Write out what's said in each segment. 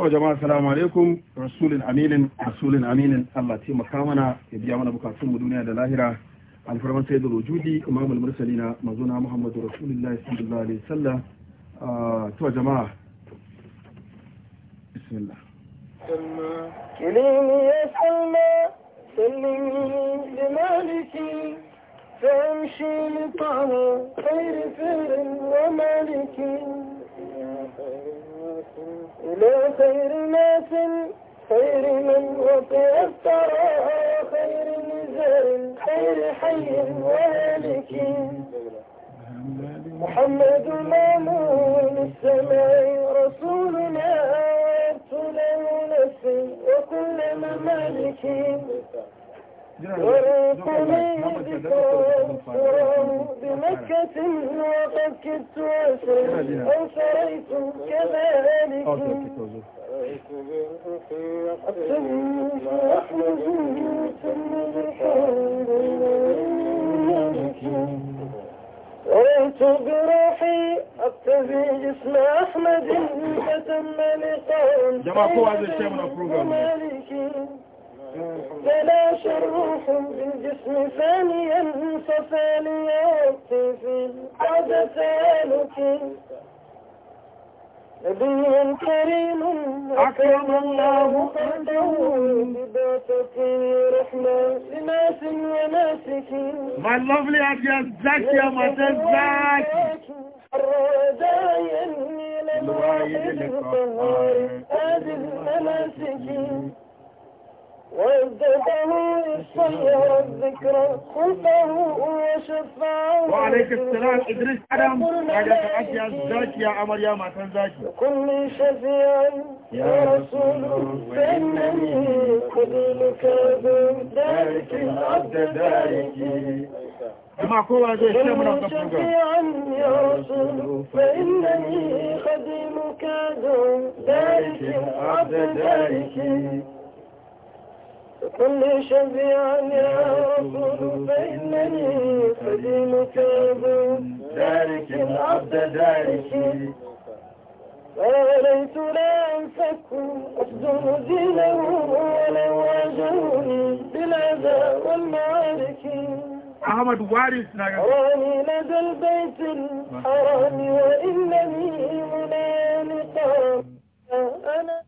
to jama'a assalamu alaikum rasulin aminin rasulin aminin Allah taimaka mana ya biya mana bukatun mu duniya da lahira alfarman sayyidul wujudi imamul mursalina mazuna muhammadu rasulullahi sallallahu alaihi wasallam to jama'a bismillah كليني يا سلمى سلمي لمالكي فامشي لطعم خير فر ومالكي إلى خير ناس خير من وطئ الثرى خير نزال خير حي وهالك محمد مامون السماء رسولنا وابت نفسي وكل ممالكين وانطلي بكم سرام بمكة وقد كدت أسري أو سريتم كذلك السم فأحمد ثم الحمد رأيت بروحي أقتفي جسم أحمد فتم لقاء جماعة هذا الشيء من البروغرام فلاش الروح بالجسم ثانيا ففليأتي في العدسانك نبي كريم أكرم الله قلبه في رحمة لناس وناسك My lovely أبيض زكي ما تزكي الردايا من الواحد الطهار هذه وازداده الصير الذكرى خوفه وشفاعه وعليك السلام إدريس أدم قال يا الزاكي يا أمر يا معتن زاكي كل شفيعا يا رسول فإنني قبلك دون ذلك العبد داركي ما شفيعا يا رسول فإنني خديمك دون ذلك العبد داركي كل شبيعا يا رسول فإنني خديمك أبو تارك العبد داركي وليت لا أنفك أخدم دينه ولو واجهني بالعذاب والمعارك أحمد وارث أراني لدى البيت الحرام وإنني منانقا أنا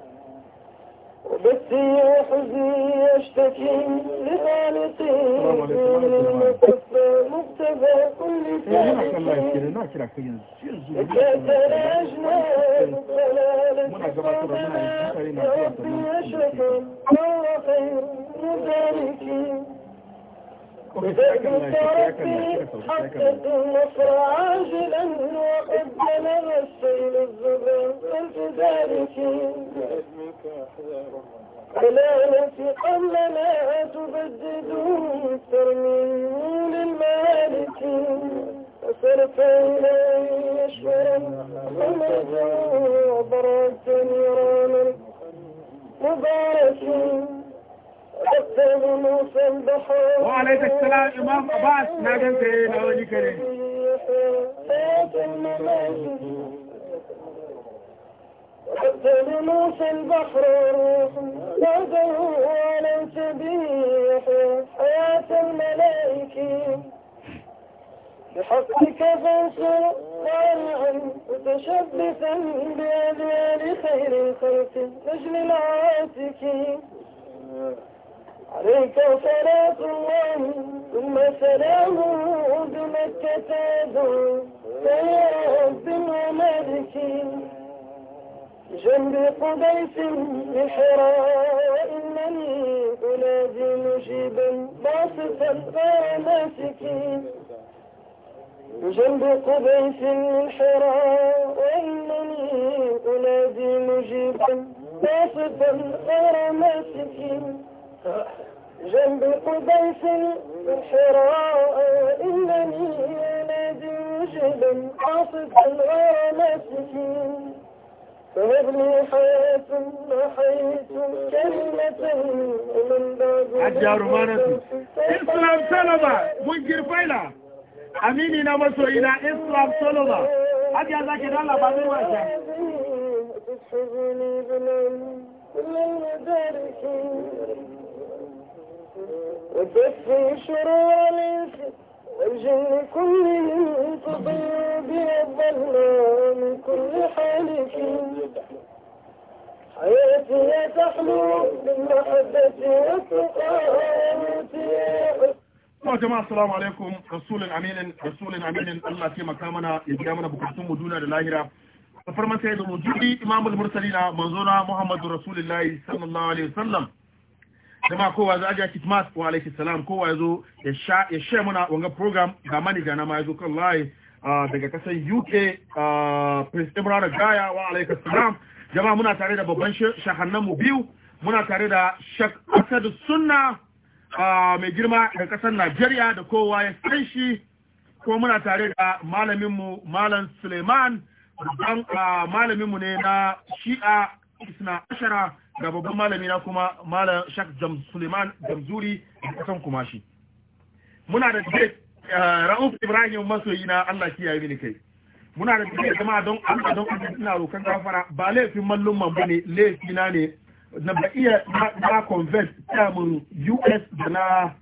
وبس يا حزني يشتكي لخالقي من المكفى مكتبى كل شيء تكاثر أجناد ضلالة ربي أشرف وهو خير مداركين وبدر تربي حقق النصر عاجلا وقد جلب السيل الزبر قلت ذلك دلالتي قبل لا تبددون ترميني للمالك وصرت إلي أشهرا ومجا وبرأت نيرانا مباركين وعليك السلام إمام عباس نادم سيدنا وجكري حتى لموسى البحر روح نادى ولم تبيح حياة الملائكة بحقك فانصر طالعا متشبثا بأذيال خير الخلق نجل العاتكين عليك صلاة الله ثم سلام بمكة التتابع يا رب وملك جنب قبيس بحراء إنني أنادي مجيبا باسطا غير ماسكين جنب قبيس الحراء انني أنادي مجيبا باسطا غير ماسكين جنب قبيس الحراء إنني نادي جبل عاصف ومسكين فهب لي حياة أحيت كلمة من بعد حج يا اسلام سلمة منكر فيلا أميني نمسو إلى اسلام سلمة حج ذاك الله دالا بابي واشا بالعلم كل المداركين والدف يشر والانس والجن كل من تضيب من كل حالك حياتي تحلو بالمحبة والتقى حياتي يا جماعة السلام عليكم رسول الأمين رسول الأمين الله في مكامنا يجامنا بكتم مدونة للاهرة فرمان سيد الوجودي إمام المرسلين منظورة محمد رسول الله صلى الله عليه وسلم jama'a kowa za a ji kitmas wa alaihi salam kowa ya zo ya share muna wanga program ga manager na ma ya zo kan layi ah, daga kasar UK ah, Prince Imran Gaya wa alaihi salam jama'a muna tare da babban shahannan mu biyu muna tare da Sheikh Sunna ah, mai girma da kasar Najeriya da kowa ya san shi ko muna tare da malamin mu Malam Suleiman babban malamin mu ne na Shi'a Isna Ashara ga babban malami na kuma malam shak suleiman jamzuri da kasan kumashi muna da date eh, ra'uf ibrahim masoyi na allah kiyaye mini kai muna da date kuma don allah don allah suna rokan gafara ba laifin mallum man bane laifi na ne na ba iya na convert samun us da na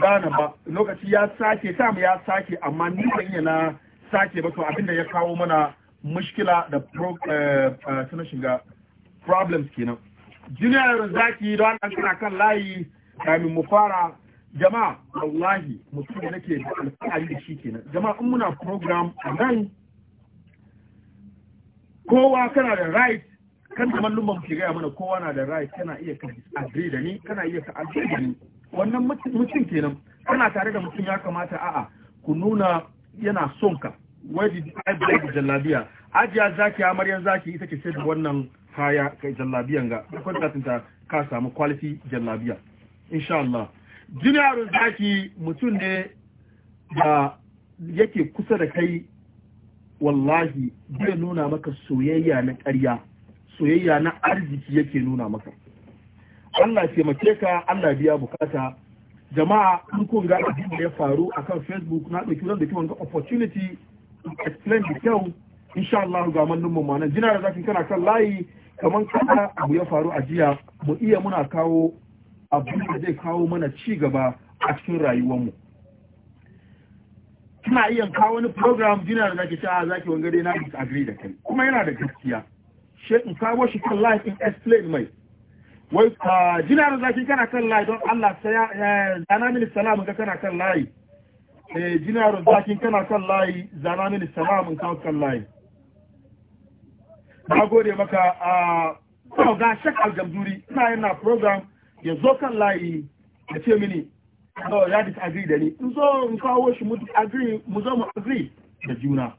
ghana ba lokaci ya sake samu ya sake amma ni ban iya na sake ba to da ya kawo mana mushkila da eh, eh, suna shiga problems kenan jiniyar zaki da wannan kana kan layi kamin mu fara jama'a wallahi mutum da nake da alfahari da shi kenan jama'a in muna program a nan kowa kana da right kan kamar lumban ke gaya mana kowa na da right kana iya ka agree da ni kana iya ka agree da ni wannan mutum kenan kana tare da mutum ya kamata a'a ku nuna yana son ka wai da jallabiya ajiya zaki amaryan zaki ita ke ce wannan kaya kai jallabiyan ga akwai kwantatin ta ka samu quality jallabiya insha Allah junior zaki mutum ne da yake kusa da kai wallahi zai nuna maka soyayya na ƙarya soyayya na arziki yake nuna maka Allah taimake ka Allah biya bukata jama'a in kun ga abin da ya faru akan Facebook na ɗauki wanda kiwon ga opportunity to explain the kyau insha Allah ga mallum mu nan jina da zakin kana kan layi kamar kada abu ya faru a jiya mu iya muna kawo abu da zai kawo mana ci gaba a cikin rayuwarmu kina iya kawo wani program dinar da zaki ta ah, zaki wangare na disagree da kai kuma yana da gaskiya she in kawo shi kan life in explain mai wai ah, jina da zaki kana kan layi don Allah sai zana mini salam ga kana kan layi eh jina da zaki kana kan layi zana mini salamu kan layi na gode maka a ga shek aljamduri ina yana program ya zo kan layi da ce mini no ya disagree da ni in zo in kawo shi mu agree mu zo mu agree da juna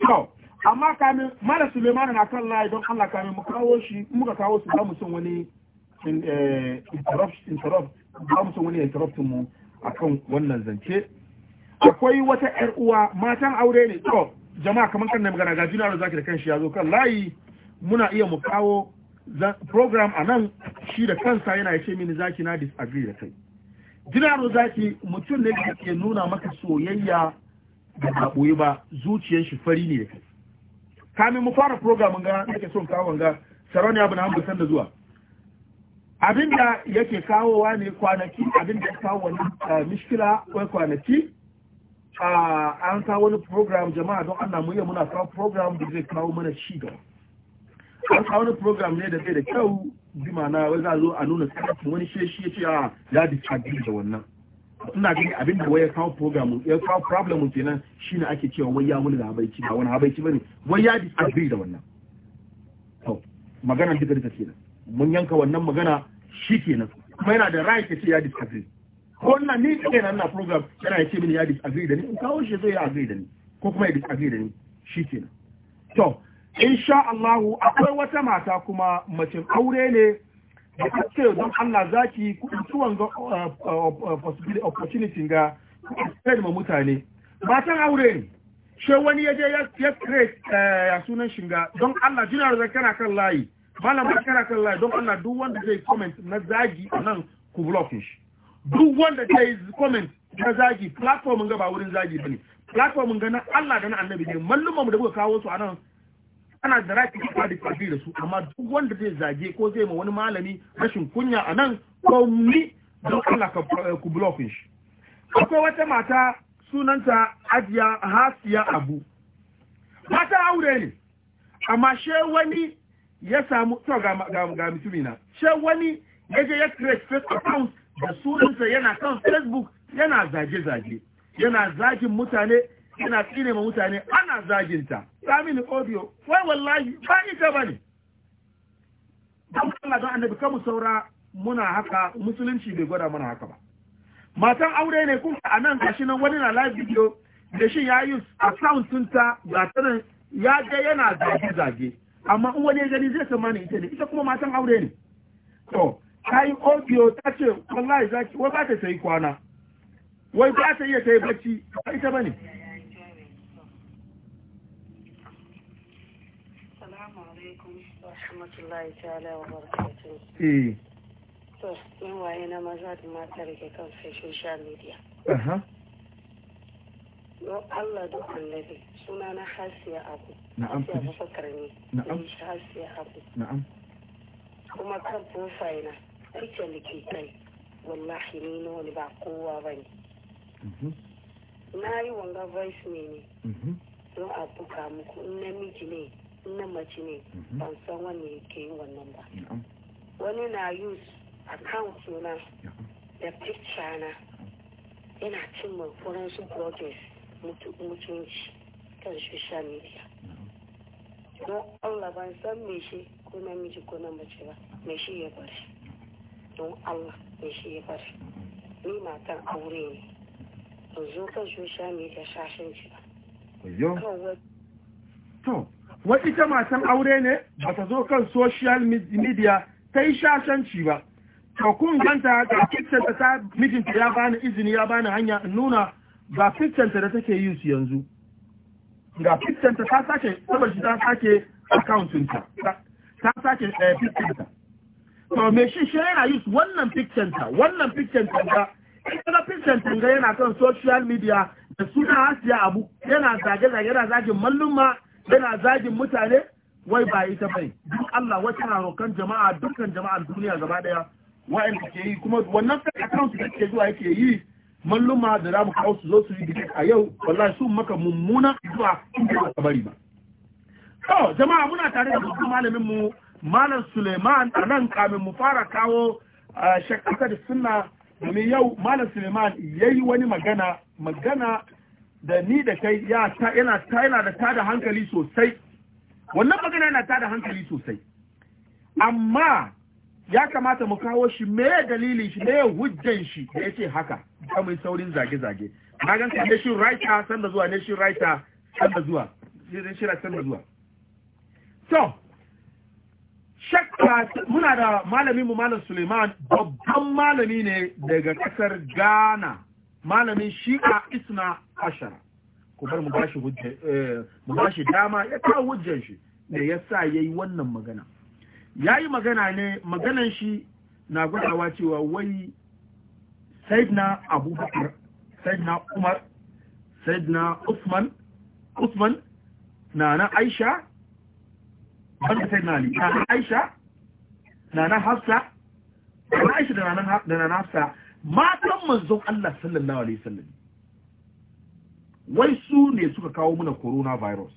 to amma kamin mara suleiman na kan layi don Allah kamin mu kawo shi muka kawo su za mu son wani eh, interrupt interrupt mu son wani interrupt mu akan wannan zance akwai wata 'yar uwa matan aure ne to jama'a kamar kan na magana ga da zaki da kanshi ya zo kan layi muna iya mu kawo program a nan shi da kansa yana yace mini zaki na disagree da kai jinaro zaki mutum ne da ke nuna maka soyayya da ba ɓoye ba zuciyar shi fari ne da kai kamin mu fara program ga nake son kawo ga saron ya bana hamdu sanda zuwa abinda yake kawowa ne kwanaki abinda ya kawo wani eh, mishkila kwanaki an kawo wani program jama'a don ana muyi yi muna kawo program da zai kawo mana shiga an kawo wani program ne da zai da kyau bi ma'ana wai za zo a nuna sarrafin wani sheshi ya ce a ah, ya disagree da wannan ina gani abin da wai ya kawo program ya kawo problem shi ne ake cewa wai ya da habaici ba wani habaici bane wai ya disagree da wannan to magana duka duka kenan mun yanka wannan magana shi kenan kuma yana da right ya ce ya disagree ko na ni kake nan na program yana ya ce mini ya disagree da ni in kawo shi zai ya agree da ni ko kuma ya disagree da ni shi kenan to insha Allah akwai wata mata kuma mace aure ne da ta ce don Allah zaki kuɗin ga uh, uh, possibility opportunity ga kuɗin ma mutane matan aure ne she wani ya je ya create eh, ya sunan shinga don Allah jina da kana kan layi malam kana kan layi don Allah duk wanda zai comment na zagi nan ku block shi duk wanda ta yi comment na zagi platform ga ba wurin zagi bane platform ga na Allah da na annabi ne mu da kuka kawo su a nan ana da raki kuma da da su amma duk wanda zai zage ko zai ma wani malami rashin kunya a nan ko ni da Allah ka eh, ku blockin shi akwai wata mata sunanta Ajiya Hasiya Abu mata aure ne amma she wani ya samu to ga ga, mutumina she wani yaje ya create fake account da sunansa yana kan facebook yana zage-zage yana zagin mutane yana tsine ma mutane ana zaginta ni audio wai wallahi ba ita ba ne don kuma don annabi kamu saura muna haka musulunci bai gwada mana haka ba matan aure ne kuma a nan gashi nan wani na live video da shi ya yi account ɗinta ga tarin ya ga yana zage-zage amma in wani ya gani zai tsammani ita ne ita kuma matan aure ne to ta yi o ta ce wallahi zaki wai ba ta ta yi kwana wai ba ta iya ta yi bacci ba ita ba ne eh. To, na maza da mata da ke kan social media. don Allah duk annabi suna na hasiya abu na'am hasiya mafakar ne na'am hasiya abu na'am kuma kan profaina picture da wallahi ni na wani ba kowa ba ne na yi wanga voice ne ne don a muku in namiji ne na mace ne ban san wani wannan ba wani na use account na picture na yana cin mafuran su bloggers mutunci kan social media don allah ban san me shi ko ko na mace ba me shi ya bari don Allah ya shi ni matan aure ne ba zo kan shusha mai da shashin ci ba to wa ita matan aure ne ba ta zo kan social media ta yi shashanci ba to kun ganta ga fitar da ta mijinta ya bani izini ya bani hanya in nuna ga ta da take yi su yanzu ga fitar ta sake saboda ta sake accountinta ta sake fitar eh, to me shi shi yana use wannan picture ta wannan picture ta ga ita picture ta ga yana kan social media da suna hasiya abu yana zage zage yana zagin mallumma yana zagin mutane wai ba ita bai duk Allah wata na rokan jama'a dukkan jama'ar duniya gaba daya wa'anda ke yi kuma wannan account da ke zuwa yake yi mallumma da za mu kawo su zo su yi dike a yau wallahi su maka mummuna zuwa kuma ba bari ba to jama'a muna tare da malamin mu malam suleiman a nan kamin mu fara kawo shakka da suna domin yau malam suleiman ya yi wani magana magana da ni da kai ya ta yana ta yana da tada hankali sosai wannan magana yana tada hankali sosai amma ya kamata mu kawo shi me dalilin shi me hujjan shi da yace haka ta mai saurin zage-zage na gan ka nation writer sanda zuwa nation writer sanda zuwa nation writer sanda zuwa so shakka muna da malamin mu malam Suleiman babban malami ne daga kasar Ghana malamin Shi'a Isna Ashara ku bar mu bashi hujja eh, dama ya kawo hujjar shi da yasa yayi wannan magana Ya yi magana ne maganan shi na gwadawa cewa wai Sayyidina Abubakar Sayyidina Umar Sayyidina Usman Usman na na Aisha wanda sai na ne, na aisha na na hafsa na aisha da na na hafsa matan manzon Allah sallallahu alaihi wasallam wai su ne suka kawo mana virus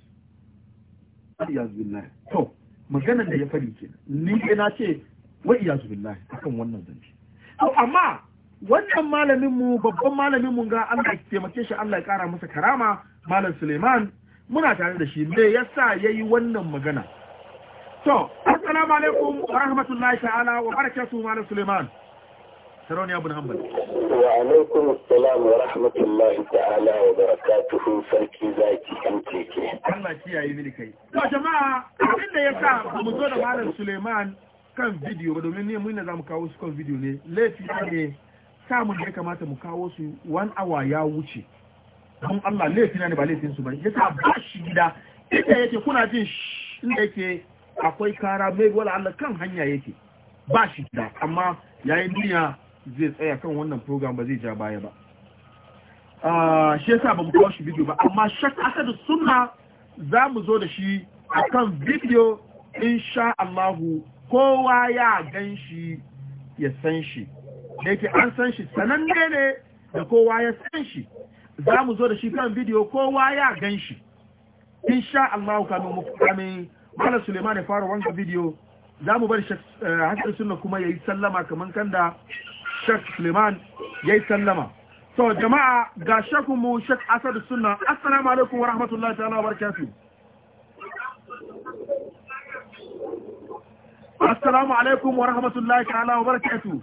iyazu billahi to maganar da ya fari kenan ni na ce wai iyazu billahi akan wannan zance to amma wannan malamin mu babban malamin mu ga Allah ya taimake shi Allah ya kara masa karama malam Suleiman muna tare da shi me yasa yayi wannan magana to assalamu alaikum wa rahmatullahi ta'ala wa barakatuhu malam suleiman sarauni abu hanbal wa alaikum assalam wa rahmatullahi ta'ala wa barakatuhu sarki zaki kan keke Allah kiyaye mini kai to jama'a abin da yasa mu zo da malam suleiman kan video domin ne mun za mu kawo su kan video ne laifi ne samun da ya kamata mu kawo su one hour ya wuce don Allah laifi na ne ba laifin su ba yasa ba shi gida inda yake kuna jin inda yake akwai kara mai wala Allah kan hanya yake ba shi da amma yayin duniya zai tsaya kan wannan program ba zai ja baya ba ah, shi yasa ba mu kawo shi bidiyo ba amma shak aka da sunna za mu zo da shi akan bidiyo insha Allahu kowa ya gan shi ya san shi yake an san shi sananne ne da kowa ya san shi za mu zo da shi kan bidiyo kowa ya gan shi insha Allahu kamin mu kamin Malam Suleiman ya fara wanka bidiyo za mu bar eh, hasar sunna kuma ya yi sallama kamar kan da Shek Suleiman ya yi sallama. So jama'a ga shakun mu Shek Asadu sunna Assalamu alaikum wa rahmatullahi ta'ala wa barakatuh. Assalamu alaikum wa rahmatullahi ta'ala wa barakatuh.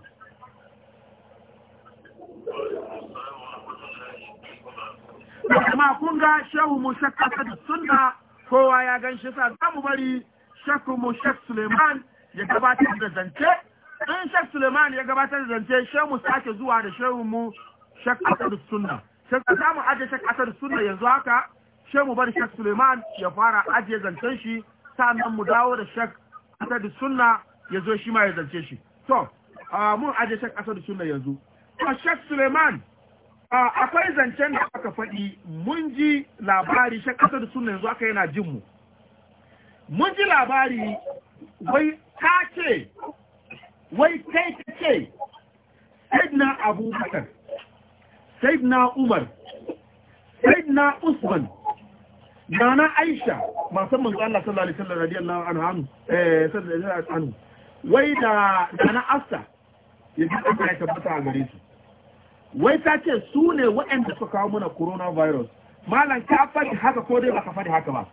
Jama'a kun ga shehu mu Shek Asadu sunna kowa ya gan shi sa za mu bari shakku mu shak suleiman ya gabatar da zance in Shek suleiman ya gabatar da zance shi mu sake zuwa da shehu mu shek asar sunna sai za mu aje shek asar sunna yanzu haka shi mu bari Shek suleiman ya fara ajiye zancen shi sannan mu dawo da shek asar sunna ya zo shi ma ya zance shi to mun aje shek asar sunna yanzu to Shek suleiman akwai zancen da aka faɗi mun ji labari shi ƙasa da suna yanzu aka yana jinmu mun ji labari wai ta ce wai kai ta ce saidna abubakar saidna umar saidna usman na na aisha masu manzo Allah sallallahu alaihi wasallam radiyallahu anhu eh sallallahu alaihi wasallam wai da nana afsa yaji aka tabbata a gare su wai ta ce su ne waɗanda suka kawo mana coronavirus malam ka faɗi haka ko dai baka faɗi haka ba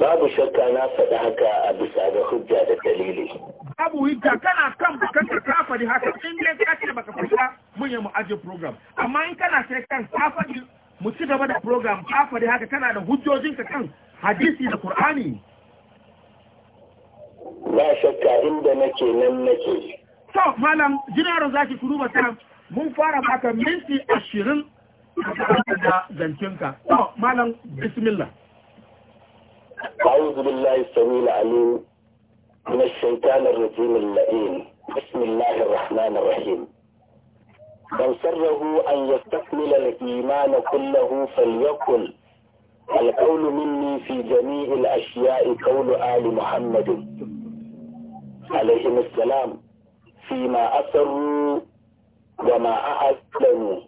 babu shakka na faɗi haka a bisa ga hujja da dalili babu hujja kana kan bukatar ka faɗi haka in dai ka ce baka faɗi ba mun yi mu aje program amma in kana sai kan ka faɗi mu ci gaba da program ka faɗi haka kana da hujjojinka kan hadisi da qur'ani ba shakka inda nake nan nake to malam jinaro za ki duba ta mun fara maka minti ashirin da zancenka to malam bismillah أعوذ بالله السميع العليم من الشيطان الرجيم اللئيم بسم الله الرحمن الرحيم من سره أن يستكمل الإيمان كله فليقل القول مني في جميع الأشياء قول آل محمد عليهم السلام فيما أسروا وما أعلنوا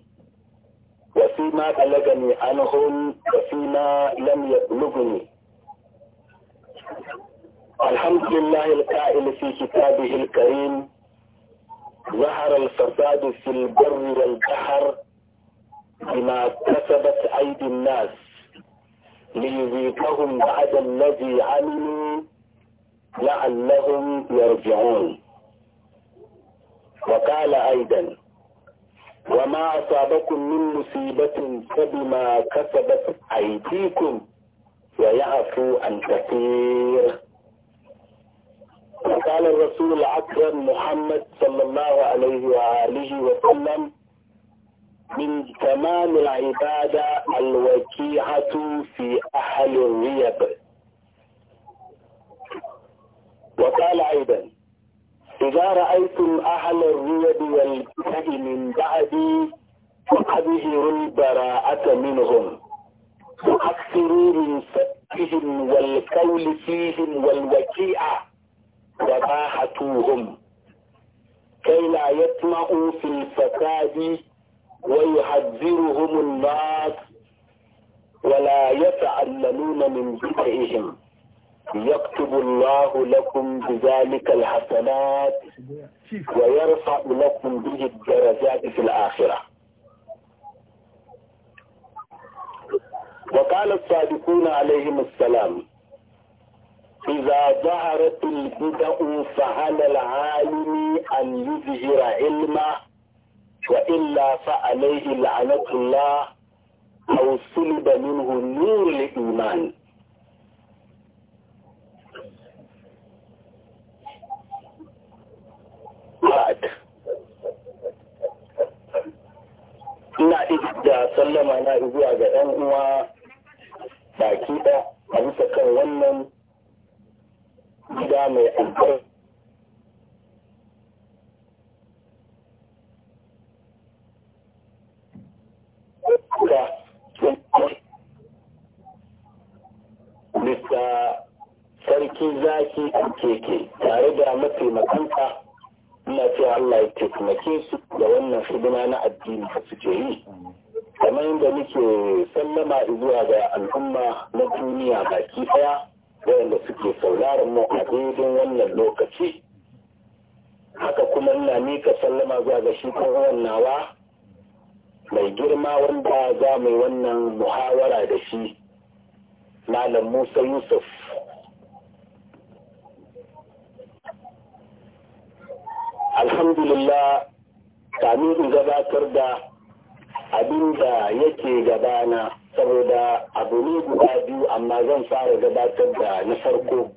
وفيما بلغني عنهم وفيما لم يبلغني الحمد لله القائل في كتابه الكريم ظهر الفساد في البر والبحر بما كسبت أيدي الناس ليذيقهم بعد الذي عملوا لعلهم يرجعون وقال أيضا وما أصابكم من مصيبة فبما كسبت أيديكم ويعفو عن كثير وقال الرسول الأكرم محمد صلى الله عليه وآله وسلم من تمام العبادة الوكيعة في أهل الريب وقال أيضا إذا رأيتم أهل الريب والبدع من بعدي فقدروا البراءة منهم وأكثروا من سبهم والقول فيهم والوكيعة وباحتوهم كي لا يطمعوا في الفساد ويحذرهم الناس ولا يتعلمون من بدعهم يكتب الله لكم بذلك الحسنات ويرفع لكم به الدرجات في الآخرة وقال الصادقون عليهم السلام إذا ظهرت البدء فعلى العالم أن يظهر علمه وإلا فعليه لعنة الله أو سلب منه نور الإيمان ba'ad ina da sallama na zuwa ga ɗan uwa baki a bisa kan wannan gida mai albarka Mr. sarki zaki keke tare da mataimakanta ina ce Allah ya taimake su da wannan hidima na addini da suke yi kamar yadda muke sallama zuwa ga al'umma na duniya baki daya waɗanda suke sauraron mu a daidai wannan lokaci haka kuma ina mika sallama zuwa ga shi kan nawa mai girma wanda za mu yi wannan muhawara da shi malam Musa Yusuf alhamdulillah kamin in gabatar da abin da yake gabana saboda abu ne guda biyu amma zan fara gabatar da na farko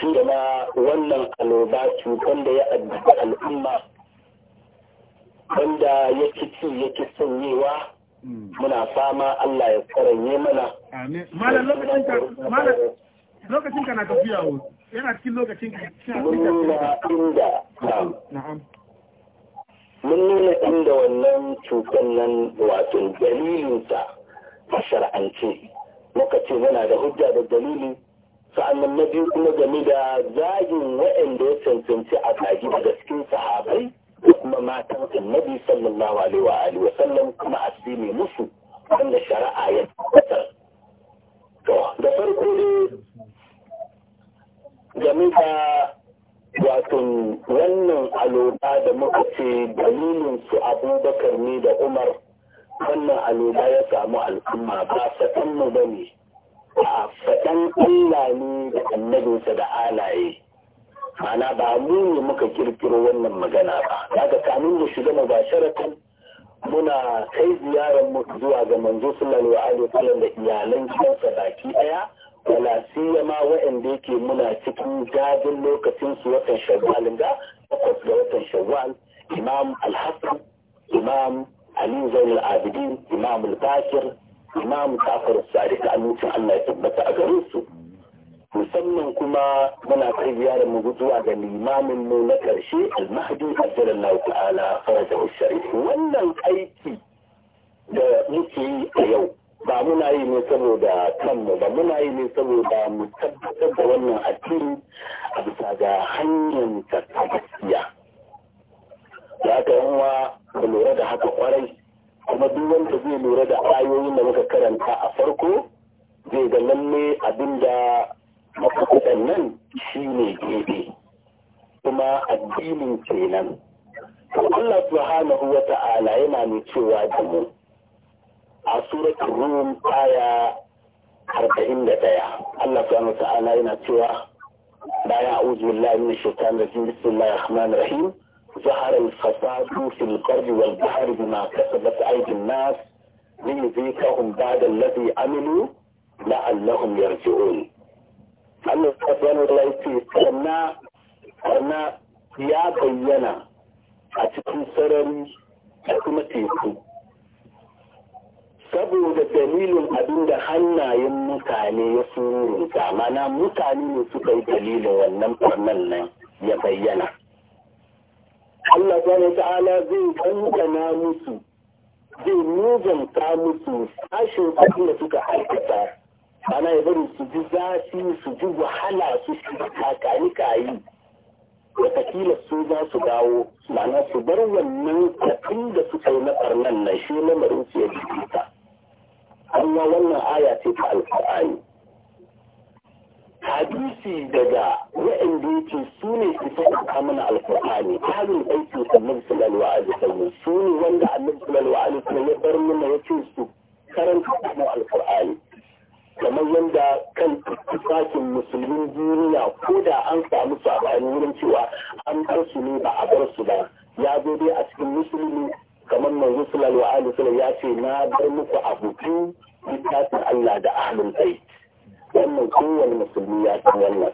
shi da wannan annoba cutar da ya addabi al'umma wanda ya ci ci ya ci sanyewa muna fama Allah ya karanye mana. lokacin ka na tafiya wasu. yana cikin lokacin mun nuna inda wannan cutar nan wato dalilinsa a shar'ance muka ce muna da hujja da dalili sa'annan na biyu kuma game da zagin waɗanda ya cancanci a zagi daga cikin sahabai da kuma matan annabi sallallahu alaihi wa alihi wa sallam kuma asiri musu wanda shari'a ya tabbatar to da farko dai game da wato wannan aloba da muka ce dalilin su abubakar ne da umar wannan aloba ya samu al'umma ba faɗanmu mu ba ne a faɗan allah ne da annabinsa da alaye mana ba mu ne muka kirkiro wannan magana ba daga kanun da shiga mu ba sharatan muna kai ziyarar mu zuwa ga manzo sallallahu alaihi wasallam da iyalan kansa baki ɗaya. wala siyama waɗanda yake muna cikin gadin lokacin su watan shawwal da takwas ga watan shawwal imam al imam ali zain al-abidin imam al-bakir imam kafar sadiq amincin Allah ya tabbata a gare su musamman kuma muna kai ziyarar mu zuwa ga limamin mu na karshe al-mahdi ajjalallahu ta'ala farajahu sharif wannan aiki da muke yi a yau ba muna yi ne saboda kanmu ba muna yi ne saboda mu tabbatar da wannan addini a bisa ga hanyar ta gaskiya da aka yanwa mu lura da haka kwarai kuma duk wanda zai lura da ayoyin da muka karanta a farko zai ga lalle abin da makakudan nan shi ne gebe kuma addinin kenan to Allah subhanahu wa ta'ala yana mai cewa da mu a suratul rum aya arba'in da ɗaya Allah subhanahu ta'ala yana cewa bayan a'udhu billahi minash shaitanir rajim bismillahir rahmanir rahim ظهر الفساد في القرب والبحر بما كسبت أيدي الناس ليذيقهم بعد الذي عملوا لعلهم يرجعون Allah subhanahu wa ta'ala yace sannan sannan ya bayyana a cikin sarari da kuma teku saboda dalilin abin da hannayen mutane ya sururta mana mutane ne suka yi dalilin wannan farnan nan ya bayyana Allah subhanahu ta'ala zai kankana musu zai muzanta musu a abin da suka aikata ana ya bari su ji zafi su ji wahala su shi kakani kayi watakila su za su dawo mana su bar wannan abin da suka yi na farnan nan shi lamarin su ya jikita. amma wannan aya ce ta alƙur'ani hadisi daga da yake su ne su sauƙaƙa mana alƙur'ani tarin aikin annabi sallallahu alaihi wasallam su ne wanda annabi sallallahu alaihi wasallam ya bar mana ya ce su karanta mu alƙur'ani kamar yadda kan tsakin musulmin duniya ko da an samu bayan wurin cewa an bar su ne ba a bar su ba ya zo dai a cikin musulmi kamar manzo sallallahu alaihi wasallam ya ce na bar muku abutu littafin Allah da ahlul bait wannan kowane musulmi ya san wannan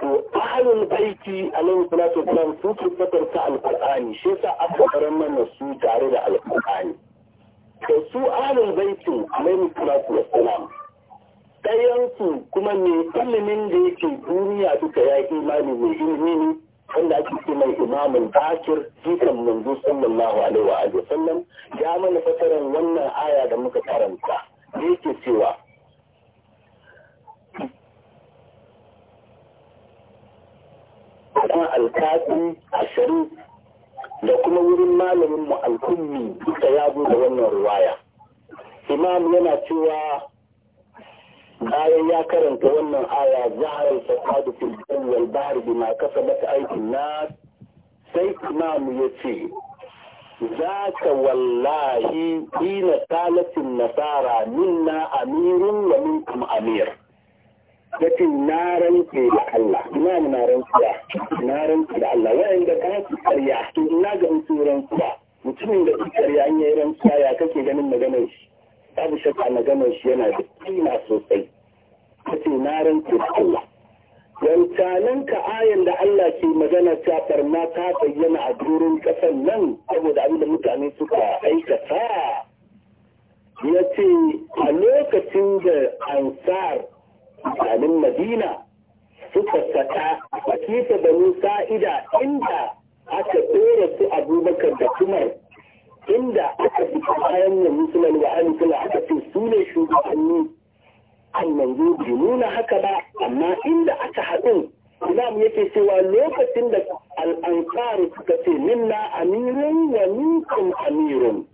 to ahlul baiti alaihi salatu wasallam su ke ta alqur'ani shi yasa aka karan mana su tare da alqur'ani to su ahlul baitin alaihi salatu wasallam ɗayansu kuma ne ilimin da yake duniya duka ya imani mai ilimi ne wanda ake ce mai imamun bakir dukan manzo sallallahu alaihi wa alihi sallam ya mana fasaran wannan aya da muka karanta da yake cewa kuma alkafi a da kuma wurin malamin mu alkummi duka ya zo da wannan ruwaya imam yana cewa bayan ya karanta wannan aya zaharar fasadu fil barri wal bahri bima kasabat aydin nas sai imam ya ce zaka wallahi hina talatin nasara minna amirun wa minkum amir yace na rantse da Allah ina na rantsuwa na rantse da Allah wa'anda ka su karya to ina ga in su rantsuwa mutumin da su karya an yi rantsuwa ya kake ganin maganar shi babu shakka maganar shi yana da kima sosai kace na rantsa da Allah wancanan ka ayan da Allah ke magana ta farma ta bayyana a durin kasan nan saboda abin da mutane suka aikata ya ce a lokacin da ansar mutanen madina suka saka a kisa musa sa'ida inda aka tsere abubakar da kumar inda aka fi kayan nan musulman da an suna aka ce su ne shugabanni an manzo bai nuna haka ba amma inda aka haɗu imam yake cewa lokacin da al'ansari suka ce minna amirun wa minkum amirun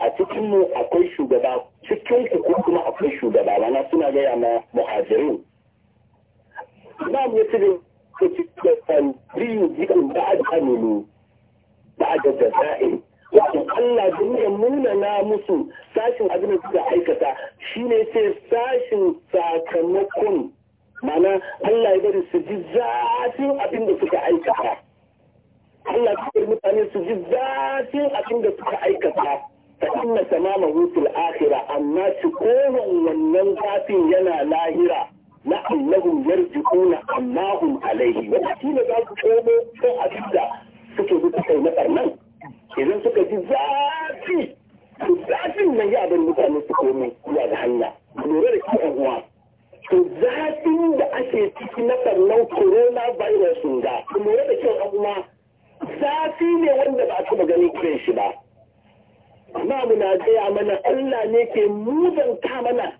a cikin akwai shugaba cikin ku kuma akwai shugaba suna gaya ma muhajirin imam ya ce ko cikin da biyu jikin ba'ad aminu ba'ad da za'in wato Allah dinga nuna na musu sashin abin da suka aikata shine sai sashin sakamakon mana Allah ya bari su ji zafin abin da suka aikata Allah ya bari mutane su ji zafin abin da suka aikata fa inna tamama wutul akhirah amma su kowan wannan zafin yana lahira na annahum yarjiuna Allahum alaihi wa shine za su komo ko abin da suke bi kai na nan a moving camera.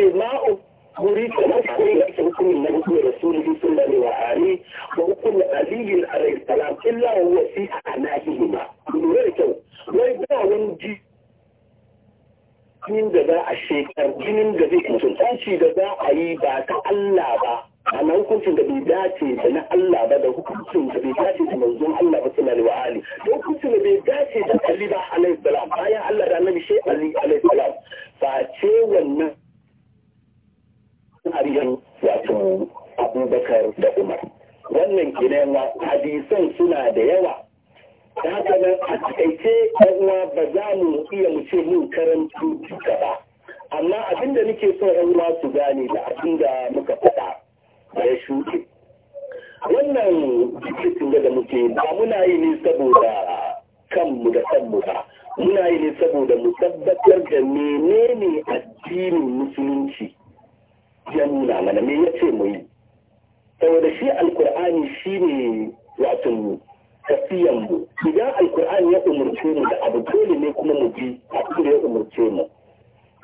na da da ke hukumin ce ma'u أريد أن أتعلم حكم النبي ورسوله صلى salam illa wa علي عليه السلام إلا هو في kyau من ba wani ji jinin da za a shekar jinin da zai mutuntanci da za a yi ba ta Allah ba ana hukuncin da bai dace da na Allah ba da hukuncin da bai dace da manzon Allah ba sallallahu alaihi da hukuncin da bai dace da Ali ba alaihi salam bayan Allah da Annabi shi Ali alaihi salam ba ce wannan tarihin wato abubakar da umar wannan kinewa hadisan suna da yawa ta haka nan a takaice uwa ba za mu iya mu ce mun karantu duka ba amma abin da nake so uwa su gane da abin da muka faɗa da ya shuke wannan cikin da muke ba muna yi ne saboda kanmu da kanmu ba muna yi ne saboda mu tabbatar da menene addinin musulunci ya nuna mana me ya ce mu yi saboda shi alkur'ani shi ne wato tafiyan mu idan alkur'ani ya umarce mu da abu dole ne kuma mu bi abin da ya umarce mu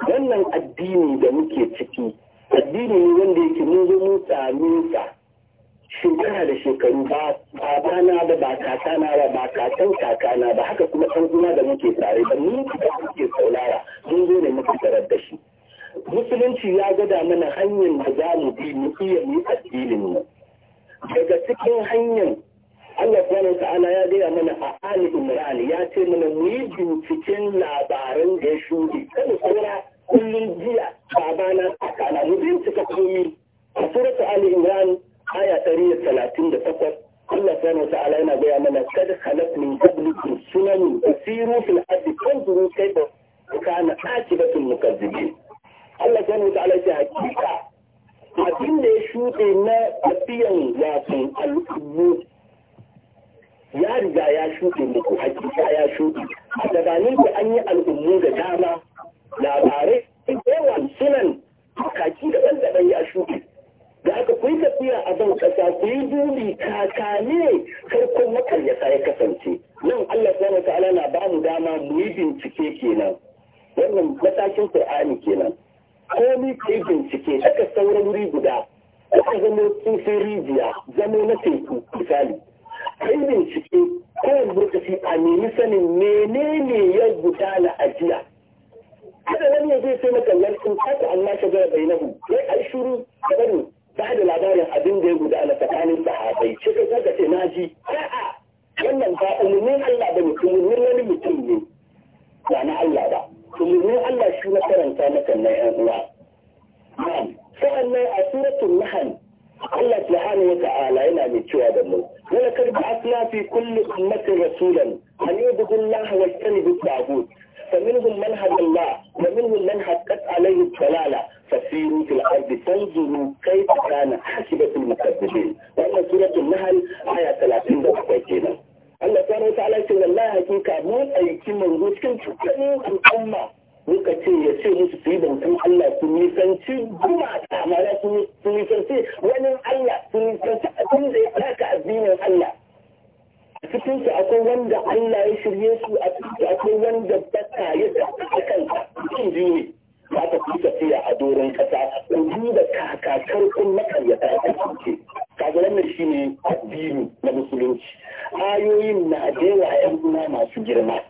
wannan addini da muke ciki addini ne wanda yake mun zo mu same sa shekara da shekaru ba babana ba ba kakana ba ba kakan kakana ba haka kuma ɗan uwa da muke tare da mu da muke saulara mun zo ne muka tarar da shi musulunci ya gada mana hanyar da za mu bi mu iya mu addinin mu daga cikin hanyar Allah subhanahu ta'ala ya gaya mana a Ali Imran ya ce mana mu yi binciken labaran da ya shuɗe kada tsora kullum jiya babana a mu bincika komi a suratu Ali Imran aya takwas. Allah subhanahu wa ta'ala yana gaya mana kada khalaq min qablikum sunan tasiru fil ardi fanzuru kayfa kana akibatul mukazzibin Allah subhanahu ala ya hakika abin da ya shuɗe na tafiyan wato al'ummu ya riga ya shuɗe muku hakika ya shuɗe a tsakanin da an yi al'ummu da dama labarai yawan sunan kaki da ɗan ya shuɗe da aka kuyi tafiya a ban ƙasa ku yi dubi ne farkon makaryata ya kasance nan Allah subhanahu ta'ala na ba mu dama mu yi bincike kenan wannan matakin Kur'ani kenan komi ka yi bincike daga sauran wuri guda ka zama kifin rijiya zama na teku misali ka yi bincike kowane lokaci a nemi sanin menene ya gudana a jiya kada wani ya zai sai maka lalcin kata amma bai nahu, sai a shuru ka bari ba da labarin abin da ya gudana tsakanin sahabai ce ka zaka ce na ji wannan ba umumin Allah ba ne wani mutum ne ba na Allah ba domin Allah shi na karanta maka na ‘yan uwa. Sa'an a suratun Nahal, Allah subhanahu wa ta'ala yana mai cewa da mu, wala kar ba asna fi kulli ummatin rasulan, an yi bugun laha wa tani bi tagut, fa minhum man hadalla, wa minhum man haqqat alayhi dalala, fa siru fil ardi tanzuru kayfa kana hasibatul mukazzibin. Wannan suratul Nahal aya 37 kenan. Allah ta rauta ala ce wallahi hakika mun aiki manzo cikin cikin al'umma muka ce ya ce musu su yi mutum Allah su nisanci gumata mara su nisanci wani Allah su nisanci abin da ya taka azinin Allah a cikin su akwai wanda Allah ya shirye su a cikin su akwai wanda baka ya saka kansa cikin jini ba ta fi tafiya a doron kasa ku duba kakakar kun ya ta ce kaga shi shine addini na musulunci ayoyin na adewa yan yankuna masu girma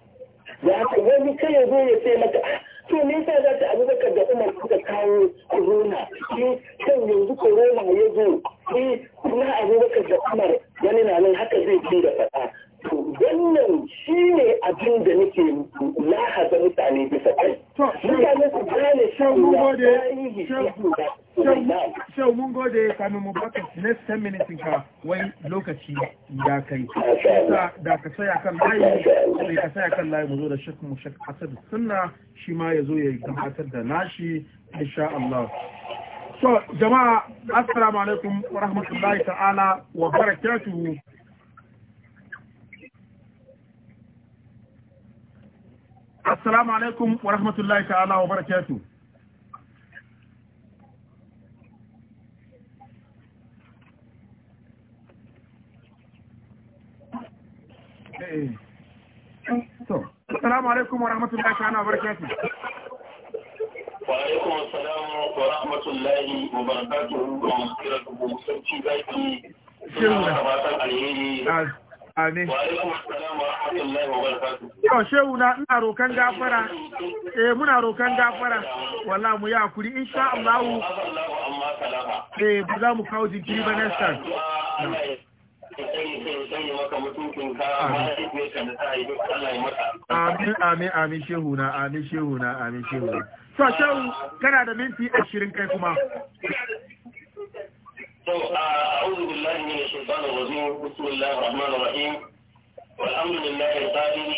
da ka wani kai ya zo ya ce maka to ne sa za ta abubakar da umar suka kawo corona shi eh, kan yanzu corona ya zo shi eh, kuma abubakar da umar wani na nan haka zai ci da faɗa to wannan shi ne abin da nake lahaza mutane bisa kai mutane su gane shan gode shan mun gode kamin mu baka next 10 minutes ka wai lokaci ya kai da ka saya kan layi sai ka saya kan layi mu zo da shakku mu shakku asad sunna shi ma ya zo ya gabatar da nashi insha Allah so jama'a assalamu alaikum wa rahmatullahi ta'ala wa barakatuhu assalamu alaikum wa rahmatullahi ta'ala wa barakatu assalamu alaikum wa rahmatullahi ta'ala wa barakatu wa alaikum assalam wa rahmatullahi wa barakatu wa masiratu amin yau shehu na ina rokan gafara eh muna rokan gafara wala mu yi kuri insha Allah eh ba za mu kawo jinkiri ba nan san Amin, amin, amin, shehu na, amin, shehu na, amin, shehu na. So, shehu, kana da minti ashirin kai kuma. Uh, أعوذ بالله من الشيطان الرجيم بسم الله الرحمن الرحيم والأمر لله القائل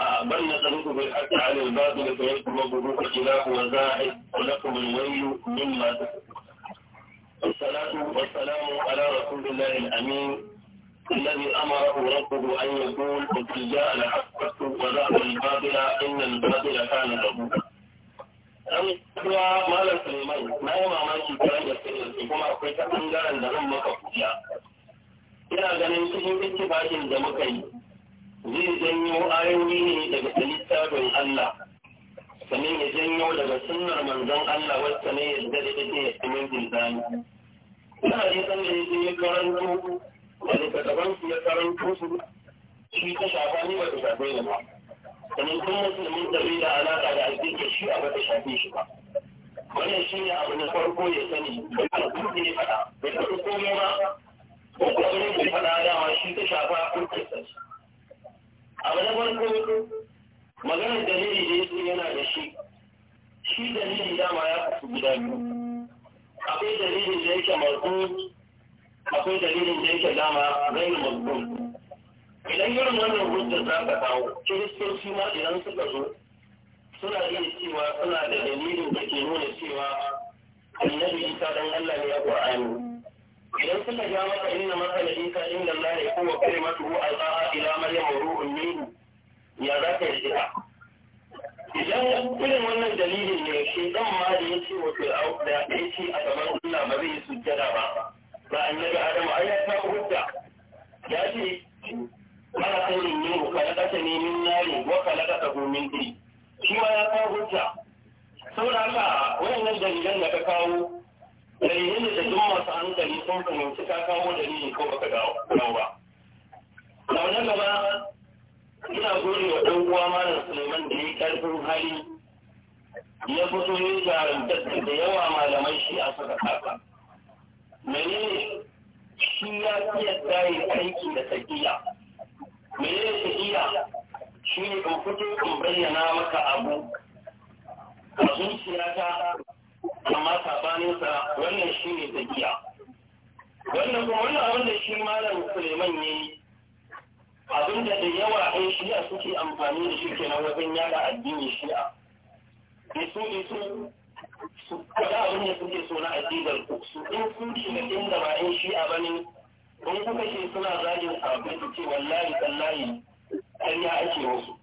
آه، بل نسألكم بالحق على الباطل فيكم وبروك الإله وزاحف ولكم الويل مما الصلاة والسلام على رسول الله الأمين الذي أمره ربه أن يقول قد جاء الحق وذهب الباطل إن الباطل كان ربك dan kuma malam Suleiman na yi mamaki kiran da sai kuma akwai ta bangaren da zan maka kuya ina ganin cikin ittifaqin da muka yi zai janyo ayoyi ne daga littafin Allah sannan ya janyo daga sunnar manzon Allah wacce ne yadda da take cikin dinzani ina hadisan da yake ya karanto da littattafan su ya karanto su shi ta shafa ni ba ta shafe ni ba kamar kuma musulmin da bai da alaƙa da addini shi a ba ta shafe shi ba wannan shi ne abu na farko ya sani da alƙur'ani ne faɗa bai taɓa komai ba ko kuma ne bai faɗa dama shi ta shafa shi abu na farko maganar dalili da yake yana da shi shi dalili dama ya kasu guda biyu akwai dalilin da yake marko akwai dalilin da yake dama gairu marko idan yin wannan hujjar za ka kawo kiristoci ma idan suka zo suna iya cewa suna da dalilin da ke nuna cewa annabi isa dan Allah ne a Qur'ani idan suka ja maka inna masala isa inda Allah ya kuwa kalimatuhu alqaha ila maryam wa ruhun minhu ya za ka yi idan irin wannan dalilin ne shi dan ma da ya ce wa fir'au da ya ce a gaban Allah ba zai yi sujjada ba ba annabi Adamu ayyata ta hujja ya ce ana kairin minhu kalakata ne min nari wa kalakata gomin ɗi shi ma ya kawo hujja saboda haka wayannan dalilan da ka kawo dalilan da duk masu hankali sun fahimci ka kawo dalili ko baka dawo ba na wannan gaba ina gode wa ɗan uwa malam suleiman da ya hali ya fito da yawa malamai shi a saka kaka menene shi ya fiye tsaye aiki da sakiya me ne ta iya shi ne in fito in bayyana maka abu a zuciyata amma sabaninsa wannan shi ne ta iya wannan kuma wannan abin da shi malam suleiman ne yi abin da da yawa ɗan shi'a suke amfani da shi kenan wajen yada addini shi'a su isu su kada abin da suke so na addinin su in sun shiga inda ba ɗan shi'a ba ne in kuka ce suna zagin sabbin su ce wallahi tallahi ƙarya ake wasu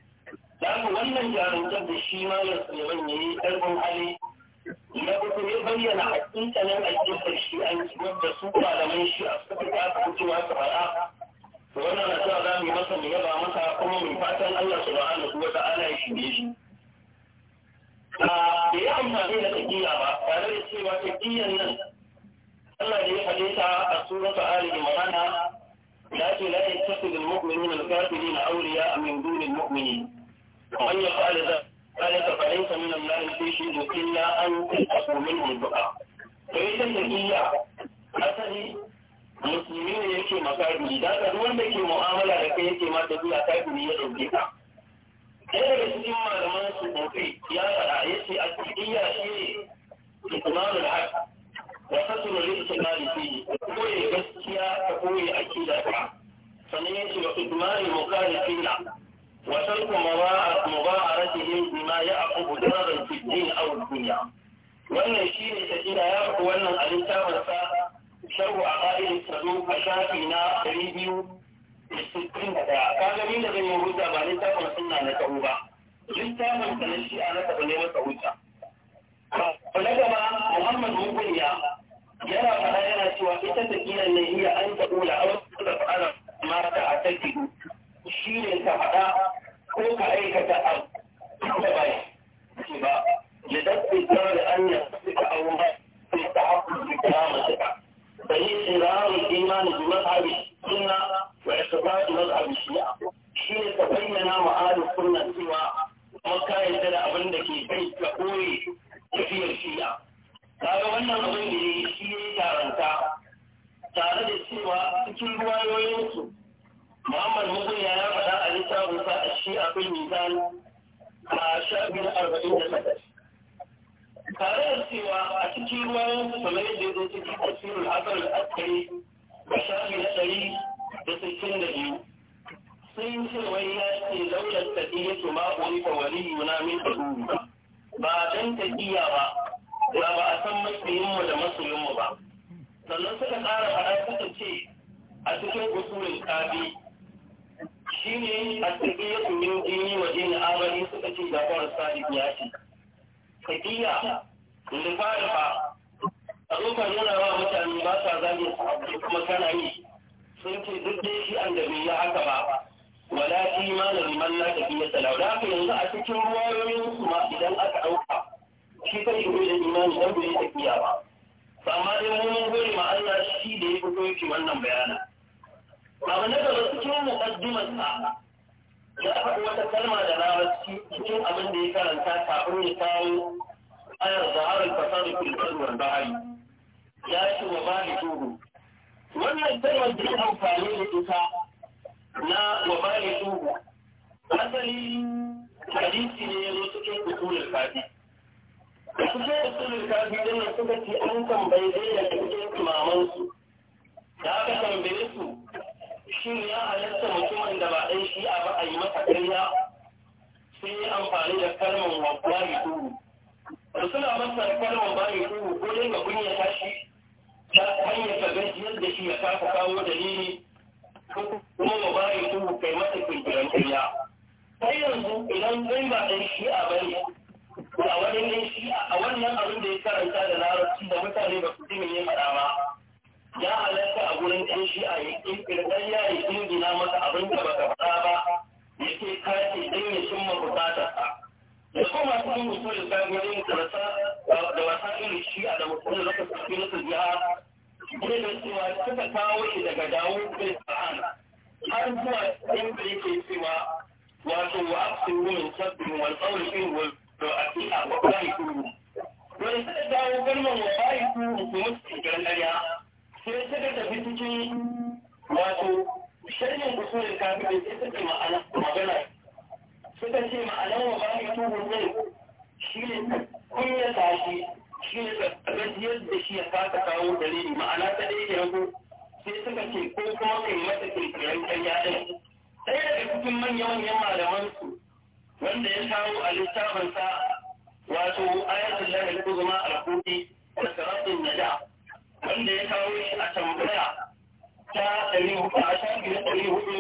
Za haka wannan jarumtar da shi ma ya tsoron ya yi ƙarfin hali ya kuma ya bayyana hakikalin ajiyar shi an wadda su malamai shi a suka ta kucewa su fara wannan na cewa za mu yi masa mu yaba masa kuma mu fatan Allah subhanahu wa ta'ala ya shige shi a da ya amfani da taqiya ba tare da cewa taqiyan nan Allah da ya faɗe ta a suratu Ali Imran la ta la yattakhidhu al-mu'minuna al-kafirina awliya'a min duni muminin man yaf'al ذلك فليس من الله في شيء إلا أن تلقوا منه البقاء فليس النبي asali musulmi ne yake makafiri da haka wanda ke mu'amala da kai yake mata biya kafiri ya dauke ka ɗaya daga cikin malaman su kofi ce shi ne haka وحسن الاستقلال فيه قوي جسيا قوي أكيدا فنيت وإدمان مخالفين وترك مباعرتهم بما يعقب دررا في الدين أو الدنيا wannan shi ne tafiya ya faɗi wannan a sa, sharhu a ƙa'idar sadu a shafi na ɗari biyu da sittin da ɗaya ka gani da zan yi hujja ba littafin suna na tahu ba littafin da na shi'a na taɓa ne masa hujja na gaba mugunya yana fara yana cewa ita ta kila iya an ta ɗula a wasu da fara mata shi ne ka faɗa ko ka aikata abu da ba ba ta wa shi ne bayyana wa ahlus cewa maka da abin da ke kai ta ɓoye. tafiyar shiya kaga wannan abin da ya shi ya karanta tare da cewa cikin ruwayoyinsu muhammad mugunya ya faɗa a littafinsa a shi abin mizan a sha biyu arba'in da takwas tare da cewa a cikin ruwayoyinsu kamar yadda ya zo cikin tasirin asar da askari da shafi na ɗari da sittin da biyu sun ce wai ya ce laular tafiye su ma'uri fa wani yuna min da ba don tafiya ba ya ba a san mu da mu ba sannan suka ƙara faɗa suka ce a cikin usulin ƙabi shi ne a cikin ya tumin jini wa jini amali suka ce da kawar sadi ya ce da fara ba a zo yana nuna mutane ba sa zagin su kuma kana yi sun ce duk dai shi an da bai yi haka ba wala imana liman la taqiyata lahu da haka yanzu a cikin wayoyin su ma idan aka ɗauka. shi kan shi da imani dan bai tafiya ba to amma dai mun gode ma Allah shi da ya fito yake wannan bayanin abu na gaba cikin muqaddimar sa ya faɗi wata kalma da larabci cikin abin da ya karanta kafin ya kawo ayar zaharar fasadu fil barri wal ya ce wa bali wannan kalmar da ya amfani da ita na wabari tuhu asali hadisi ne ya zo cikin usulul kafi da cikin usulul kafi din nan suka ce an tambaye da cikin imaman su da aka tambaye su shin ya halatta mutumin da ba ɗan a ba a yi masa ƙarya sai yi amfani da kalmar wabari tuhu da suna masa kalmar bari tuhu ko dai ga kunya tashi ta hanyar ta gajiyar da shi ya kafa kawo dalili kuma mu bari su kai mata kirkiran ƙarya sai yanzu idan zai ba ɗan shi'a ba ne a wajen ɗan shi'a a wannan abin da ya karanta da larabci da mutane ba su ji mai yin faɗa ba ya halatta a gurin ɗan shi'a ya kirkira ƙarya ya jingina masa abin da ba ka faɗa ba ya ce kace dan ya cimma buƙatarsa da kuma sun mutu da sabuwar yin karasa da wasa irin shi'a da mutum da zaka tafi na su jihar ne da cewa suka kawo shi daga dawo bin sa'an har zuwa da yake cewa wato wa absiru min sabbin wal qawli fi wal du'ati wa bariku wani suka dawo kalmar wa bariku su musu gargariya sai suka tafi cikin wato sharhin usulin kafin sai suka ma'ana magana suka ce ma'anar wa bariku ne shi ne kunya tashi shi ne gajiyar da shi ya fata kawo dalili ma'ana ta ɗaya ke rago sai suka ce ko kuma kai mata kirkirar karya ɗin ɗaya daga cikin manya-manyan malamansu wanda ya kawo a littafin sa, wato ayatul lahi kuzuma al-kudi da sarafin naja wanda ya kawo shi a tambaya ta ɗari hudu a shafi na ɗari hudu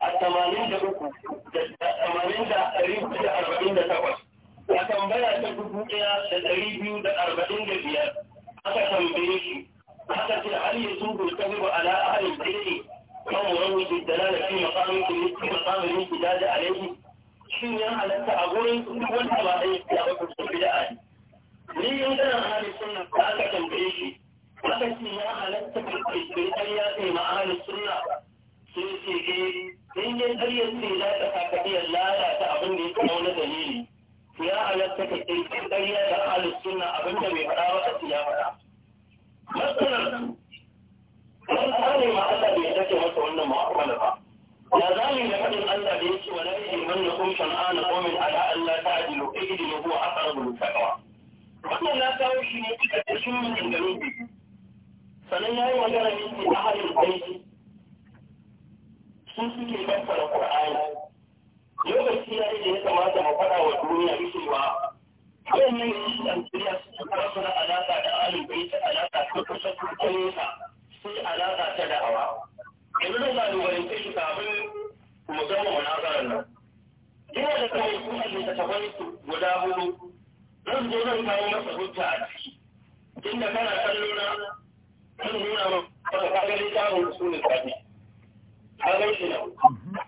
a tamanin da uku da tamanin da ɗari hudu da arba'in da takwas Ya tambaya ta dubu ɗaya da ɗari biyu da arba'in da biyar aka tambaye shi aka ce har ya zubu ta zuba ala ahalin kirki kan wani jiddala da na fi makamin kirki makamin kirki da da alaihi shin ya halatta a gurin duk wanda ba a yi ya ba kusa bida'a ni in gana ahalin sunna ta aka tambaye shi aka ce ya halatta kirkiri ɗan ya ce ma ahalin sunna sun ce eh in yi ƙaryar ce za ta kakadiyar lalata abin da ya kama wani dalili ya halatta ka ɗaiɗin ƙarya da ahalin suna abinda mai faɗa ba a siya faɗa. Matsalar wani kare ma Allah bai dace masa wannan mu'amala ba. Ya zami da faɗin Allah da ya ce wa lai liman na kun shan'ana komin ala Allah ta ajiyo ƙiɗi ne kuwa a tsarin bulu takawa. Wannan na kawo shi ne a ƙarshen mutum da nufi. Sannan ya yi magana ne a halin aiki. Sun suke fassara Kur'ani. Yau lokaci ya yi da ya kamata mu faɗa wa duniya cewa wannan islam siriya suka kasu na alaƙa da alin bai ta alaƙa ta kusa ta sai alaƙa ta da'awa yanzu da zalubalin ta shi kafin mu gama munazarar nan Ina da kawai kuma littattafan su guda hudu zan je zan kawo masa hujja a ciki tunda kana kallo na zan nuna maka kaga littafin su ne kaji ka gaishe na mhm.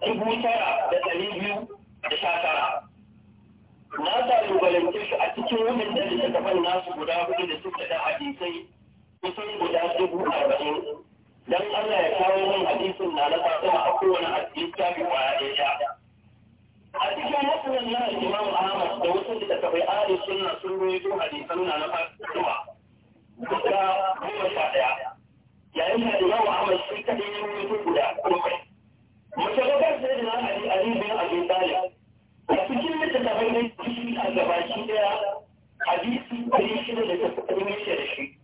dubu tara da ɗari biyu da sha tara na sa kalubalance shi a cikin wunin da littattafan nasu guda hudu da suka da hadisai kusan guda dubu arba'in dan Allah ya kawo min hadisin na na fatima a kowane hadisi ta bi kwaya ɗaya a cikin matsalan na imam ahmad da wasu littattafai ahli sunna sun rawaito hadisan na na fatima guda goma sha ɗaya yayin da imam ahmad shi kadai ya rawaito guda bakwai Mashagadar sai da Ali bin Abi Talib a cikin littattafan da shi a gabaki daya hadisi ɗari shida da tafi da shi.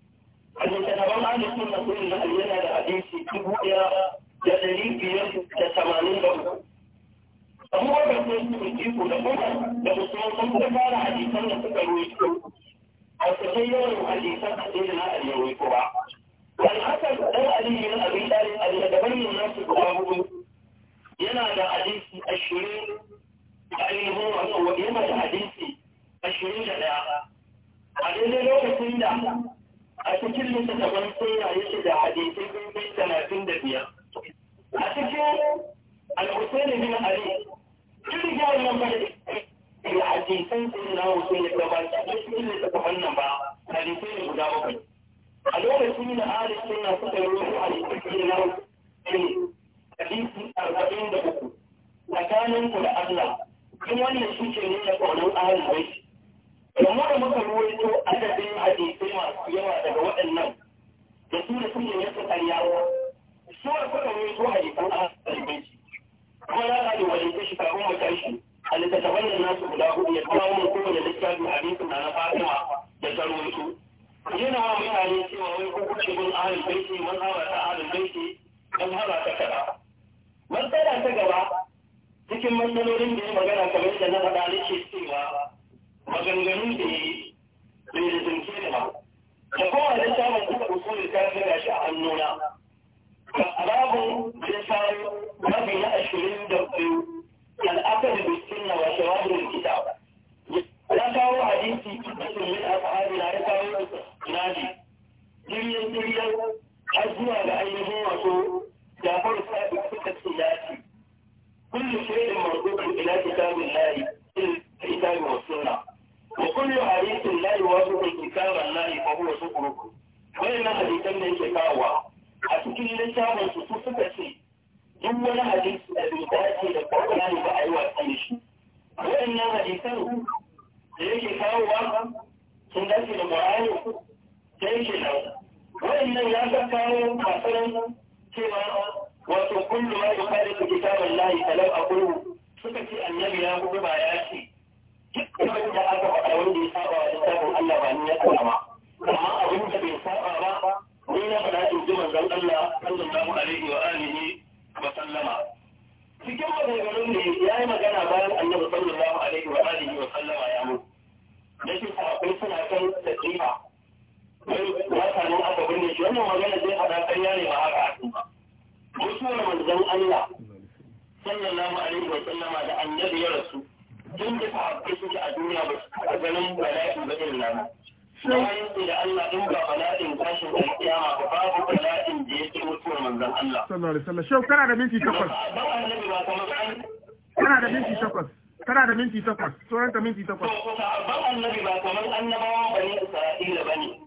A littattafan hadisin na kuri na aliyana da hadisi dubu ɗaya da ɗari biyar da tamanin da uku. Abubuwan da sun yi iko da kuma da musulman sun kuma fara hadisan da suka ruwaito. A cikin yawan hadisan a sai da na aliyu ba. Wani hakan ɗan aliyu na abin ɗalin a daga bayan nasu guda hudu yana da hadisi ashirin da ainihin wa yana da hadisi ashirin da ɗaya a daidai lokacin da a cikin littattafan sunna yake da hadisai dubu talatin da biyar a cikin al-husaini bin ali duk da nan ba da ya hadisan sunna husaini da ba ta cikin littattafan nan ba hadisai ne guda bakwai a lokacin da Ali suna suka yi wasu hadisai na husaini hadisi arba'in da uku tsakaninku da Allah kan wannan shi ce ne na ƙaunar ahalin baiti Yanzu da muka ruwaito adadin hadisai masu yawa daga waɗannan da su da suke yasa ƙaryawa su wa kuka ruwaito hadisan ahalin baiti kuma ya ƙari wajen shi kafin mu tashi a littattafan da nasu guda hudu ya kawo mu kowane littafin hadisin da na fatima da ta ruwaito yana wa mutane cewa wai ko kuce bin ahalin baiti man hawa ta ahalin baiti don hawa ta kaɗa. matsala ta gaba cikin matsalolin da ya magana kamar da na faɗa ke cewa maganganun da ya yi bai da zunke da ba da kowa da samun kuka da ta da shi a hannuna babu da samu mafi na ashirin da biyu al'akari da na wa shawarar kita ya kawo hadisi kitabun min al'adu na ya kawo nadi jirgin jirgin har zuwa ga ainihin wasu. جعفر الصادق فكرة الله كل شيء مردود إلى كتاب الله الكتاب والسنة وكل حديث لا يوافق كتاب الله فهو شكرك وإن حديثا من كتاوى أتكي لتابع سفكة duk wani hadisi da bai dace da kwakwani ba a yi watsi da shi waɗannan hadisan da yake kawowa sun da yake ya ka kawo masarar cewa wato kullu ma yukhalifu kitaballahi a aqulu suka ce annabi ya gudu ba ya ce duk abin da aka faɗa wanda ya saba wa littafin Allah ba ni ya tsara ba amma abin da bai saba ba ni na faɗa in ji manzon Allah sallallahu alaihi wa alihi wa sallama cikin maganganun da ya yi magana bayan annabi sallallahu alaihi wa alihi wa sallama ya mutu da shi sahabbai suna kan tasbiha ba ta aka binne shi wannan zai ƙarya ne ba haka a tuba mutuwar manzon Allah da annabi ya rasu tun da a a duniya ba su ganin da Allah ba tashin ba babu ya mutuwar Allah shau kana da minti takwas kana da minti takwas kana da minti takwas sauran minti takwas ba annabi ba kamar annabawa bane isra'ila bane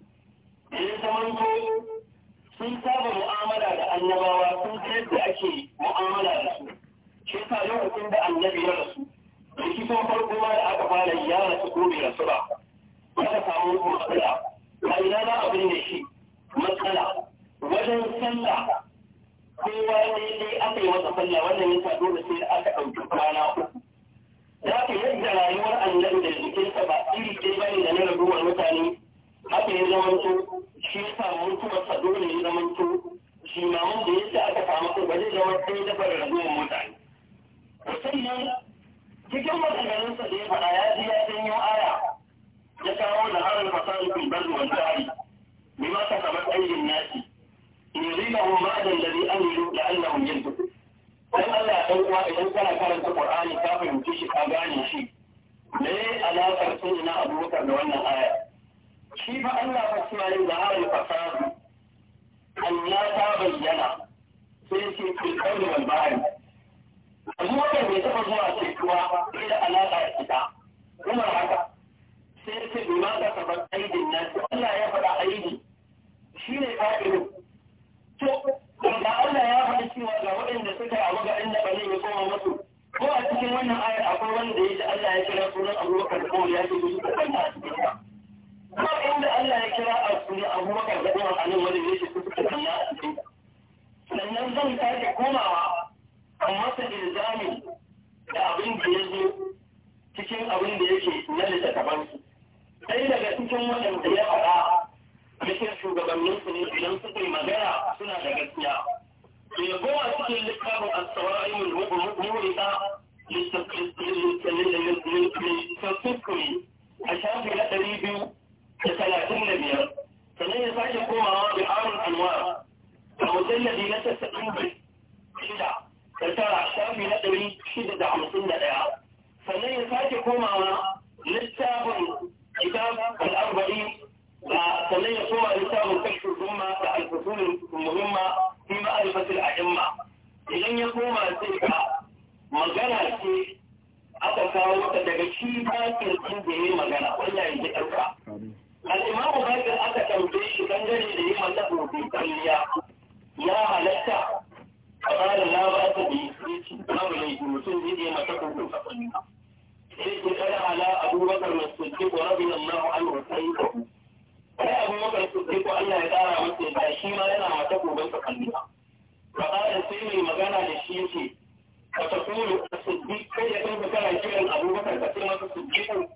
da ya zamanto sun saba mu'amala da annabawa sun san yadda ake mu'amala da su shi lokacin da annabi ya rasu rikicin farko ma da aka fara ya rasu ko bai rasu ba aka samu matsala a ina za a binne shi matsala wajen sallah kowa ne dai aka yi masa sallah wannan ya sa dole sai aka ɗauki kwana uku za ka yadda rayuwar annabi da jikinsa ba iri ɗaya ba ne da na rabuwar mutane haka ya zamanto shi ya samu mutuwarsa dole ya zamanto ma wanda ya ce aka samu ko ba zai zama ɗan da bari ragowar mutane. Sannan cikin sa da ya faɗa ya ji ya janyo aya ya kawo da harin fasari kun bar zuwan tsari. ma ta kamar ɗangin nasi. Yurilahu ma'adan da an yi da Allahun yin tuku. Don Allah ɗan uwa idan kana karanta Qur'ani ka fahimci shi ka gane shi. Me alaƙar sunna Abubakar da wannan aya? shi ba Allah ba suna yin zaharar fasadu Allah ta bayyana sai ce ke kauri wal bahari amma da bai taɓa zuwa ce ba sai da alaƙa ya fita kuma haka sai ce bai ma ka sabar aidin nan Allah ya faɗa aidi shi ne fa'ilu to da Allah ya faɗi cewa ga waɗanda suka yi abu ga inda ba ya koma musu ko a cikin wannan ayar akwai wanda ya ji Allah ya kira sunan Abubakar ko ya ce su suka kanta a cikin ba inda Allah ya kira a kuma abu maka da a nan wani shi kuka da sannan zan sake komawa kan masa ilzami da abin da ya zo cikin abin da yake na littattafansu sai daga cikin waɗanda ya faɗa cikin shugabanninsu ne idan suka yi magana suna da gaskiya to ya goma cikin littafin al-sawa'imin mu'rita littattafin a shafi na ɗari biyu da talatin da biyar sannan ya sake komawa bi arun anwar da mujalladi na sassaɗin bai shida da tara shafi na ɗari shida da hamsin da ɗaya sannan ya sake komawa littafin kitab al'arba'in da sannan ya koma littafin kashfin zumma da alfasulun muhimma fi ma'arifatul a'imma idan ya koma sai ka magana ce aka kawo ta daga shi bakin inda ya yi magana wannan ya ji ɗauka al'imamu bakar aka ɗauke shi dangane da yi mata ɗauke kwalliya ya halatta a bada labarta da yi babu laifi mutum zai je mata ɗauke kwalliya sai ku ɗara ala abubakar masuddiq wa na allahu an wasayi ka kai abubakar siddiq wa allah ya ƙara masa ya shi ma yana mata ɗauke kwalliya ba ƙara sai mai magana da shi yake ka ta kulu a siddiq kai ya ɗauka kana kiran abubakar ka sai masa siddiq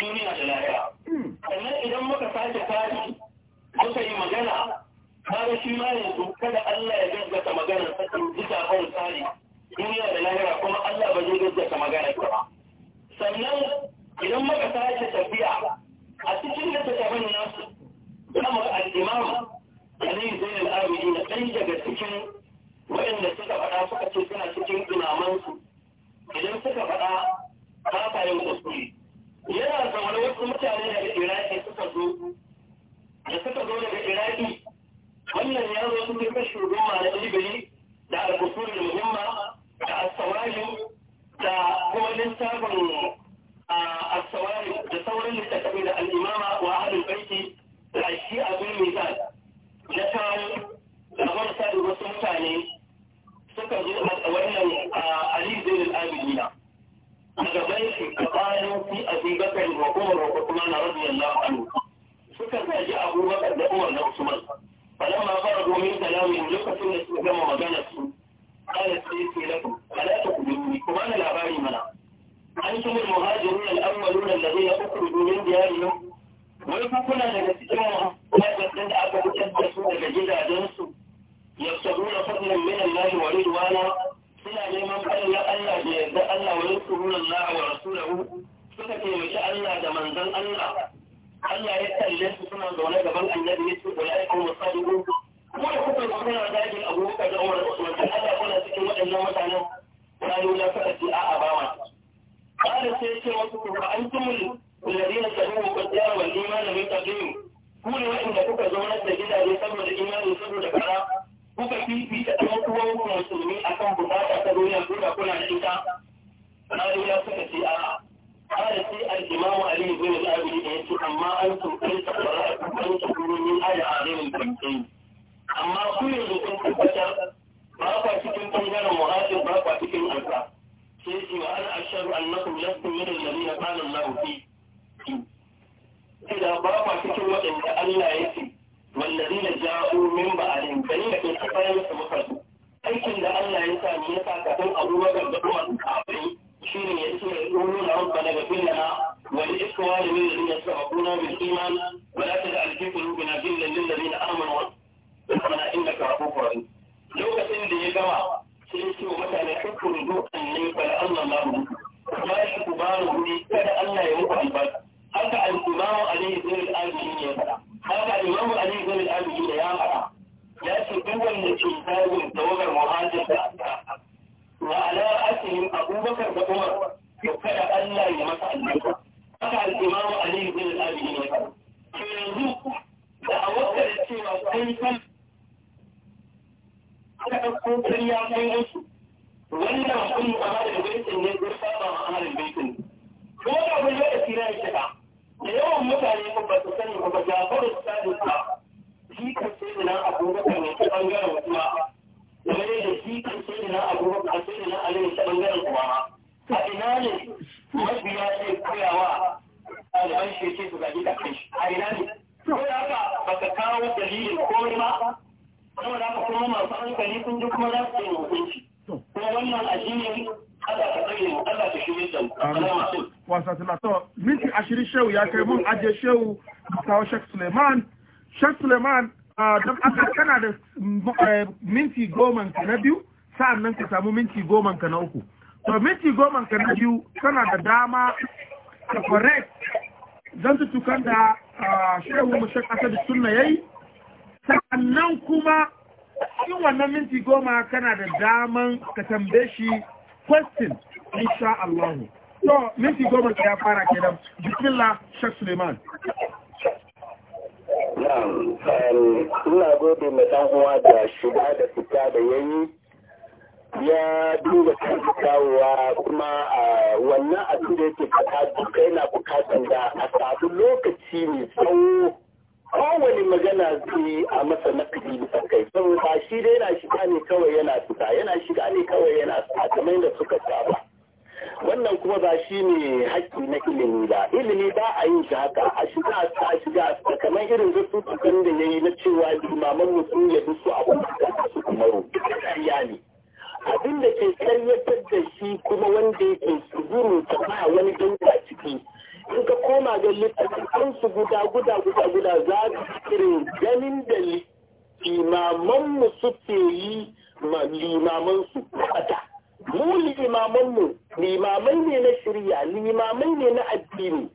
duniya da lahira sannan idan muka sake tashi muka yi magana kare shi ma yanzu kada Allah ya gaggata magana sakin bisa kan tsari duniya da lahira kuma Allah ba zai gaggata magana ba sannan idan muka sake tafiya a cikin ta littattafan nasu zamu ga al-imam Ali Zainal na ɗan daga cikin waɗanda suka faɗa suka ce suna cikin tunamansu idan suka faɗa ba sa yin kuskure yana zaune wasu mutane daga iraki suka zo da suka zo daga iraki wannan ya zo sun duka shugaba na libiri da al'usul muhimma da asawari da kuma littafin asawari da sauran littattafai da al'imama wa ahalin baiti da shi abin misal na kawo da sa da wasu mutane suka zo a wannan ali zai a gaban shi a bayan fi abubakar wa umar wa usman radiyallahu anhu suka gaji abubakar da umar na usman falamma faradu min kalamin lokacin da suka gama maganar su قالت لي لكم فلا تخبروني وأنا العباري منع أنتم المهاجرون الأولون الذين أخرجوا من ديارهم dasu daga الذين su? تدسوا لجدا جنسوا يبتغون فضلا من الله ورضوانا suna neman fadala Allah da yadda Allah wa yanku nuna Allah wa Rasulahu suka ke wace Allah da manzan Allah Allah ya kalle su suna zaune gaban annabi ya ce wala ya kuma sadu ko da kuka yi suna zagin abubuwa da umar wanda Allah kuna cikin waɗannan mutanen ta yi wula suka ce a'a ba ƙara sai ce wasu ku an tumul kullari na sabu ko kwanciya wa limanin mai tabbiyu ku ne waɗanda kuka zaune da gidaje saboda imanin saboda kara kuka ta ɗan uwan musulmi a kan bukata ta duniya ko da kuna da ita ƙariya suka ce a ƙara sai al'imamu ali bin al'abiri da ya ce amma an tuntun ta fara a kan ta duniya a da azimin tuntun amma ku da sun tabbatar ba kwa cikin ɓangaren muhajir ba kwa cikin alfa sai ce wa ana asharu annakum lastum min na qala na fi sai da ba kwa cikin waɗanda Allah ya ce والذين جاءوا من بعدهم كريم إن أفايا سمكتوا aikin da Allah ya sa ya sa ka san Abu Bakar da Umar kafin shine yace yu'minu rabbana ghfir lana wa li ikhwanina alladhina sabaquna bil iman wa la taj'al fi qulubina ghillan lil ladina amanu rabbana innaka ra'ufur rahim lokacin da ya gama sai ya ce wa mutane hukuru du'an ne fa ma ku ba shi ku ba ni kada Allah ya muku albarka haka al-imamu alayhi zainul abidin ya faɗa haka al-imamu alayhi zainul ne ya faɗa ya ce duk da ke zagin tawagar muhajir da wa ala asihim abubakar da umar to kada Allah ya masa albarka haka al-imamu alayhi zainul abidin ya faɗa to yanzu da a wata da cewa kai kan aka ɗauko ƙarya kai wasu wannan kun a halin baitin ne ko saba a halin baitin ko da wani lokaci na ya shiga da yawan mutane ko ba su sani ba jafaru sadiq ba shi kan sai da abubakar ne ta bangaren kuma da mai da shi kan sai da abubakar sai da ali ta bangaren kuma A ina ne mabiya ce koyawa ɗaliban shi ce su gaji da kai a ina ne ko ya ba ba ka kawo dalilin komai ba saboda haka kuma masu hankali sun ji kuma za su yi hukunci wasa talato minti ashirin shehu ya kai mun ajiye shehu kawo shek suleiman shek suleiman don aka kana da eh, minti goma ka na biyu sa'annan ka samu minti goma ka na uku to minti goma ka na biyu tana da dama ka correct don tutukan da shehu mu shek asadi sunna yayi sannan kuma cikin wannan minti goma kana da daman ka tambaye shi question insha Allah to minti goma ya fara kenan bismillah Sheikh Suleiman um, ina gode mai ɗan uwa da shiga da fita da yayi ya duba kan kawowa kuma a wannan abin da yake fata duka yana bukatar da a sabu lokaci mai tsawo kowane magana zai a masa nakadi bisa kai saboda shi dai yana shiga ne kawai yana fita yana shiga ne kawai yana fita kamar yadda suka saba wannan kuma ba shi ne haƙƙi na ilimi ba ilimi ba a yin shi haka a shiga a shiga a kamar irin zattutukan da ya yi na cewa limaman mutum ya bi su a da su kumaro ƙarya ne abin da ke karyatar da shi kuma wanda yake su ta ba wani dauka ciki in ka koma ga littafin su guda guda guda guda za ka kire ganin da limamanmu ke yi ma su kwata mu limamanmu limamai ne na shirya limamai ne na addini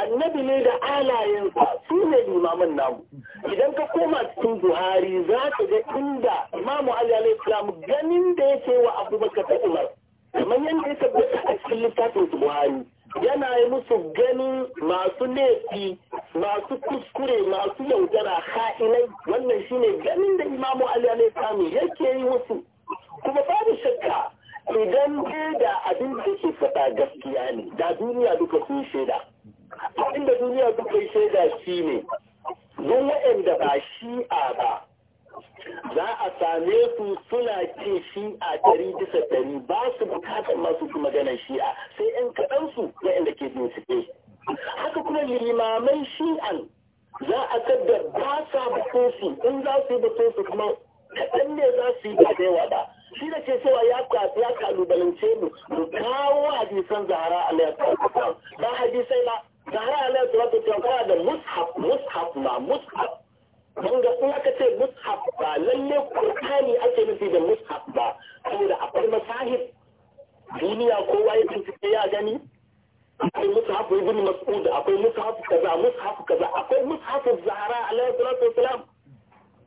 annabi ne da alayensa su ne limaman namu idan ka koma cikin buhari za ka ga inda imamu ali alayhi ganin da ya yake wa abubakar da umar kamar yadda ya tabbata a cikin littafin buhari yana yi musu ganin masu laifi masu kuskure masu yaudara ha'inai wannan shine ganin da imamu ali alaihi yake yi musu kuma babu shakka idan da abin da ke faɗa gaskiya ne da duniya duka sun shaida abin da duniya duka yi shaida shi ne don waɗanda ba shi'a ba za a same su suna ce a ɗari bisa ɗari ba su bukatar masu su magana shi'a sai yan kaɗansu inda ke bincike haka kuma limaman shi'an za a kadda ba sa batun su in za su yi batun su kuma kaɗan ne za su yi ba ba shi da ke cewa ya kwafi ya kalubalance mu mu kawo hadisan zahara alayhi ba hadisai ba zahara alayhi salatu ta da mushaf mushaf ma mushaf don ga in aka ce mushaf ba lalle ake nufi da mushaf ba saboda akwai masahib duniya kowa ya tuntuɓe ya gani akwai mushaf ibn mas'ud akwai mushaf kaza mushaf kaza akwai mushaf zahra alaihi salatu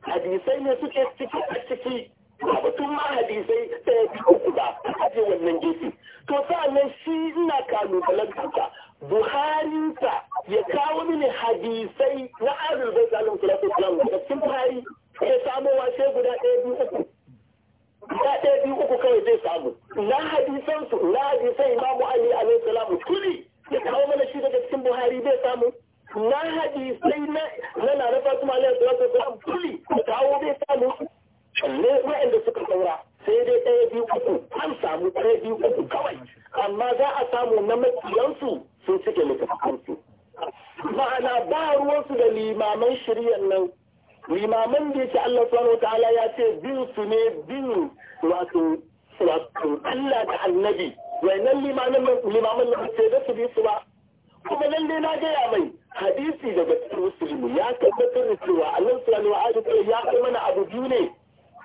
hadisai ne suke ciki a ciki ba tun ma hadisai ta uku ba a aje wannan gefe to sa'annan shi ina kalubalantarsa buhari ta ya kawo mini hadisai na arzul bai salim salatu salam da cikin buhari ya samo washe guda ɗaya biyu uku guda ɗaya biyu uku kawai zai samu na hadisan su na hadisan imamu ali alaihi salamu tuli ya kawo mana shi daga cikin buhari bai samu na hadisai na na na fatima alaihi salatu salam tuli ya kawo bai samu ne waɗanda suka saura sai dai ɗaya biyu uku an samu ɗaya biyu uku kawai amma za a samu na makiyansu sun suke littattafansu ma'ana ba ruwansu da limaman shirya nan limaman da yake Allah subhanahu ta'ala ya ce bin su ne bin wato wato Allah da annabi wannan limaman limaman nan ce da su biyu su ba kuma ne na gaya mai hadisi daga cikin musulmi ya tabbatar da cewa Allah subhanahu wa ta'ala ya kai mana abu biyu ne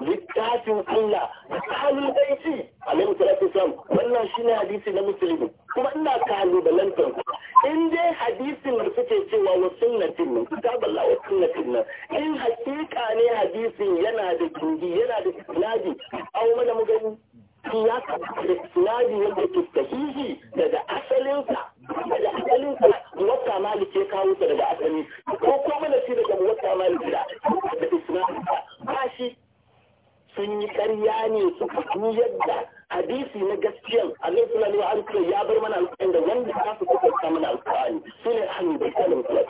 littafin Allah kalubaiti alaihi salatu wasalam wannan shine hadisi na musulmi kuma ina kalubalantar ku in dai hadisin da suke cewa wa sunnatin nan ta balla wa sunnatin nan in hakika ne hadisin yana da kingi yana da isnadi au mana mu gani ya ka da isnadi yadda ke sahihi daga asalinsa daga asalinsa wata ya kawo ta daga asali ko kuma da shi daga wata malike da isnadi ba shi sun yi karya ne su, juyar yadda hadisi na gaskiyan a laifin ne an ya bar mana alƙawari da wanda za su kuka mana alƙawari su ne hannu da kalin kula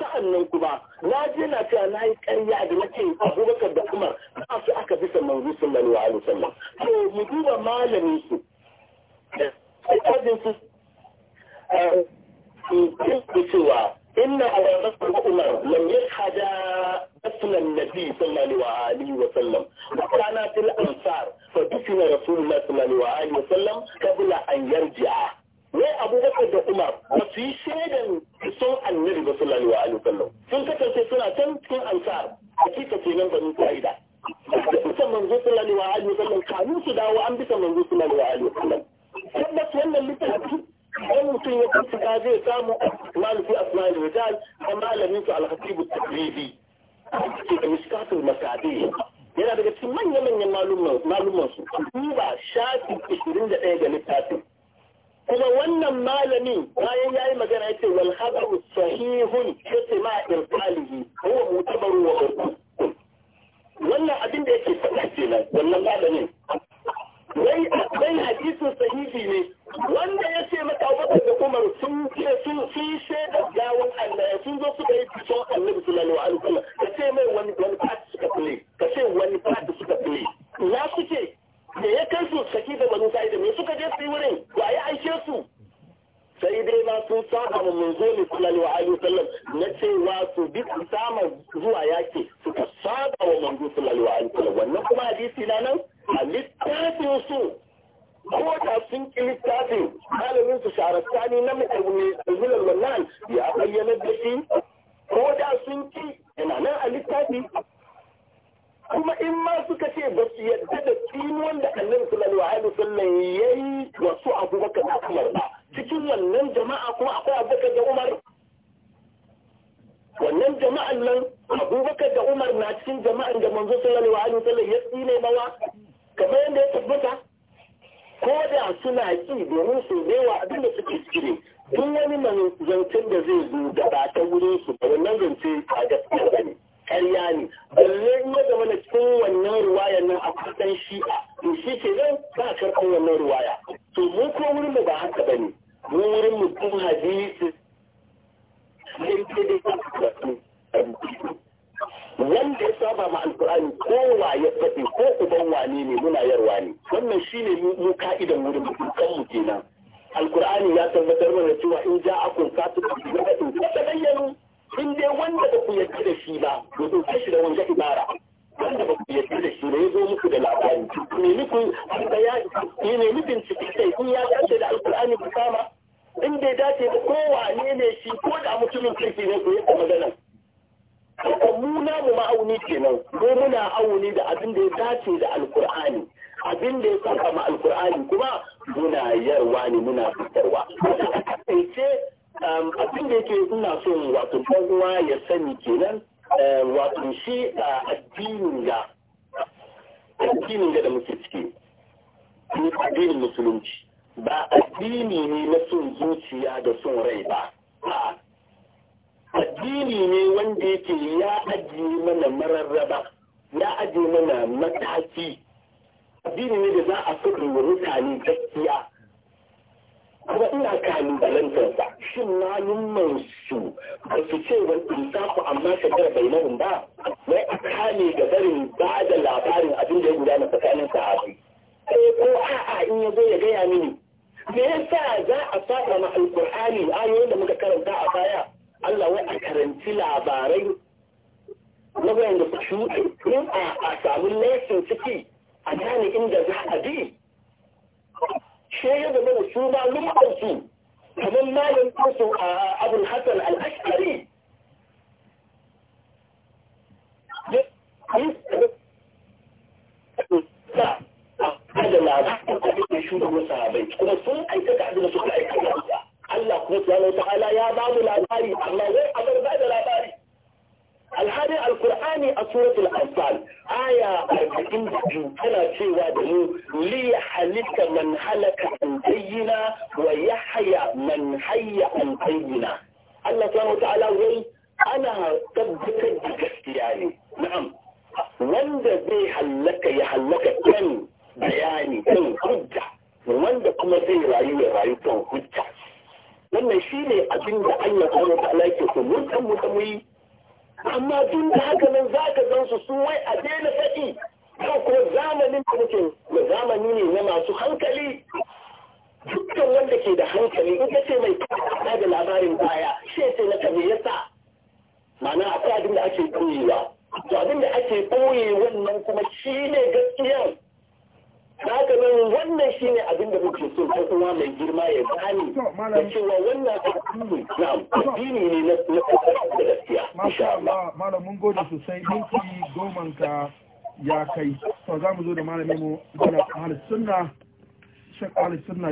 sa'annan kuma na je na cewa na yi karya da nake abubakar da umar na su aka bisa manzo sallallahu alaihi wasallam to mu duba malamin su da su cewa Inna إن أبا بكر وعمر لم يشهدا دفن النبي صلى الله عليه وسلم وكان في الأنصار فدفن رسول الله صلى الله عليه وسلم قبل أن يرجع wai abubakar da umar ba su yi shaidan sun annabi ba sallallahu alaihi sallam. sun kasance suna can cikin ansar hakika kenan bani sa'ida bisa manzo sallallahu alaihi wasallam kamin su dawo an bisa manzo sallallahu alaihi sallam. tabbas wannan littafi sai mutum ya ta zai samu malufi asma'il rijal da malamin su al-hasibu tabribi ke da mishkatul masade yana daga cikin manya-manyan malumansu su duba shafi 21 ga littafin kuma wannan malami bayan yayi magana ce wal khabaru sahihun ce ma ko wa mutabaru wa wannan abin da yake faɗa na wannan malamin dai hadisun sahihi ne wanda ya ce mata Abubakar da kuma sun ce sun fi shaida gawan Allah sun zo su suka yi bison Annabi sallallahu alaihi wasallam ka ce mai wani wani part suka play ka ce wani part suka play na su ce da ya kai su saki da banu sai da me suka je su yi wurin ba ya aike su sai dai ma sun saba mu zo ne sallallahu alaihi wasallam na ce cewa su bi sama zuwa yake suka saba wa zo sallallahu alaihi wasallam wannan kuma hadisi na nan a littafin su ko da sun ki littafin malamin su sharastani na mutane wannan ya bayyana da shi ko da sun ki yana nan a littafi kuma in ma suka ce ba su yadda da tsinuwan da annabi a alaihi wasallam yayi wa su abubakar da umar ba cikin wannan jama'a kuma akwai abubakar da umar wannan jama'an nan abubakar da umar na cikin jama'an da manzo sallallahu alaihi wasallam ya suna ki domin su baiwa abin da suke cire duk wani zancen da zai zo da ba ta wurin su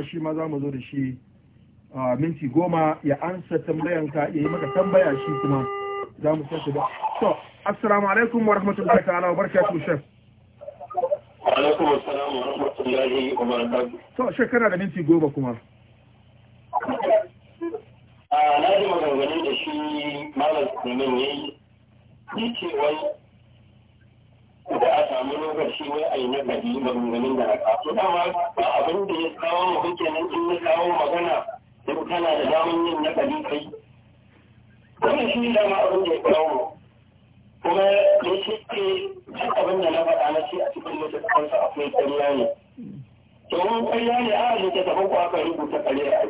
shi ma za mu zo da shi a minti goma ya ansa tambayanka ya yi maka tambaya shi kuma za mu san ba to assalamu alaikum wa rahmatullahi ta'ala wa barakatuhu Wa alaikum assalam wa rahmatullahi wa barakatuh. to shek kana da minti goma kuma a na ji maganganun da shi malam kumin yayi ni ce wai da a samu lokaci wai a yi na ga maganganun da raka to dama ba abin da ya kawo mu kake nan in ya kawo magana duk kana da daman yin na kai Kuma shi dama abin da ya kawo mu kuma ya ce eh, duk abin da na faɗa na ce a cikin littattafansa akwai ƙarya ne To domin ƙarya ne a littattafan ku aka rubuta ƙarya ne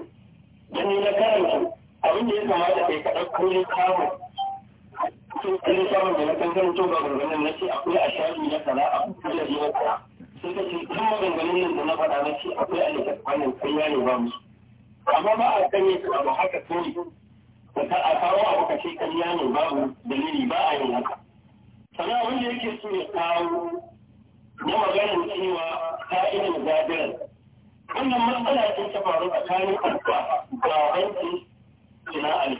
don ne na karanta abin da ya kamata kai ka ɗauko ne kamun sun ɗin samun da na kankan to ga ganganin na ce akwai a shafi na kaza a kuka da na kaza sai ka ce kan maganganun nan da na faɗa na ce akwai a littafi wannan kai ya ne ba musu amma ba a sanya su abu haka kawai da ka a kawo abu ka ce kan ya ne babu dalili ba a yin haka sannan wanda da yake so ya kawo na maganin cewa ka'idan zabiran wannan matsala ce ta faru tsakanin alfa da wanki ina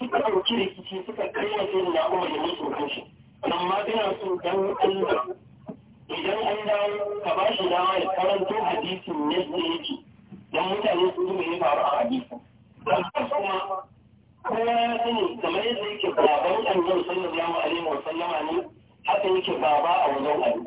suka ɗauki rikici suka kaiwa sai da umar da mutu kan shi amma ina so dan Allah idan an dawo ka ba shi dama ya karanto hadisin yadda yake dan mutane su zuba ya faru a hadisin kuma kowa ya sani kamar yadda yake baban annabi sallallahu alaihi wa sallama ne haka yake baba a wajen ali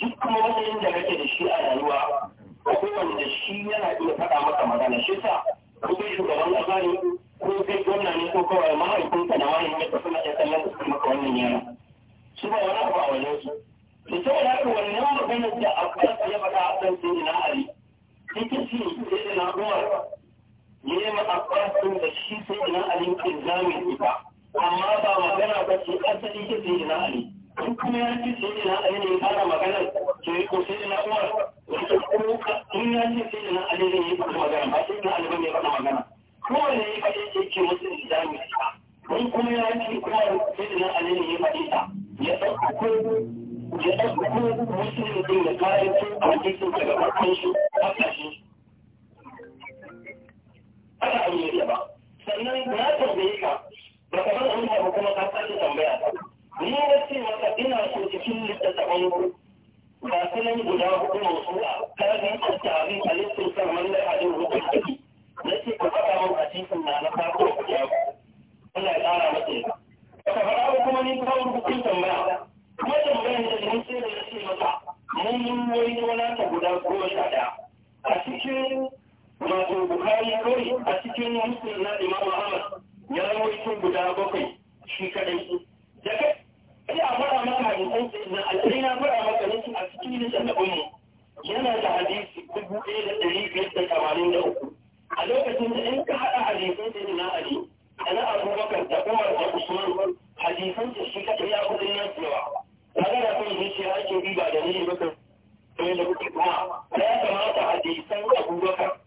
duk kuma wani da kake da shi a rayuwa akwai wanda shi yana iya faɗa maka magana shi sa kuma shugaban ƙasa ne ko zai gwamna ne ko kawai mahaifin ka na wani ne ka suna iya kallon ka maka wannan yana su ba wani abu a wajen su da saboda haka wannan maganar da akwai ya faɗa a kan sai na ali ita ce sai na umar ne ma akwai da shi sai na ali ke zamin ita amma ba magana ba ce asali ke sai na ali in kuma ya ce sai na ali ne fara maganar ke ko sai na umar wata ko in ya ce sai na ali ne ya faɗa magana ba sai na ali ba ne ya faɗa magana kowane ya faɗi ke ce wasu ba wani kuma ya ce kuma sai na alini ya faɗi ta ya ɗauko ya ɗauko musulmi ɗin da kayan su a jikin daga farkon su a ƙashi ana amiriya ba sannan na tambaye ka ba ka bada wani abu kuma ka sake tambaya ta ni na ce maka ina so cikin littattafan ba sunan guda hukumar su a tarihin al-tarihi a listin kan mallaka din hukunci yace ka faɗa na na ka faɗa kuma ni tambaya kuma tambayar da sai da mun wani wani guda goma sha ɗaya a cikin wato bukari a cikin guda bakwai shi kadai da kai na na a yana da hadisi dubu ɗaya da ɗari biyar da tamanin da uku a lokacin da in ka haɗa hadisan sai na aji, da na bakar da umar da usman hadisan da shi kaɗai ya kudin ya tsewa kaga da kun zuciya ake bi ba da nini baka sai da kuke kuma ya kamata hadisan abubakar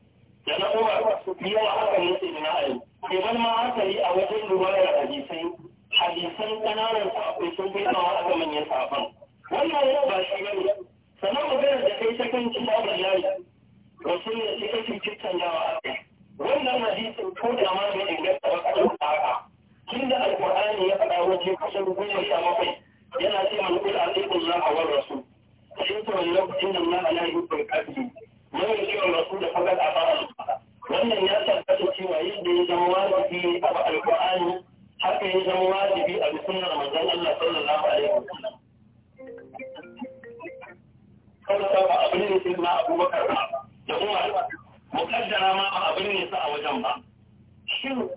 da na umar yawa haka ne sai aji. ali idan ma hankali a wajen ruwayar hadisai hadisan ƙananan saƙo sun fi tsawa a manyan saƙon wannan yau ba shi ba ne. sannan maganar da kai ta kan kitabun lafiya wasu ne sai kake cikin dawa wannan hadisin ko da ma bai inganta ba kaɗan haka tun da alƙur'ani ya faɗa waje kusan goma sha bakwai yana ce mana kula alaikun za a war rasu sai ta wani lokacin nan na ala yi kun kafi yi kiran rasu da fagar a fara wannan ya tabbata cewa yadda ya zama wajibi a alƙur'ani haka ya zama wajibi a sunnar manzon Allah sallallahu alaihi wasallam kawai ba abin da sai na abubakar ba da umar mukaddara ma ba abin ne sa a wajen ba shin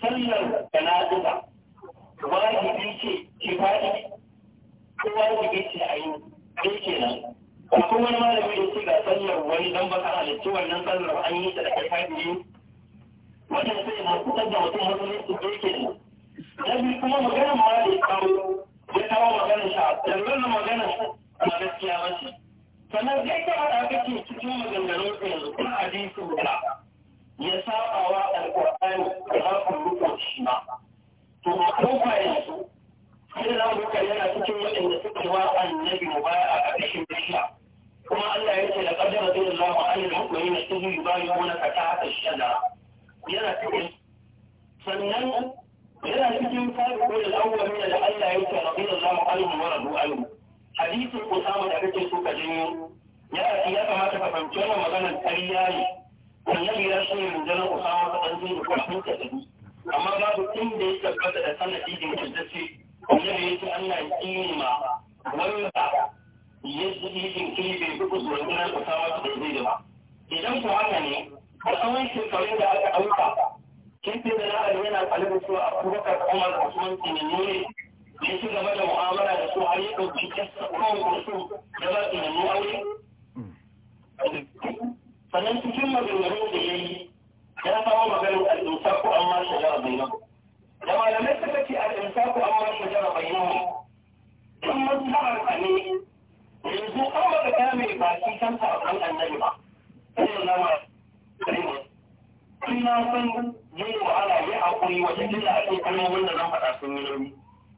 sallar da na jana'iza wajibi ce faɗi? ko wajibi ce a yi kai kenan ko kuma malami ya ce ga sallar wani dan ka halarci wannan sallar an yi ta da kifai ne wannan sai na kusa da mutum musulunci dai kenan na biyu kuma maganar ma da ya kawo ya kawo maganar sha da wannan maganar ba gaskiya ba ce sannan yadda ana kake cikin maganganun su yanzu kun hadisi guda ya saba wa alƙur'ani da za ku rubuta shi ma to mu ɗauka yanzu sai za mu yana cikin waɗanda suka wa annabi mu baya a ƙarƙashin bishiya kuma Allah ya ce da ƙaddar radiyallahu anhu hukumin da su yi bayan wani kata haka shada yana cikin sannan yana cikin fadi ko da awwal da Allah ya ce da radiyallahu anhu wa radu anhu hadisin Usama da kake so ka janyo ya ya kamata ka fahimci wannan maganar ƙarya ne annabi ya so ya Usama ka dan zai ka fahimta da ni amma babu inda ya tabbata da sanadi da mutacce annabi ya ce Allah ya ma wanda ya ji jinkiri bai bi zuwa nan Usama ka dan zai ba idan ku haka ne a tsawon shekarun da aka ɗauka kin fi da na'ar yana kwalibin cewa abubakar kuma da usman tinannu ne ya ci gaba da mu'amala da su har yi ɗauki kyasta kawai da su da za su nemi aure. Sannan cikin maganganun da ya yi ya samu maganin al'insa ko an shajara bai nan. Da malamai suka ce al'insa ko an amma shajara bai nan. Tun maslahar ka ne yanzu an baka ta mai baki kan ta sabon annabi ba. Sai na ma Ina san wa ala ya haƙuri wata kila a ake kalmomin da zan faɗa sun yi nauyi.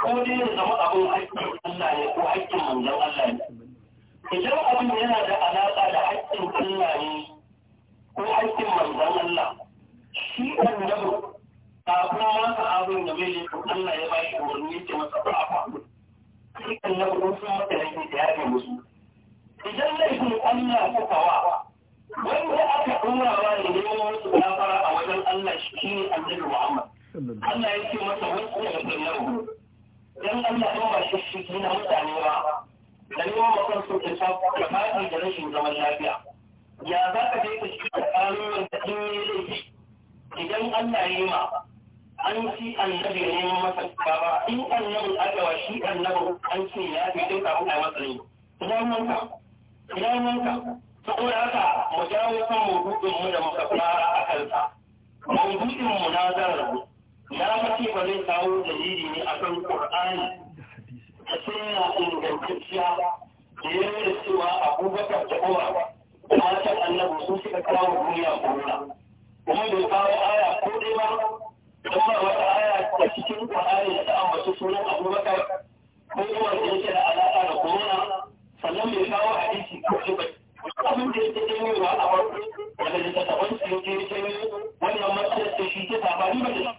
ko dai ya zama abin aikin Allah ne ko aikin manzon Allah ne idan abin yana da alaƙa da aikin Allah ne ko haƙƙin manzon Allah shi annabi kafin masa abin da mai laifin Allah ya ba shi umarni ce masa ba a faɗi sai annabi ko sun maka laifi da yaje musu idan laifin Allah ta kawa wanda aka ɗora wa ne neman wasu gafara a wajen Allah shi ne annabi Muhammad Allah ya ce masa wasu ya fi dan Allah kuma ba shi shi na mutane ba dan yawan mutum so ta ta fadi da rashin zaman lafiya ya za ka je ka shiga tsarin da in yi laifi idan Allah ya yi ma an ci annabi ne masa baba in annabi adawa shi annabi an ce ya fi duka a masa ne idan manka idan manka saboda haka mu jawo kan maudu'in mu da muka fara a kansa maudu'in mu na zarar larabci ba zai kawo dalili ne a kan ƙur'ani da sunna ingantacciya da ya nuna cewa abubakar da umar da matan annabi sun suka kawo duniya korona kuma bai kawo aya ko dai ba don ba wata aya a cikin ƙur'ani da ta ambaci sunan abubakar ko umar da yake da alaƙa da korona sannan bai kawo hadisi ko dai ba abin da yake janyowa a farko daga littattafan su yake janyo wannan matsalar da shi ke tafa ni ba da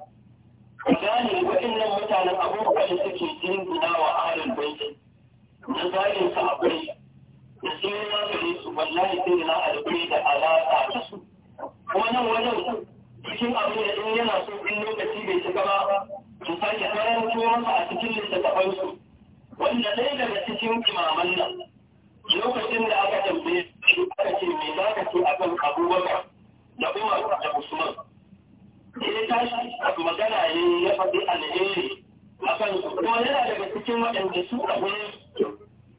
gane waɗannan mutanen abubuwan da suke jingina wa ahalin baiti na zagin sahabbai da sun yi ne su wallahi sai na alƙuri da alaƙa da su wani wajen cikin abin da in yana so in lokaci bai cika ba su sake karanto masa a cikin su. wanda ɗaya daga cikin imaman nan lokacin da aka tambaye shi aka ce me za ka ce akan abubakar da umar da usman sai tashi magana ne ya faɗi alheri akan kuma yana daga cikin waɗanda su a wurin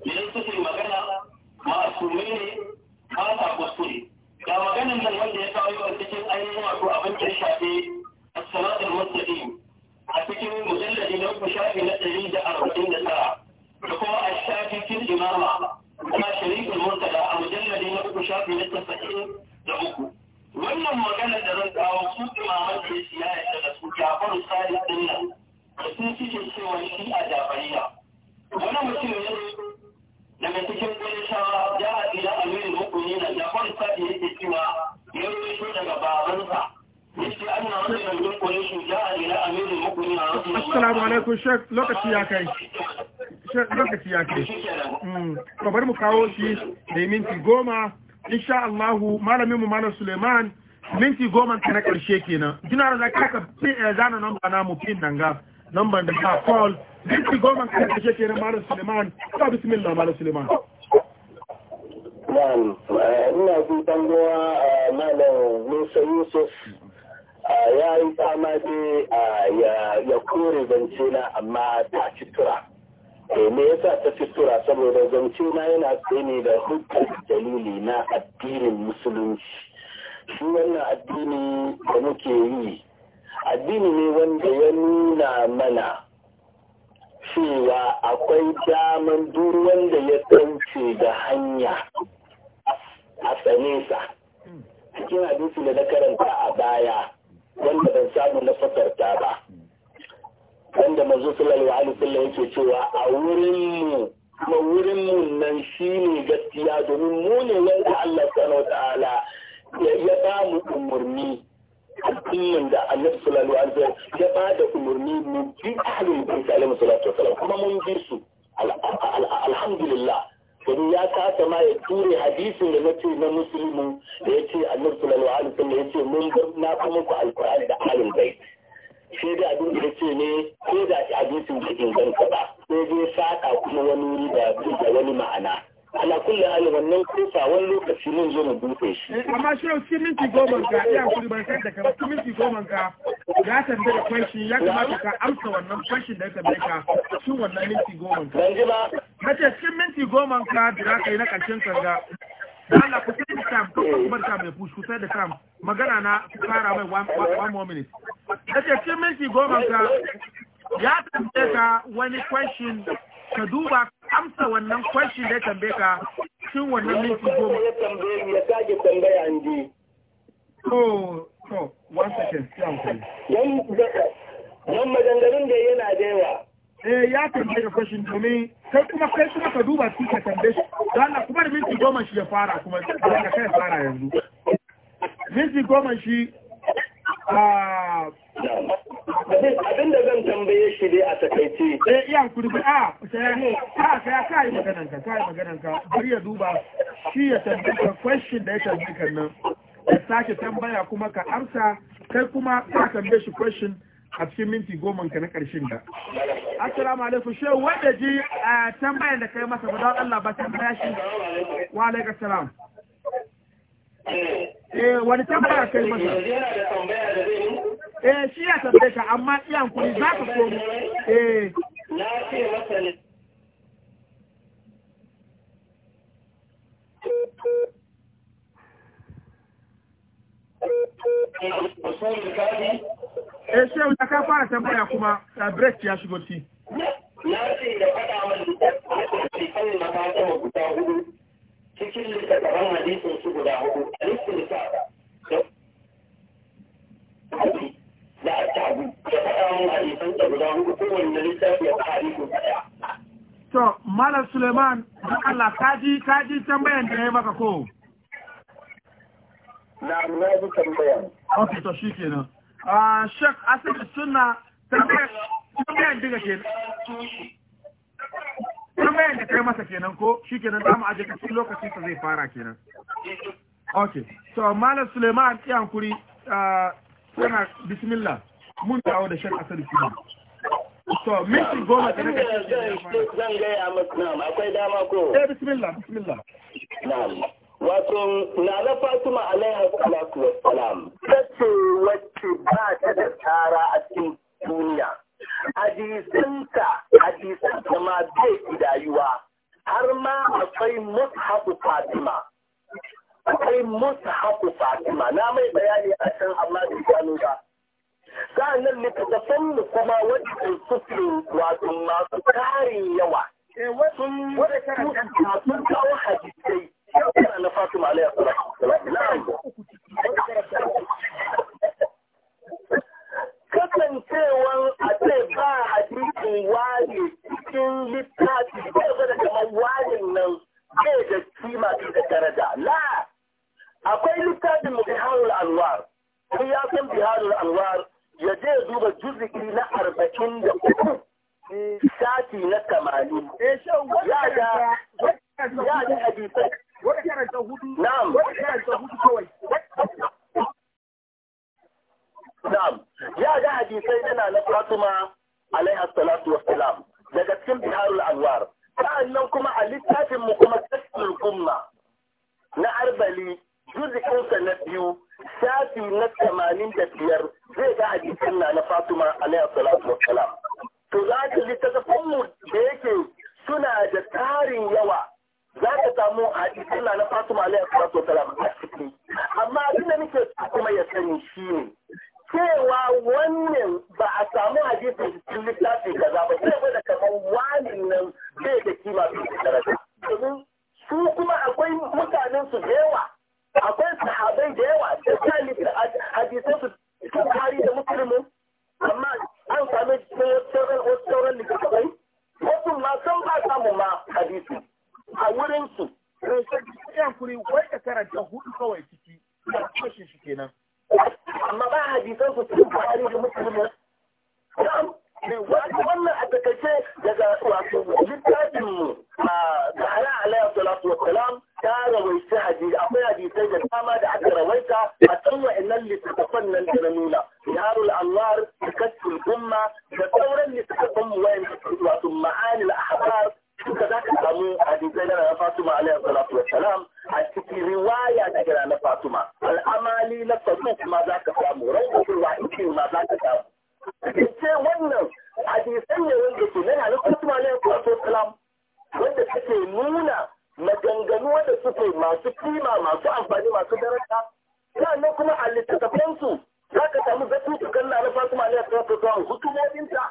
idan magana ne kuskure maganin nan wanda ya kawo a cikin da a cikin mujalladi na uku shafi na ɗari da arba'in da tara da kuma a shafi fil imama a mujalladi na uku shafi na da uku wannan magana da zan kawo su imaman da ya yarda da su jafaru sadi dinnan da sun cikin cewa shi a jafariya wani mutum ne daga cikin gurishawa ya haɗi da amirin hukuni na jafaru sadi yake cewa ya shi daga babansa Assalamu alaikum shek lokaci ya kai. Sheikh lokaci ya kai. Babar hmm. mu kawo shi da minti goma insha Allah malamin mu malam Suleiman minti goma ta na karshe kenan kina da ka ka eh, zana namba na mu pin nan ga number da ka call minti goma ta na karshe kenan malam Suleiman ta bismillah malam Suleiman eh, ina dangowa eh, malam Musa Yusuf ya yi tsama ya kore zance na amma ta ci tura. me yasa ta fitura saboda zance na yana tsaye da hujjar dalili na addinin musulunci shi wannan addini da muke yi addini ne wanda ya nuna mana cewa akwai daman duk wanda ya tsance da hanya a tsane sa cikin abinci da na karanta a baya wanda ban samu na fasarta ba wanda manzo sallallahu alaihi wasallam yake cewa a wurin mu kuma wurin mu nan shine gaskiya domin mu ne wanda Allah subhanahu ta'ala ya ba mu umurni addinin da Allah sallallahu alaihi wasallam ya ba da umurni mu bi ahlul bayt alaihi salatu wasallam kuma mun bi su alhamdulillah domin ya kasa ma ya ture hadisin da nace na musulmi da yace Allah sallallahu alaihi wasallam yace mun na kuma ku alqur'ani da ahlul bayt sai da abin da ce ne ko da shi hadisin da inganta ba sai dai saka kuma wani wuri da wani ma'ana ala kulli hali wannan kusa wani lokaci mun zo mu dutse shi eh, amma shi shi minti goma ga iya kudi ban san da ka cikin minti goma ga ya tambaye kwanci, ya kamata ka amsa wannan kwanci da ya tambaye ka shi wannan minti goma ga ban ji ba nace shi minti goma ga da ka yi na karshen kanga da Allah ku sai da kam ko kuma barka mai fushi ku sai da kam magana na fara mai one more minute kace cikin minti goma ka ya tambaye ka wani question ka duba amsa wannan question da tambaye ka cikin wannan minti goma ya tambaye ya sake tambaya inji to to one second yan maganganun da yana da yawa eh ya tambaye kwashin domin sai kuma kai kuma ka duba shi ka tambaye shi don Allah kuma da minti goma shi ya fara kuma da kai fara yanzu minti goma shi ah, abin da zan tambaye shi dai a takaice eh iya dubi a sai a sai ka yi magana ka ka yi maganan ka bari ya duba shi ya tambaye ka question da ya tambaye kan nan ya sake tambaya kuma ka amsa kai kuma ka tambaye shi question a cikin minti goma ka na ƙarshen da. Assalamu alaikum shehu wanda ji a tambayar da kai masa gudan Allah ba ta baya shi wa alaikum salam. Eh wani tambaya kai masa? Eh shi ya tambaye ka amma iyan kuri za ka komo. Eh. Na ce masa ne. eh shehu na ka fara tambaya kuma ta break ya shigo ci na ce da faɗa min da ke kan mata guda hudu cikin littattafan hadisin su guda hudu hadisin sa da da attabu da faɗa min hadisan da guda hudu kowanne littafi ya faɗa hadisin ɗaya To, Malam Suleiman, don Allah, kaji, kaji tambayan da ya maka ko? Na, na ji tambayan. Ok, to shi kenan. Ah, shek asibiti suna tambayar diga ke tambayar da kai masa kenan ko shi kenan za mu aje kasi lokaci ta zai fara kenan ok so malam suleiman iyan kuri ah, yana bismillah mun dawo da shek asibiti suna. so minti goma ta nake zan gaya masu akwai dama ko eh bismillah bismillah na'am wato na fatima alaiha salatu wa salam ce wacce ba ta da tara a cikin duniya hadisanta hadisanta ma bai gidayuwa har ma akwai mushafu fatima akwai mushafu fatima na mai bayani a can amma bai gano ba sa'annan littattafan mu kuma wadda suke wato masu tarin yawa eh, sun kawo hadisai na Fatima alaihi salatu na'am kasancewan a ce ba hadisin wani cikin littafi bai gwada kamar wani nan bai da kima bai da daraja la akwai littafin mu biharul anwar kun ya san biharul anwar ya je duba juzuki na arba'in da uku sati na tamanin ya da ya da hadisai wata hudu ya ga hadisai yana na Fatima daga cikin biharul anwar sa'annan kuma a littafin kuma na arbali juzikinsa na biyu shafi na tamanin da biyar zai ga hadisin na na Fatima to za ka littafin mu da yake suna da tarin yawa za ka samu hadisi na na Fatima alaihi salatu salam a ciki amma abin da nake kuma ya sani shine cewa wannan ba a samu hadisi cikin littafi kaza ba sai gwada kamar wani nan bai da kima bai da daraja domin su kuma akwai mutanen su da yawa akwai sahabai da yawa da talibin hadisai su cikin kari da musulmi amma an sami sauran sauran littattafai wasu ma san ba samu ma hadisi a wurin su eh, yan kuri wai ka karanta hudu kawai ciki ya kashe shi kenan amma ba hadisan su cikin buhari da musulmi eh, wannan a takaice daga wato littafin mu da ala alayhi salatu wa salam ta rawaita hadisi akwai hadisai da dama da aka rawaita a kan wa'annan littattafan nan da na nuna yarul anwar da kasfin umma da sauran littattafan mu wayan wato ma'anil ahbar duka za ka samu hadisai na Rana Fatima alaihi salatu wa salam a cikin riwaya daga na Fatima al'amali na Faruk ma za ka samu kuma ikin ma za ka samu ce wannan hadisai ne wanda ke na Rana Fatima alaihi salatu wa salam wanda suke nuna maganganu wanda suke masu kima masu amfani masu daraja sannan kuma a littattafansu za ka samu zatutukan na Rana Fatima alaihi salatu wa salam hukumominta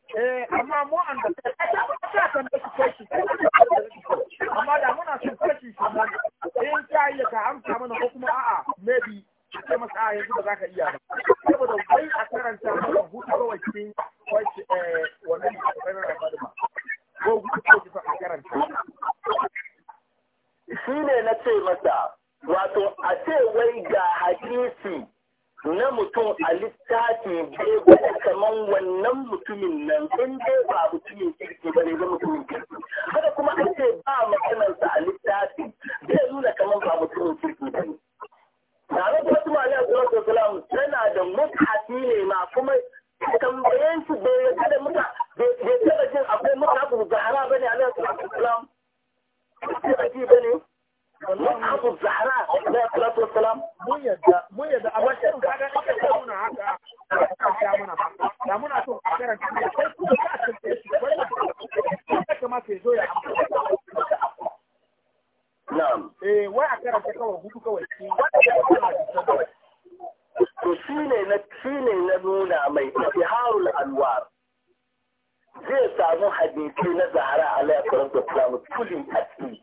Eh, amma mu an da ta san in ka iya ka mana ko a'a masa yanzu ba za ka iya ba saboda a karanta mana hudu cikin ba eh, ko a karanta shi ne na ce masa wato a ce wai ga hadisi na mutum a littafin bai gwada kaman wannan mutumin nan in dai ba mutumin kirki ba ne ba mutumin kirki haka kuma an ce ba maganarsa a littafi bai nuna kaman ba mutumin kirki ba ne tare da wasu ma'ana a tsoron salam tana da muthafi ne ma kuma tambayen su bai yarda da muta bai taba jin akwai muthafi zahara ba ne a tsoron salam bai ji ba ne Abu Zahra alaihi salatu wassalam mun yadda mun yadda amma shi kaga aka ce muna haka ya muna da muna so a karanta ne sai kuma ka tantance shi wannan ya kamata ya zo ya Na'am. Eh wai a karanta kawai hudu kawai shi to shi ne na shi ne na nuna mai iharul anwar zai samu hadisi na Zahra alaihi salatu wassalam kulli a ciki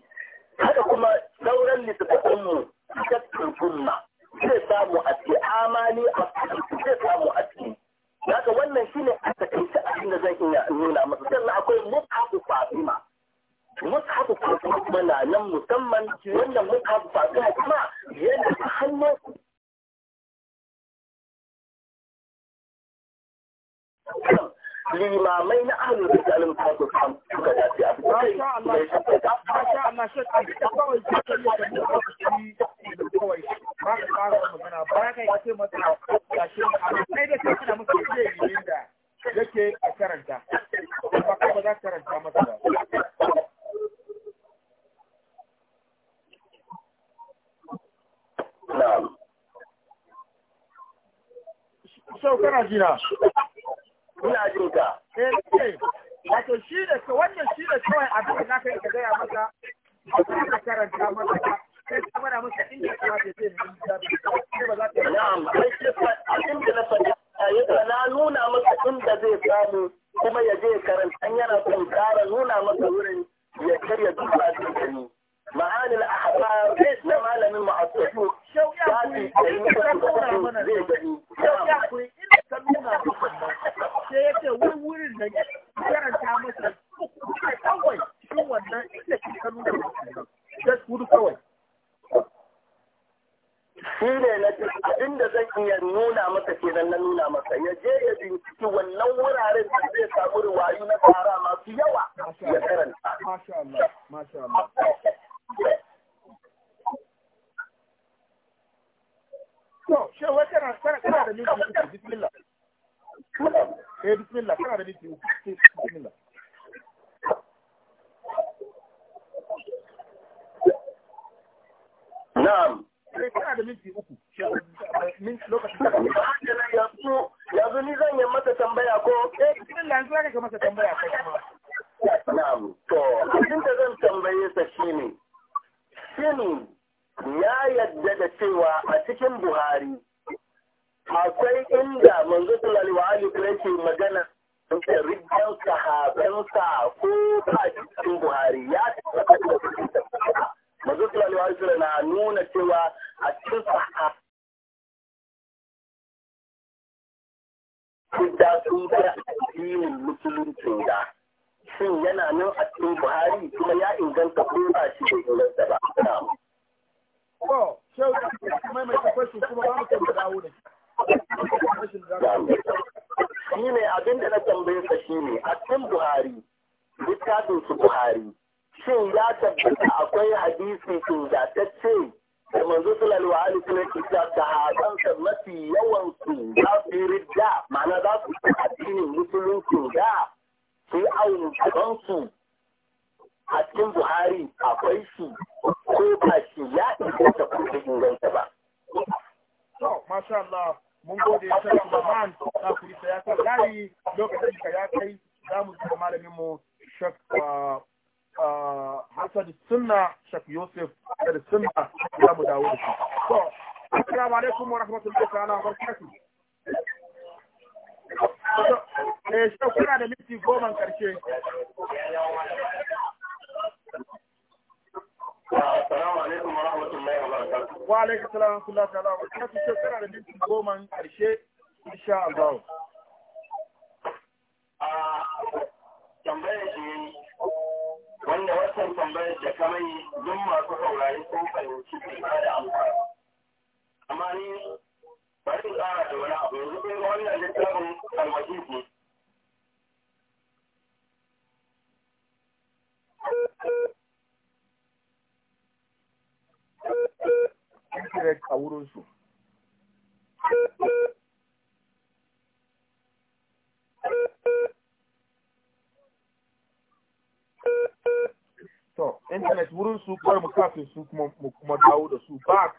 kuma mu kuma dawo da su back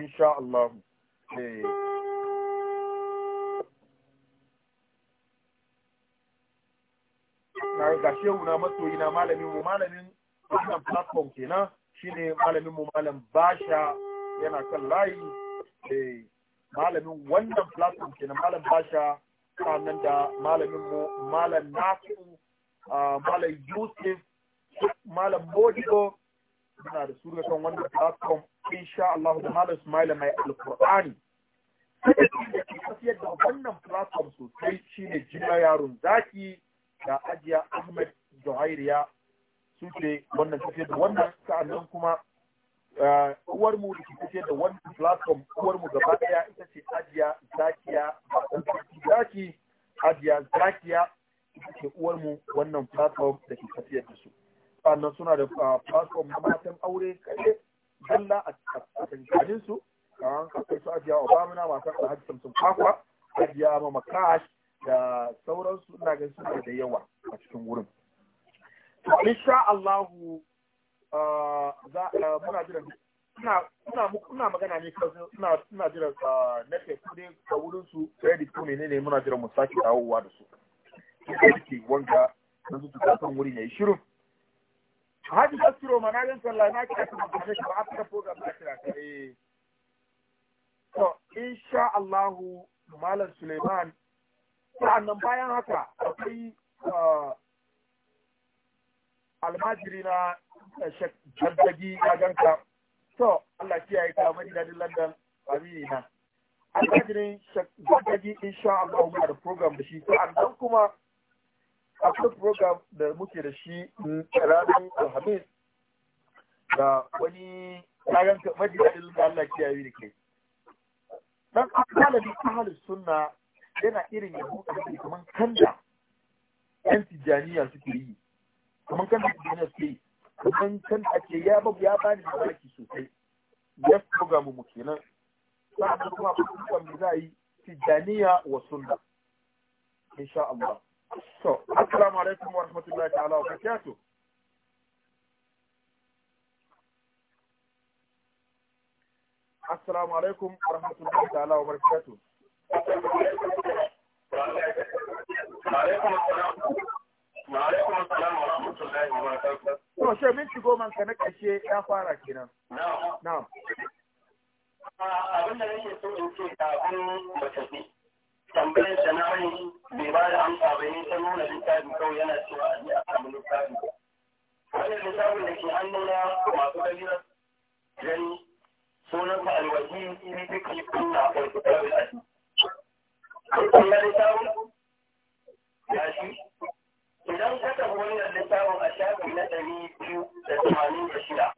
insha Allah eh na ga shehu na masoyi na malamin mu malamin wannan platform kenan shine malamin mu malam Basha yana kan layi eh malamin wannan platform kenan malam Basha sannan da malamin mu malam Nafi'u ah, malam Yusuf malam Modibo muna da su kan wannan platform insha Allah da Malam Ismail mai da ke tafiyar da wannan platform sosai shine jina yaron zaki da ajiya Ahmed Zuhairiya suke wannan tafiyar da wannan sa'annan kuma eh, uwar mu da ke tafiyar da wannan platform uwar mu gaba daya ita ce ajiya zakiya zaki ajiya zakiya ita ce uwar mu wannan platform da ke tafiyar da su sannan suna da fasfon ah, matan aure kare zalla a tankanin su kawan kafin su ajiya obamina masu alhaji samson kwakwa ajiya mama makash da sauransu ina ganin suna da yawa a cikin wurin insha Allahu ah, za ah, muna jiran ina ina magana ne kawai ina ina jiran na ke kuɗi a wurin su credit ne ne muna jiran mu sake dawowa da su ke wanda na zuci kasan wuri ne shirin Haji Basiro ma na gan sallah na kira su da shi ba aka program na kira ka eh. To insha Allah Malam Suleiman nan bayan haka akwai eh, almajiri na eh, jaddagi ya ganka. To Allah kiyaye ka madina din London amina. Almajirin jaddagi insha Allah muna da program da shi sa'annan kuma akwai program da muke da shi ranar alhamis da wani kayan majalisar da Allah ke yayi da ke dan ta ahlus sunna yana irin yabo cikin kaman kanda yan tijaniya suke yi kaman kanda tijaniya suke yi kaman kanda ake ya ba ya bani da baki sosai ya program mu kenan sai kuma program da za yi tijaniya wa sunna sha Allah So, assalamu alaikum wa rahmatullahi ta'ala wa barakatuh. Assalamu alaikum wa rahmatullahi ta'ala wa barakatuh. So, shi minti goma ka na ƙarshe ya fara kenan. Na'am. Na'am. Abin da nake so in ce ta kafin matafi. tambayar da na mai bai ba da amsa ba ne ta nuna littafin kawai yana cewa a je a samu littafin wani littafin da ke hannun hannuna masu dalila gani sunan sa alwaji ne duka kunna a kai kitabul aji kun ga littafin ya shi idan ka tafi wannan littafin a shafi na ɗari biyu da tamanin da shida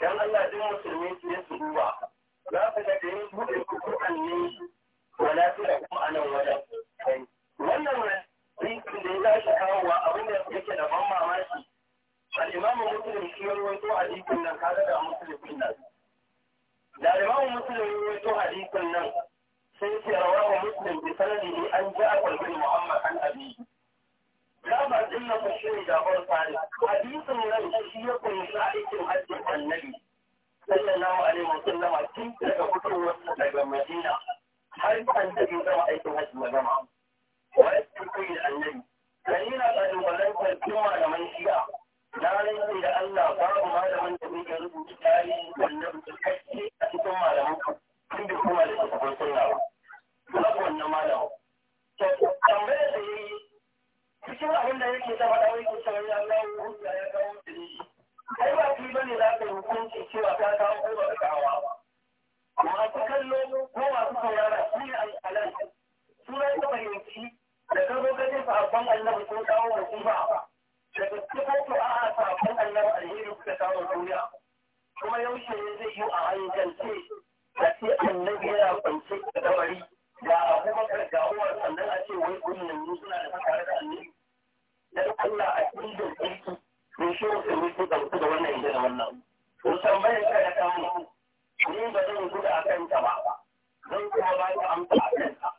dan Allah duk musulmi su su duba za ka ga da yin buɗe kukukan ne wala suna kuma a nan wajen wannan rikin da ya za shi kawowa abin da yake da ban mamaki al'imamu musulun shi ya ruwaito hadisin nan kaga da musulun nan da al'imamu musulun ya ruwaito hadisin nan sai ce rawahu muslim bi ne an a bin muhammad an abi ba din nan shi da Jabar Fari. Hadisin nan shi ya kunshi aikin hajjin annabi sallallahu alaihi wa sallama tun daga fitowarsa daga Madina har kan ta yin zama aikin hajji magama. Wani su kuyi da annabi, kan yi na ƙarfin wannan kwalfin malaman shiya, na rinke da Allah babu malaman da zai gari su yi wannan tsakashe a cikin malaman ku, tun da kuma da suka fi suna ba. Babu wannan malamu. To, tambaya da yi, cikin abin da yake ta faɗa wani kusa wani Allah ya kawo da ni. Kai ba ne bane za ka hukunci cewa ka kawo ko ba ka kawo masu kallo ko masu saurara su ne al'alan su ne ta fahimci da ka zo ganin sahabban annabi sun kawo da kuma da gaske ko to a sahabban annabi alheri kuka kawo duniya kuma yaushe ne zai yi a hankalce a ce annabi yana kwance da dabari. da abubakar ga uwar sannan a ce wai kunnan suna da fakare da annabi dan Allah a cikin da kirki ne shi ne ke da wannan idan wannan to tambayar ka da ni ba zan gudu a kanta ba zan kuma ba ka amsa a kanta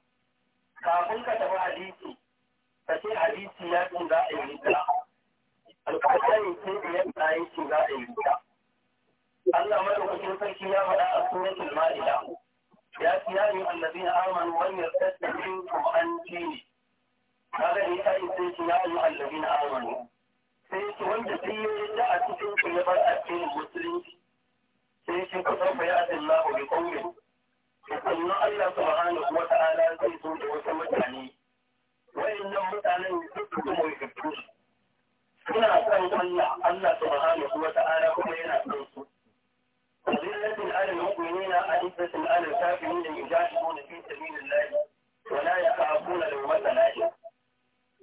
kafin ka tafi hadisi ka ce hadisi ya ce za a yi rita alƙalƙalin sun da yadda ya ce za a yi rita Allah madaukakin sarki ya faɗa a suratul ma'ida ya ce ya yi allazi na amanu wani yarda minkum an dini kaga da ya yi sai ce ya yi allazi na amanu sai ce wanda sai ya yi da a cikin ku ya bar addinin musulunci sai shi ka sauka ya adin lahu bi kaumin sannan Allah subhanahu wa ta'ala zai zo da wasu mutane wayannan mutanen duk su mai fitu suna son Allah Allah subhanahu wa ta'ala kuma yana son su أذلة على المؤمنين أعزة على الكافرين يجاهدون في سبيل الله ولا يخافون لومة لائم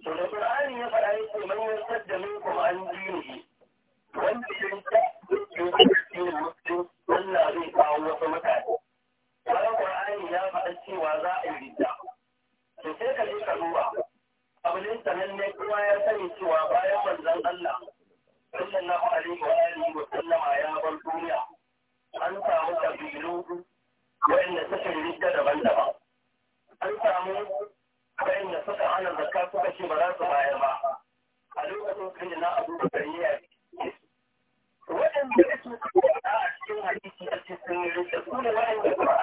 سورة القرآن يقرأ من يرتد منكم عن دينه وانت Allah zai kawo wasu mutane. Bayan Qur'ani ya faɗa cewa za a yi ridda. To sai ka je ka duba. Abin kuma ya sani cewa bayan wanzan Allah sallallahu alaihi wa alihi wa sallama ya bar An samu suka yi daban-daban. An samu suka hana zakka suka ba za ba. A lokacin kan na Abu su ne waɗanda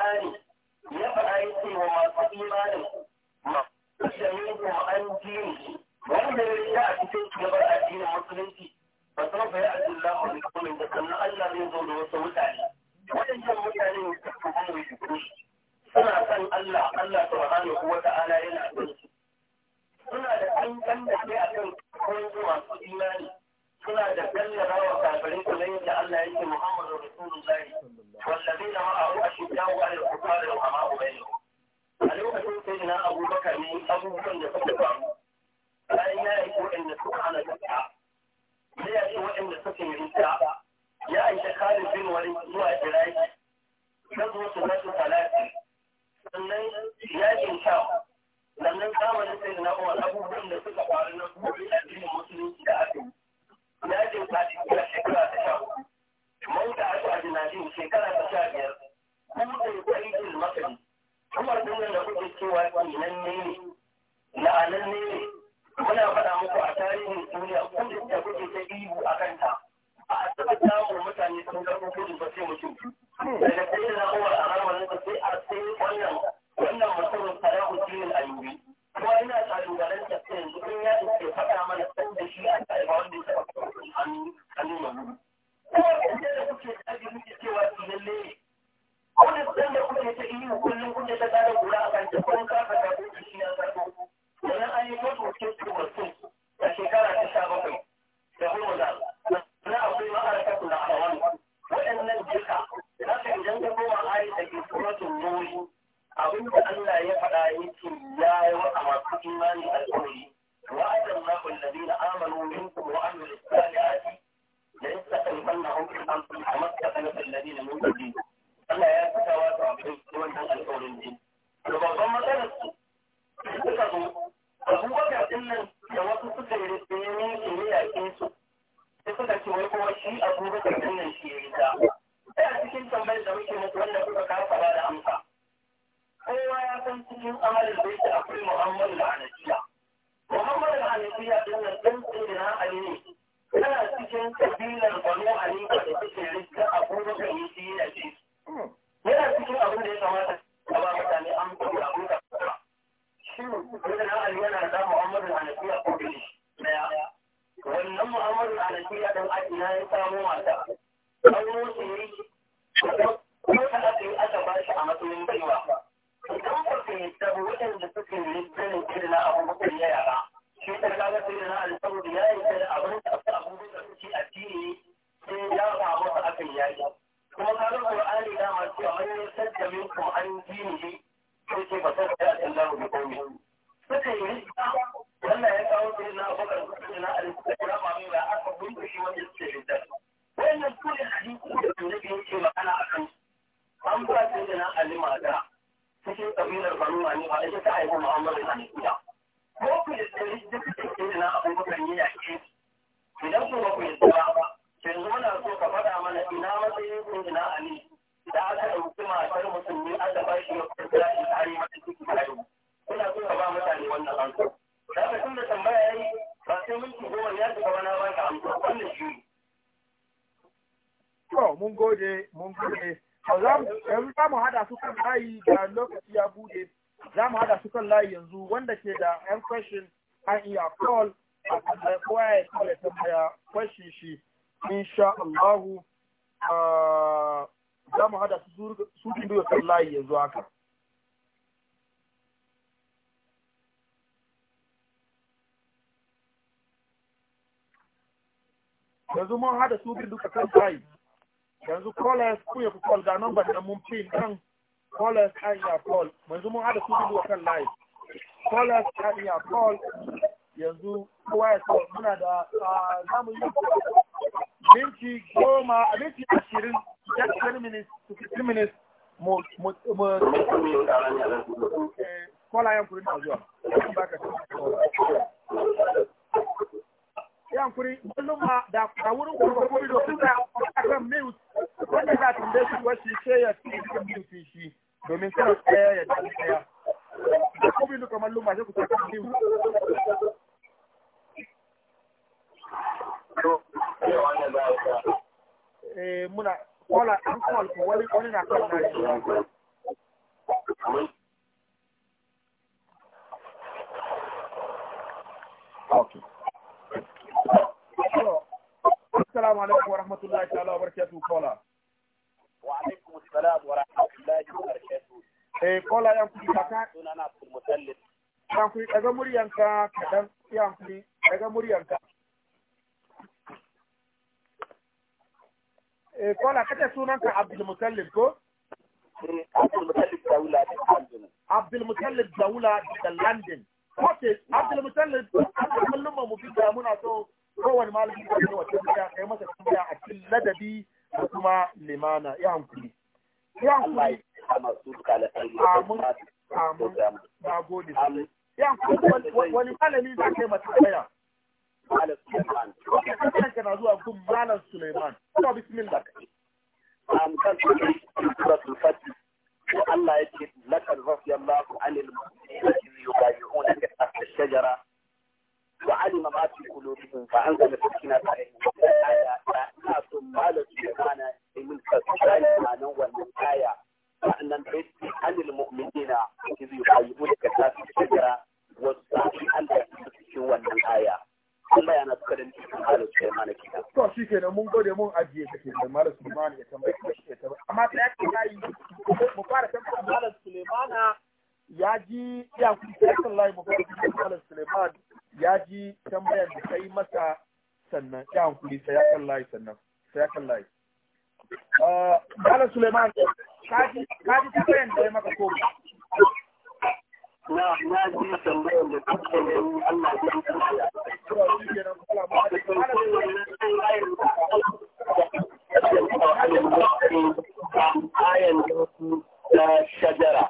yanzu mun hada su biyu duka kan tsayi yanzu kolas ku ya ku kol ga nan ba da mun fi kan kolas an ya kol yanzu mun hada su biyu duka kan layi kolas an ya kol yanzu kowa ya call muna da zamu yi minti goma a minti ashirin just ten minutes to fifteen minutes mu mu mu kola eh, yan kurin da zuwa ya hankuri kullum ma da a wurin kurba ko ido sun da akan mute wanda za ta dace wace ce ya ci cikin mute shi domin kana tsaya ya da tsaya da kuma ido kamar sai ku mute eh muna an ko wani wani na kan na shi Okay. السلام عليكم ورحمة الله تعالى وبركاته كولا وعليكم السلام ورحمة الله وبركاته eh kola yan kuri kaka sunana Abdul Mutallib yan kuri daga muryanka kadan yan kuri daga muryanka eh kola kace sunanka Abdul Mutallib ko eh, Abdul Mutallib Daula Abdul Mutallib Daula daga London Okay, Abdul Mutallib, abin mallumma mu bi da muna so kowane malami da ya wata tambaya kai masa tambaya a cikin ladabi da kuma limana ya hankuli ya hankuli amin amin na gode ya hankuli wani malami za ka yi masa tambaya Malam Suleiman. Kan kana zuwa gun Malam Suleiman. Kuma bismillah. Am kan suratul Fatih. Allah yake lakar radiyallahu anil mu'minina idh yubayyi'unaka tahta shajara wa alima ma fi kulubihim fa an zala tukina alaihim aya ta so malam subhana min fasali malan wannan aya sa'annan da yake anil mu'minina iz yuhayyuna ka ta fi yana suka mun gode mun ajiye da malam subhana ya tambaya shi ya tambaya amma ta yake yayi mu fara tambaya malam subhana ya ji ya kusa ya kan layi mafarkin Suleiman ya ji tambayar da ta yi masa sannan ya hankuli sai ya layi sannan sai ya layi. Malam Suleiman ka ji tambayar da ya maka ko na na ji tambayar da ta tambayar Allah ya kan da shajara.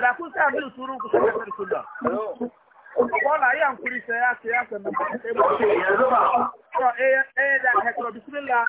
da kun sa biyu turu ku sai kar sunna wala ya hankuri sai ya ce ya sanna sai mu ce yanzu ba eh eh da hakro bismillah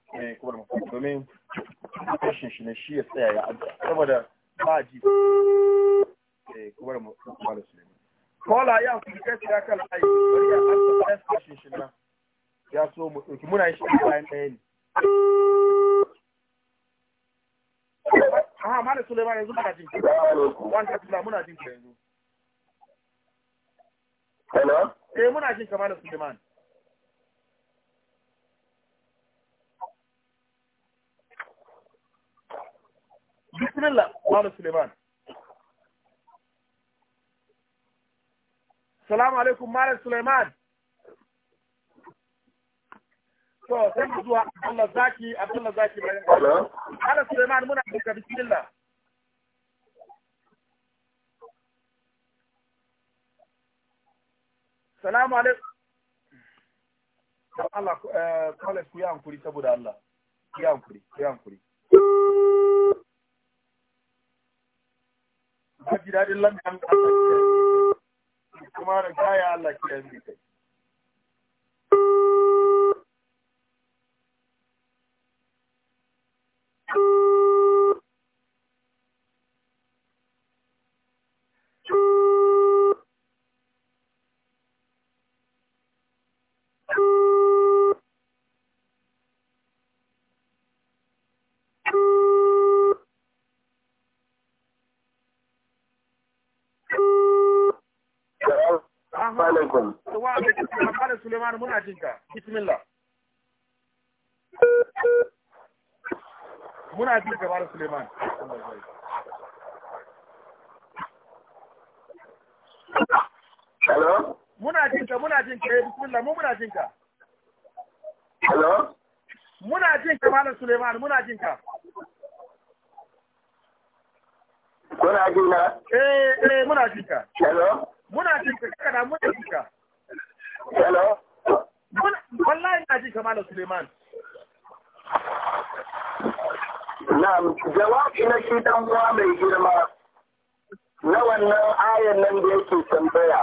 kuma mutum domin shi ne shi ya tsaya ya adda saboda ba ji eh, kuma mutum malu kola ya fi kai ya ya adda kashin shi na. ya so mu muna yi shi bayan ɗaya ne Aha, yanzu muna jin kira. muna jin kira yanzu. Hello? Eh muna jin ka Malam Suleiman. bismillah suleiman salamu alaikum malam suleiman to sai mu zuwa Allah zaki Abdullah zaki bayan Allah Suleiman muna duka bismillah Salamu alaikum Allah eh, ku yi hankuri saboda Allah ku yi hankuri ku yi hankuri ka ji daɗin lantarki. kuma da kaya Allah ke yanzu kai muna jin ka. Muna jin ka Malam Suleiman. Muna jin ka, muna jin ka. Bismillah, mu muna jin ka. Hello? Muna jin ka Malam Suleiman, muna jin ka. Kuna jina? Eh, eh, muna jin ka. Hello? muna jin ka da muna jin ka wallahi ina jin malam Suleiman na'am jawabi na shi dan uwa mai girma na wannan ayan nan da yake tambaya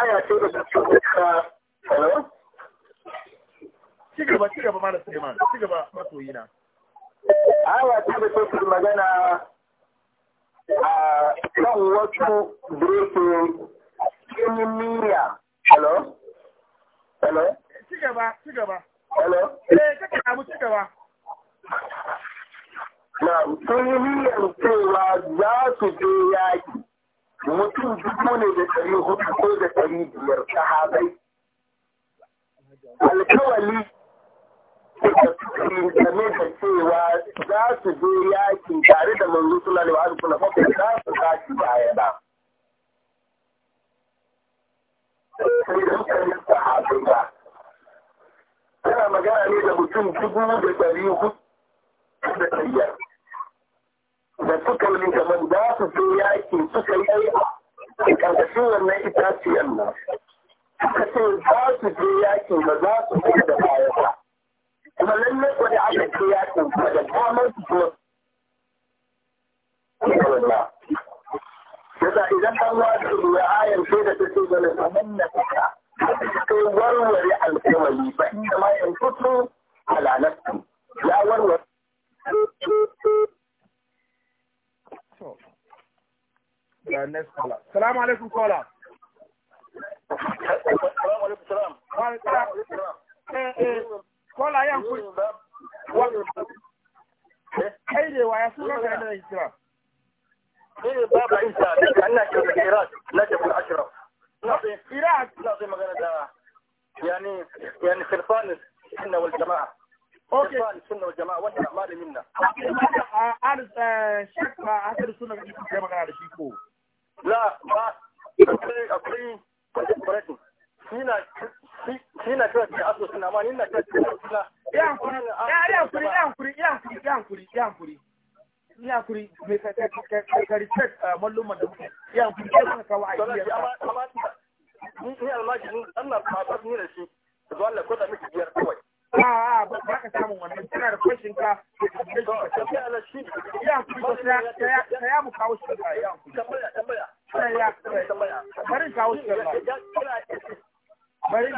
aya ce da ta tsaka hello ci gaba ci gaba malam Suleiman ci gaba masoyina aya ce da take magana a kan wasu birkin kimiyya. Hello? Hello? Ci gaba, Hello? Eh, samu cewa za su je yaki. Mutum dubu ne da ɗari hudu ko da ɗari biyar sahabai. Alkawali da suke game da cewa za su je yaki tare da manzo sallallahu alaihi wasallam ko da su tashi baya ba Tana magana ne da mutum dubu da ɗari hudu da ɗariyar. Da suka yi man za su je yaki suka yi a ƙarƙashin wannan itaciyar nan. Suka ce za su je yaki ba za su je da baya ba. kuma lallai ko da aka ce ya tsufa da damar su kuma yasa idan an wasu ruwa ayan sai da take ce gane saman na kuka kai warware alkawari ba inda ma yan fito halalatu ya warware Salamu alaikum kola. Salamu alaikum kola yan ku kai ne wa ya suna ka da hijira ni ne baba isa da kan na ke daga iraq na ke kun ashraf iraq na zai magana da yani yani sirfan sunna wal jamaa اوكي السنه والجماعه واحنا ما منا انا شك اهل السنه والجماعه على شيء كو لا ما اقري اقري قلت قريتني هنا shi na kira ce aso suna ma ni na kira ce aso suna ya hankuri ya hankuri ya hankuri ya hankuri ya hankuri ya hankuri ya hankuri mai ka respect malluman da muke ya hankuri ya suna kawo aiki ya amma ni almajinin Allah ba ba ni da shi zuwa Allah ko da miki biyar kawai a'a ba ka samun wannan tana da kwashin ka ya ta ya mu kawo shi ya tambaya tambaya tambaya kawo shi bari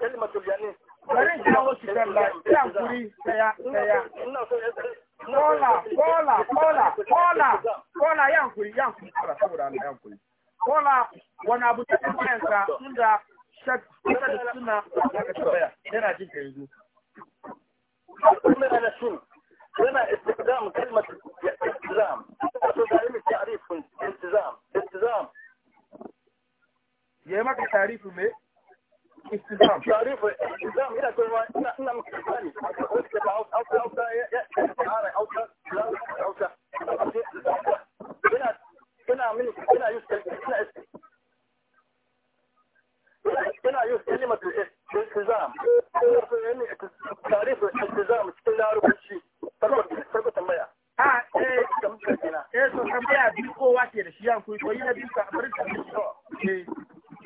kalmatul yamin bari jawo shi kan la ina guri daya daya kola kola kola kola kola yan guri yan guri kola saboda guri kola wani abu da ke bayan sa inda shak da suna daga tabaya yana jin ka yanzu أنا استخدام كلمة التزام، تعريف التزام، التزام. يا ما تعريف ميه؟ التزام تعريف الالتزام هنا كنا احنا مكتفاني وكتب عوض او او ياتي تعالى او لا او هنا هنا من هنا يستخدم هنا اسم هنا يستخدم كلمة الالتزام تعريف الالتزام cikin larabci sarkutun maya a eh eh so tambaya biyu kowa ke da shi yan koyi na biyu ka bari ta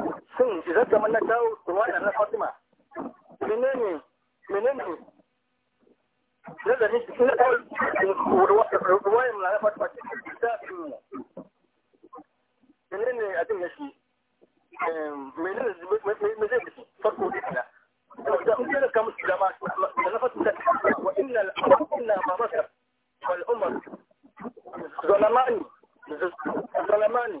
shin idan kamar na kawo ruwaya na fatima menene menene nazarin shi na kawo ruwaya na fatima ta fi menene abin ya shi menene me zai fi farko da ina da kamar da na fatima wa inna zalamani zalamani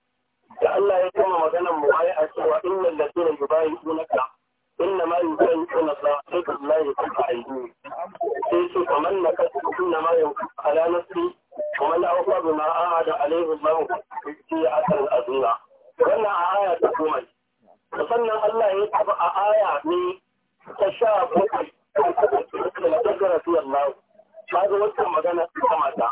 da Allah ya kuma maganar mu ai a cewa innal ladina yubayyi'unaka inna ma yubayyi'una Allah sai ka Allah ya kuma aidi sai su kaman na ka inna ma yubayyi'una ala nafsi kuma la awfa bima ahada alaihi Allah fi asal azuna wannan a aya ta goma sannan Allah ya tafi a aya ne ta sha bakwai da dagara fi Allah kaga wannan magana ta mata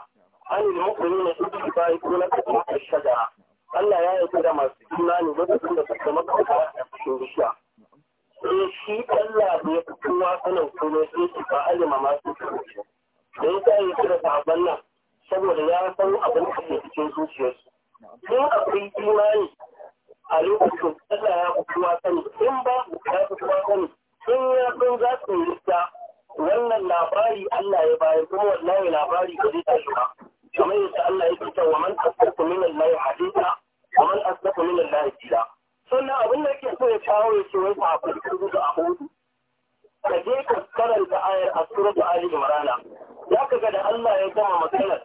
an yi mu'minina idan ba yi kula da shajara Allah ya yi da masu imani lokacin da suka maka a cikin bishiya. Sai eh, shi Allah da ya fi kuma sai shi ba alima masu Da ya yi kira sahabban nan saboda ya san abin da ke cikin zuciyarsu. Tun akwai imani a lokacin Allah ya fi kowa sani in ba ya fi kowa sani in ya san za su yi wannan labari Allah ya bayar kuma wallahi labari ba zai tashi ba. kamar yadda Allah ya fita wa man asdaqu min Allah hadisa wa man asdaqu min Allah qila sannan abin da yake so ya kawo ya ce wai fa ku gudu a hudu ka je ka karanta ayar as-suratu ali imran ya kaga da Allah ya gama maganar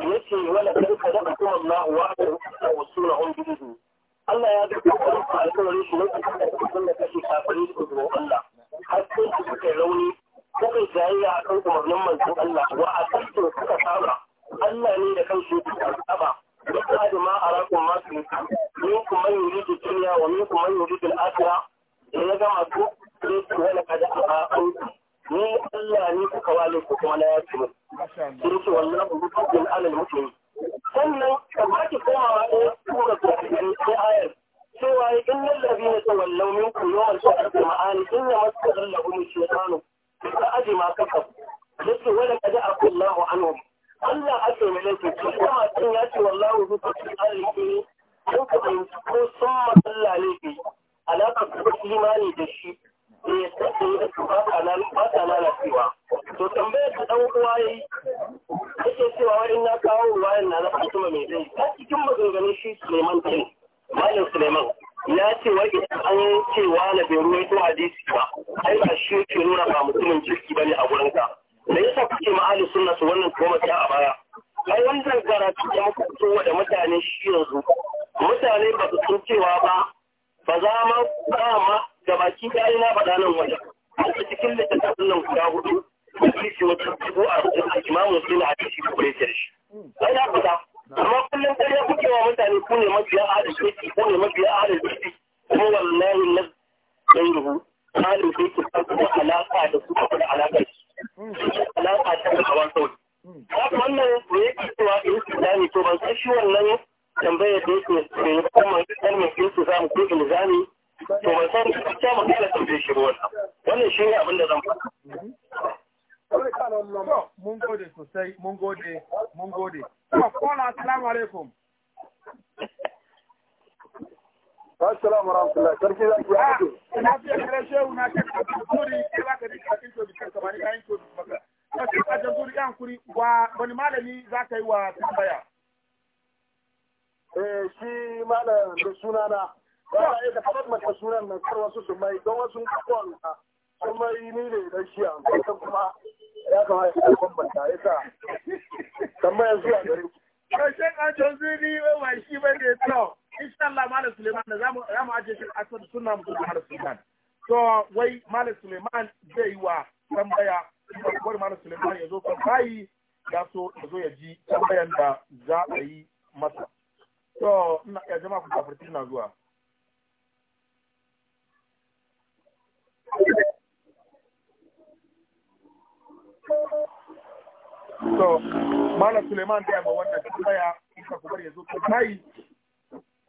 yace wala kan ka da kuma Allah wa ta wasuna hum bihi Allah ya ga kuma alƙawarin shi ne da kashi kafirin su ga Allah har sai kai rauni suka jayayya akan umarnin manzon Allah wa a kan kuka saka? Allah ne da kansu aba Duk da ma arakum ma su min kuma yuridu dunya wa min kuma yuridu al-akhirah da ya gama su sai su wala kada a ni Allah ne kuka wale ku kuma na yaci mu sai ce wallahu mutabbil alal muslimin sannan ka ba ki komawa ɗaya tura ta cikin ayar cewa in lallabina tawallaw minkum yawmal taqal ma'ani inna masqal lahum shaytanu fa ajma kasab yace wala kada aqullahu anhum Allah ake yi laifi ko kuma tun ya ce wallahu zubatul arziki don ka fahimci ko sun matsala ne laifi alaƙa kuma imani da shi da ya sassa da su ba ta lalacewa. To tambayar da ɗan uwa ya yi ake cewa wa'in na kawo ruwayan na na fatima mai zai. Ta cikin maganganun shi Suleiman Kai, Malam Suleiman. ya ce wai an cewa na bai ruwaito hadisi ba, ai ba shi ke nuna ba mutumin ba ne a wurinka. da yasa kuke ma ahli sunna su wannan kuma ta a baya ai wannan karatu da muka fito da mutane shi yanzu mutane ba su san cewa ba ba za ma ba ma ga baki da na faɗa nan wajen a cikin littattafan nan guda hudu ce wata dubu a rukun imam muslim a cikin kure ta shi ai na faɗa amma kullum kariya kuke wa mutane ku ne mabiya ahli sunna ku ne mabiya ahli sunna kuma wallahi na ɗan ruhu ahli sunna ba su da alaƙa da su da alaƙa da su alaƙa ta da hawan sauti. Hmm. Wannan yake cewa iltizami to ban san shi wannan tambayar da yake da ya kuma kalmar iltizam ko ilzami to ban san ta magana tambayar shi wannan. Wannan shi ne abin da zan faɗa. Mun gode sosai, mun gode, mun gode. Kola, alaikum. Assalamu rahmatullahi sarki za ki yi ah, Na fi kare shehu na kan abduri ke za ka rika kin ba ni kayan tobi maka. Sarki a jazuri yan kuri wa wani malami za ka yi wa tambaya. Eh shi malam da suna Ba na iya tafadar mata sunan nan kar wasu su mai don wasu kwanu na. Sun mai ne da shi an kuma ya kamata ya bambanta ya sa. Tambayar a jazuri wai shi insha Allah Malam Suleiman da za mu aje shi a cikin sunna mu da har Sudan to wai Malam Suleiman zai yi wa tambaya kuma Malam Suleiman ya zo kan bayi ya so ya zo ya ji tambayan da za a yi masa to ina ya jama'a ku kafirci na zuwa So, Malam Suleiman da ya ma wannan tambaya, kuka kuma ya zo kan bayi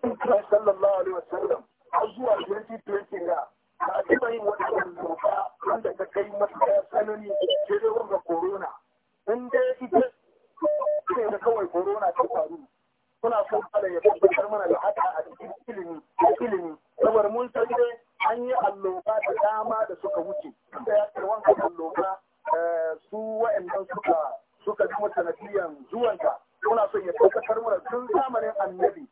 sallallahu har zuwa 2020 ga ba taɓa yin waɗannan doka wanda ta kai matuƙa tsanani sai dai wanga corona in dai ita ce da kawai korona ta faru suna so kada ya tabbatar mana da haka a cikin ilimi ilimi saboda mun san dai an yi alloba da dama da suka wuce da ya kai wanka alloba eh, su wa'annan suka suka ji sanadiyan zuwanka Muna so ya tabbatar mana tun zamanin annabi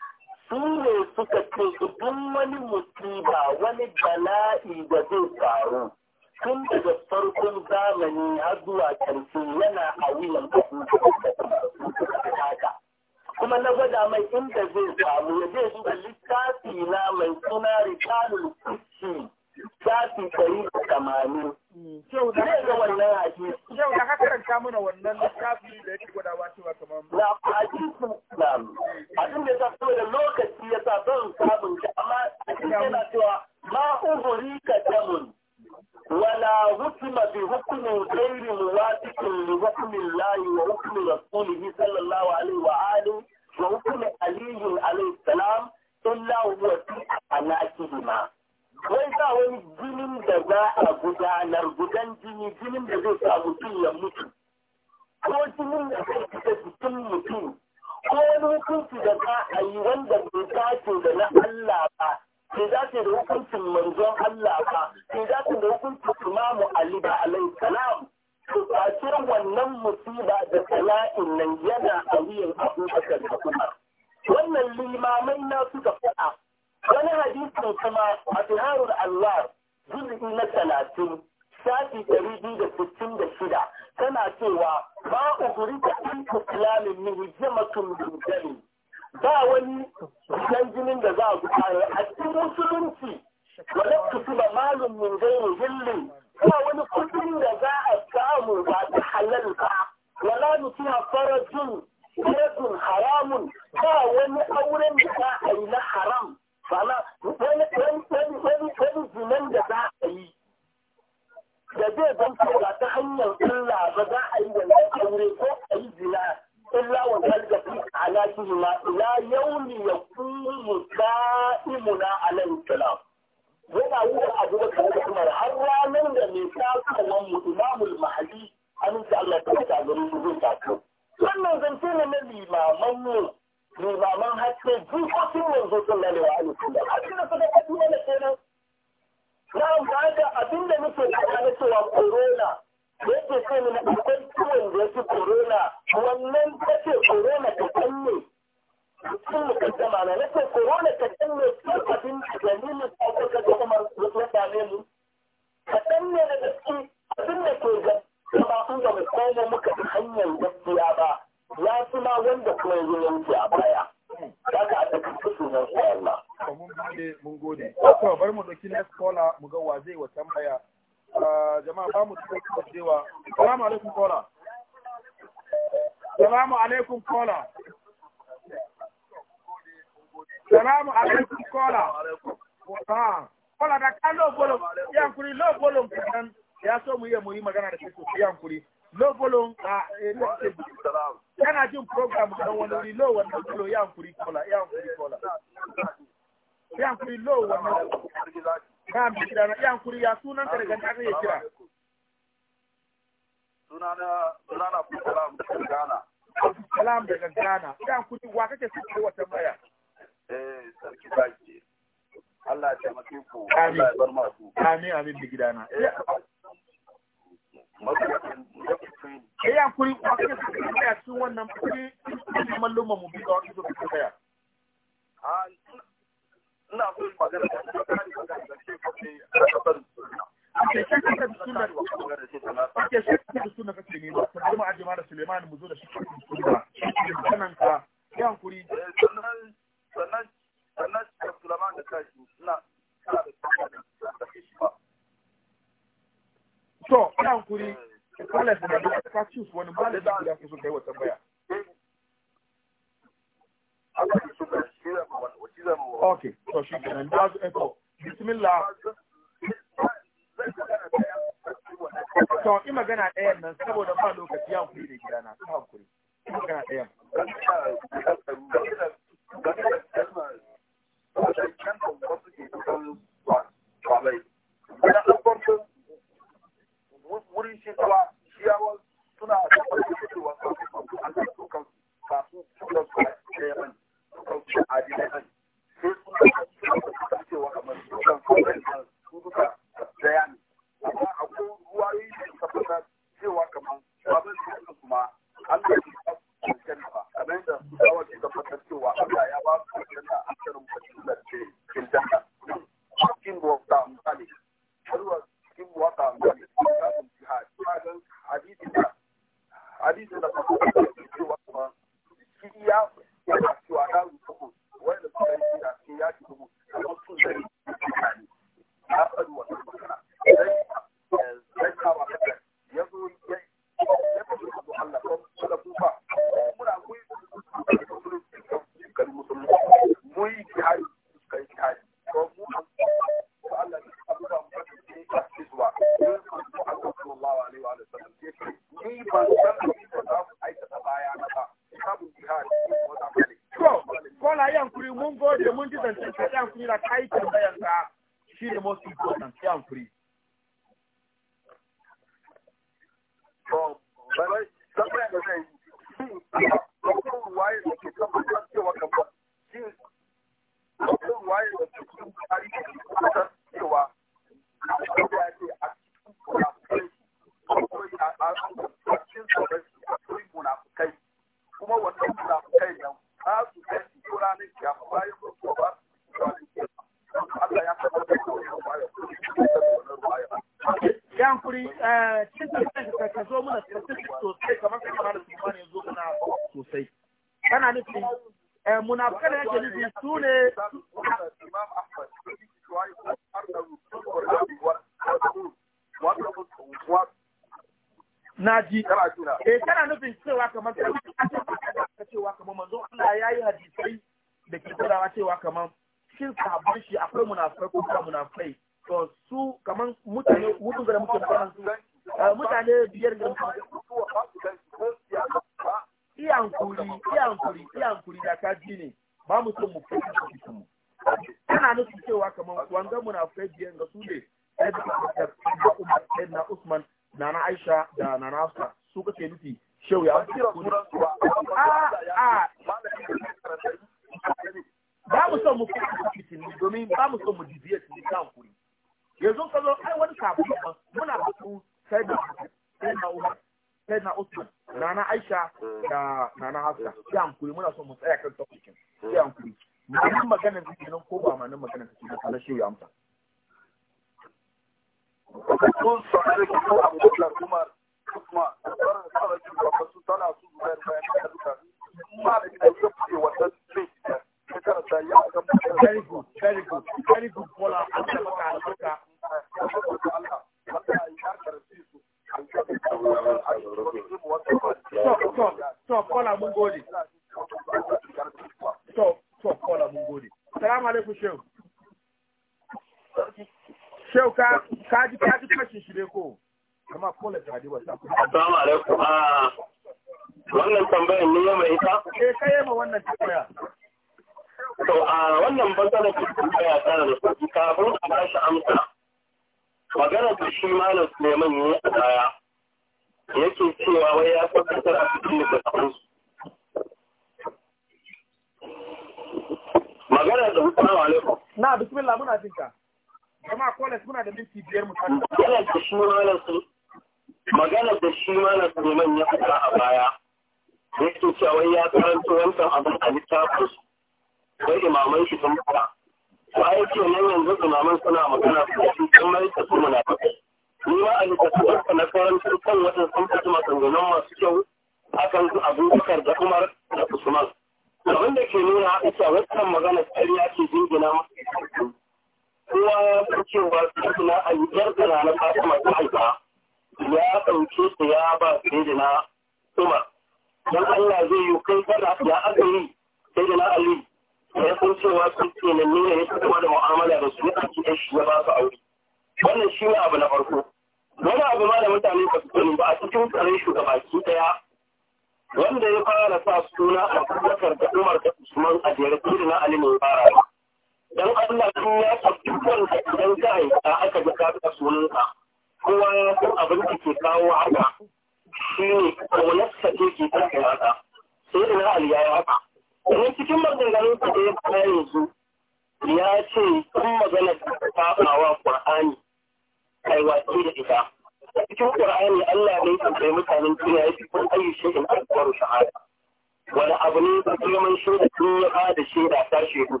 da ta shaidu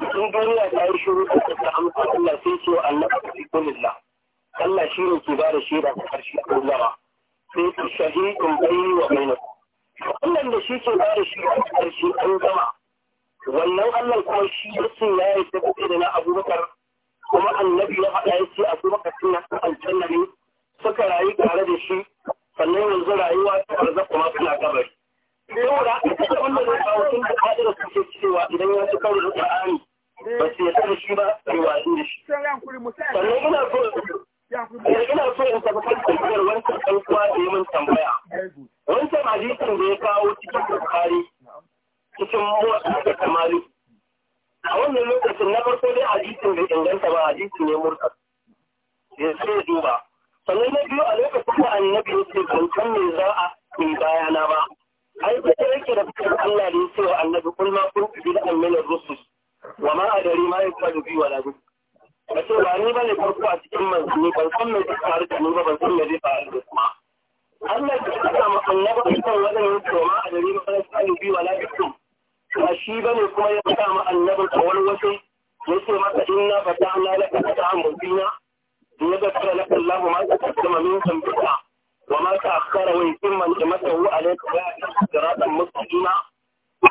in duniya ta yi shiru da ta amsa Allah sai ce Allah ta fi kulillah Allah shi ne ke bada shaida ta karshe ko zama sai ta shahidun bayni wa bainakum wannan da shi ke bada shi da karshe an zama wannan Allah kuma shi yace ya yi ta kuɗi da na Abubakar kuma annabi ya faɗa ya ce Abubakar tun na aljanna ne suka rayu tare da shi sannan yanzu rayuwa ta arzaka ma suna kabari da yawa da aka wanda zai kawo tun da ƙa'idar su cewa idan ya fi karo da ƙa'ani ba su yarda da shi ba su yi watsi da shi. Sannan ina so ina so in tafi kan tambayar wancan ɗan uwa da yi min tambaya. Wancan hadisin da ya kawo cikin Bukhari cikin motsa da kamali. A wannan lokacin na farko dai hadisin bai inganta ba hadisi ne murka. Ya sai ya duba. Sannan na biyu a lokacin da annabi ya ce ban san me za a yi bayana ba. ai ba ta yake da fitar Allah ne sai wa annabi kul ma kun da amina rusul wa ma adari ma yaqulu bi wala bi ba ce ba ni bane farko a cikin manzanni ban san me zai faru da ni ba ban san me zai faru da kuma Allah ya saka mu annabi kan wadannan to ma adari ma yaqulu bi wala bi ba shi bane kuma ya saka mu annabi ta wani wasu yace masa inna fata'na laka fata'an mubina ليغفر لك الله ما تقدم من ذنبك ومن تأخر ويتم نعمته عليك صراطا مستقيما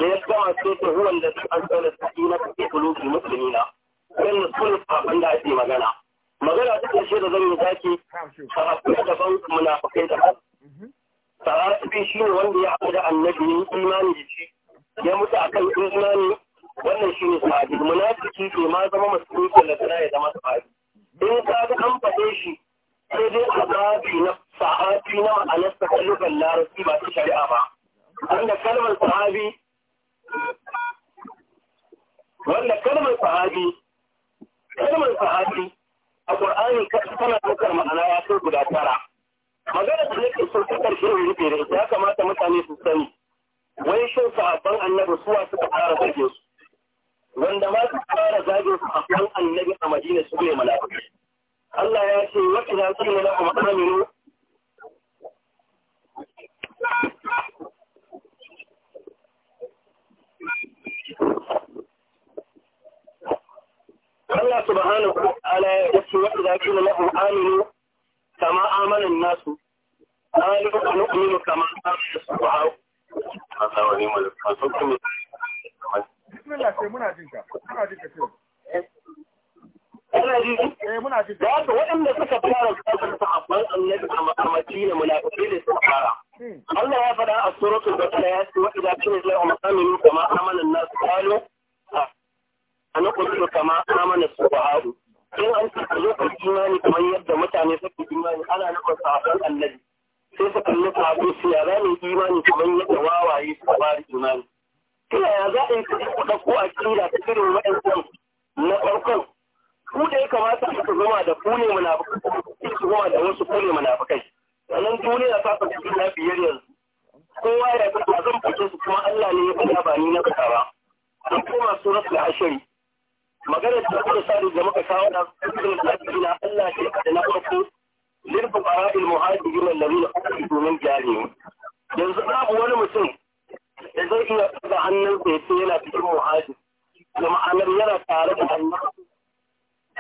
ليسمع السيف هو الذي أنزل السكينة في قلوب المسلمين كان كل huwan da ake magana magana ta ƙarshe da zan yi zaki da daban munafikai daban sahabi shi ne wanda ya haɗu da annabi ne imani da shi ya mutu akan imani wannan shi ne sahabi munafiki ke ma zama musulmi da lasana ya zama sahabi in ka ga an faɗe shi sai dai a babi na sahabi na ma'anar larabci ba su shari'a ba wanda kalmar sahabi wanda kalmar sahabi kalmar sahabi a ƙur'ani tana ɗaukar ma'ana ya kai guda tara magana da nake so ta ƙarshe rufe da ita ya kamata mutane su sani wai shi sahabban annabi suwa suka fara zage su wanda ma su fara zage kan annabi a madina su ne mala'ikai Allah ya ce wata su na kuma Allah subhanahu wa ya ce wata za su ne na kuma aminu kama amanin nasu قالوا نؤمن كما قال الصحابة هذا وليم الفاسق بسم الله منا Eh, da haka waɗanda suka fara kafin sahabban a makamaci da munafikai da hmm. Allah ya faɗa a suratul baqara ya zai kama an-nas qalu anqulu kama in an ka imani kamar yadda mutane ana nufin sahabban annabi sai su kalli sahabbai su kamar yadda wawaye fara imani za a yi kuɗa ko a kira ta irin waɗannan na ku da ya kamata a zama da ku ne munafukai ku zama da wasu ku ne munafukai sannan duniya ta fi cikin lafiyar yanzu kowa ya fi ba zan fice su kuma Allah ne ya fi ba ni na kasa ba an koma rasu da ashri magana ta kuma sadu da muka kawo da cikin lafiyar Allah ke da na farko lil fuqara al lalura alladhina ukhrijuu domin jarihim yanzu babu wani mutum da zai iya da hannun tsaye ce yana cikin muhajir da ma'anar yana tare da annabi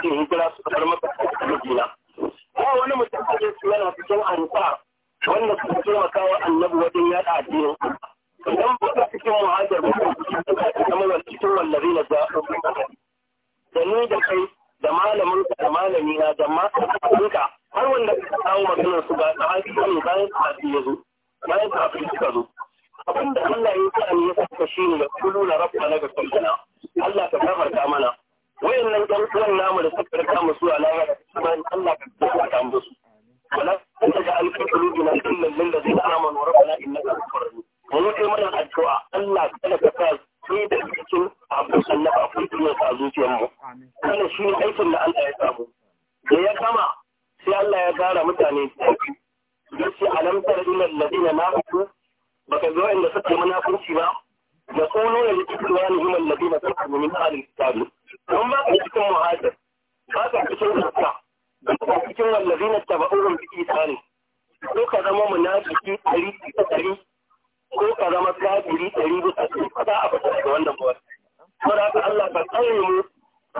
sun hijira su bar maka Madina ba wani mutum da yake yana cikin ansa wanda su taimaka wa annabi wajen yaɗa addinin idan ba ka cikin muhajir ba ka zama cikin wallazi na zaɓi da ni da kai da malamin ka da malami na da malaminka har wanda ka kawo maganar su ba da haƙi ne bayan kafi ya zo bayan kafi suka zo abinda Allah ya sa ne ya saka shi ne da kulu na rabba na ga Allah ka gafarta mana wayannan ɗan uwan namu da suka rika musu a lahira bayan Allah ka ta musu wala ta ga alƙalu na kullum min da zai amanu rabbana innaka ghafurun mun kai mana addu'a Allah kada ka sa sai da cikin abin annaba kun tuna sa zuciyar mu kana shi aikin da Allah ya samu da ya kama sai Allah ya gara mutane yace alam tara ila alladina nafaqu baka zo inda suka munafunci ba da kullu ya likitu wa ni hum alladina kafaru min ahli kitab don ba ka cikin muhajir ba ka cikin zakka ba ka cikin ko ka zama munafiki ɗari bisa ɗari ko ka zama kafiri ɗari bisa ɗari ba a fita da wannan ba saboda haka Allah ka tsare mu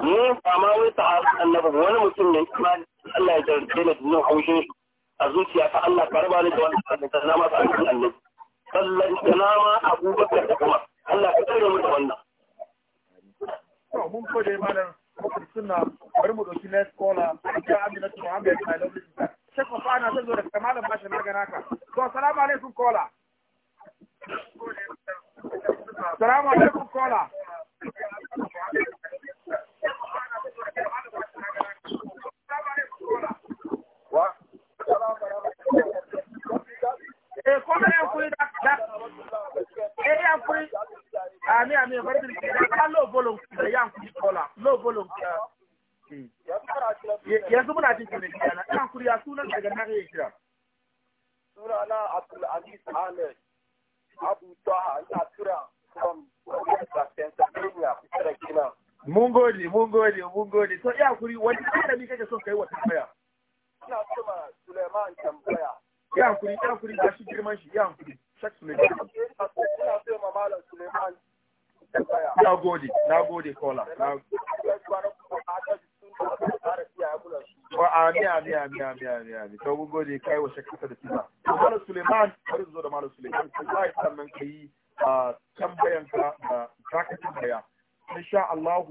mu ba ma wai sahabi annabi wani mutum ne imani Allah ya jarrabe da duniyar haushin a zuciya ka Allah ka raba ni da wannan sannan na ma annabi sallan na nama abubakar da kuma Allah ka tsare mu da wannan to mun gode malam kofar suna bari mu ɗauki next caller ita amina tu fa ana zan zo da bashi magana ka to alaikum caller alaikum caller jin daga nan ya kira sunana abdul mun gode mun gode mun gode to ya kuri wani malami kake son kai wa tambaya ina cewa suleiman tambaya ya kuri ya kuri ga shi girman shi ya kuri shak suleiman ina cewa malam suleiman tambaya na gode na gode kola na gode wa ami ami ami ami ami ami to mun gode kai wace kasa da kisa Malam Suleiman bari zo da Malam Suleiman ko sai sannan kai tambayan ka da zaka tambaya insha Allah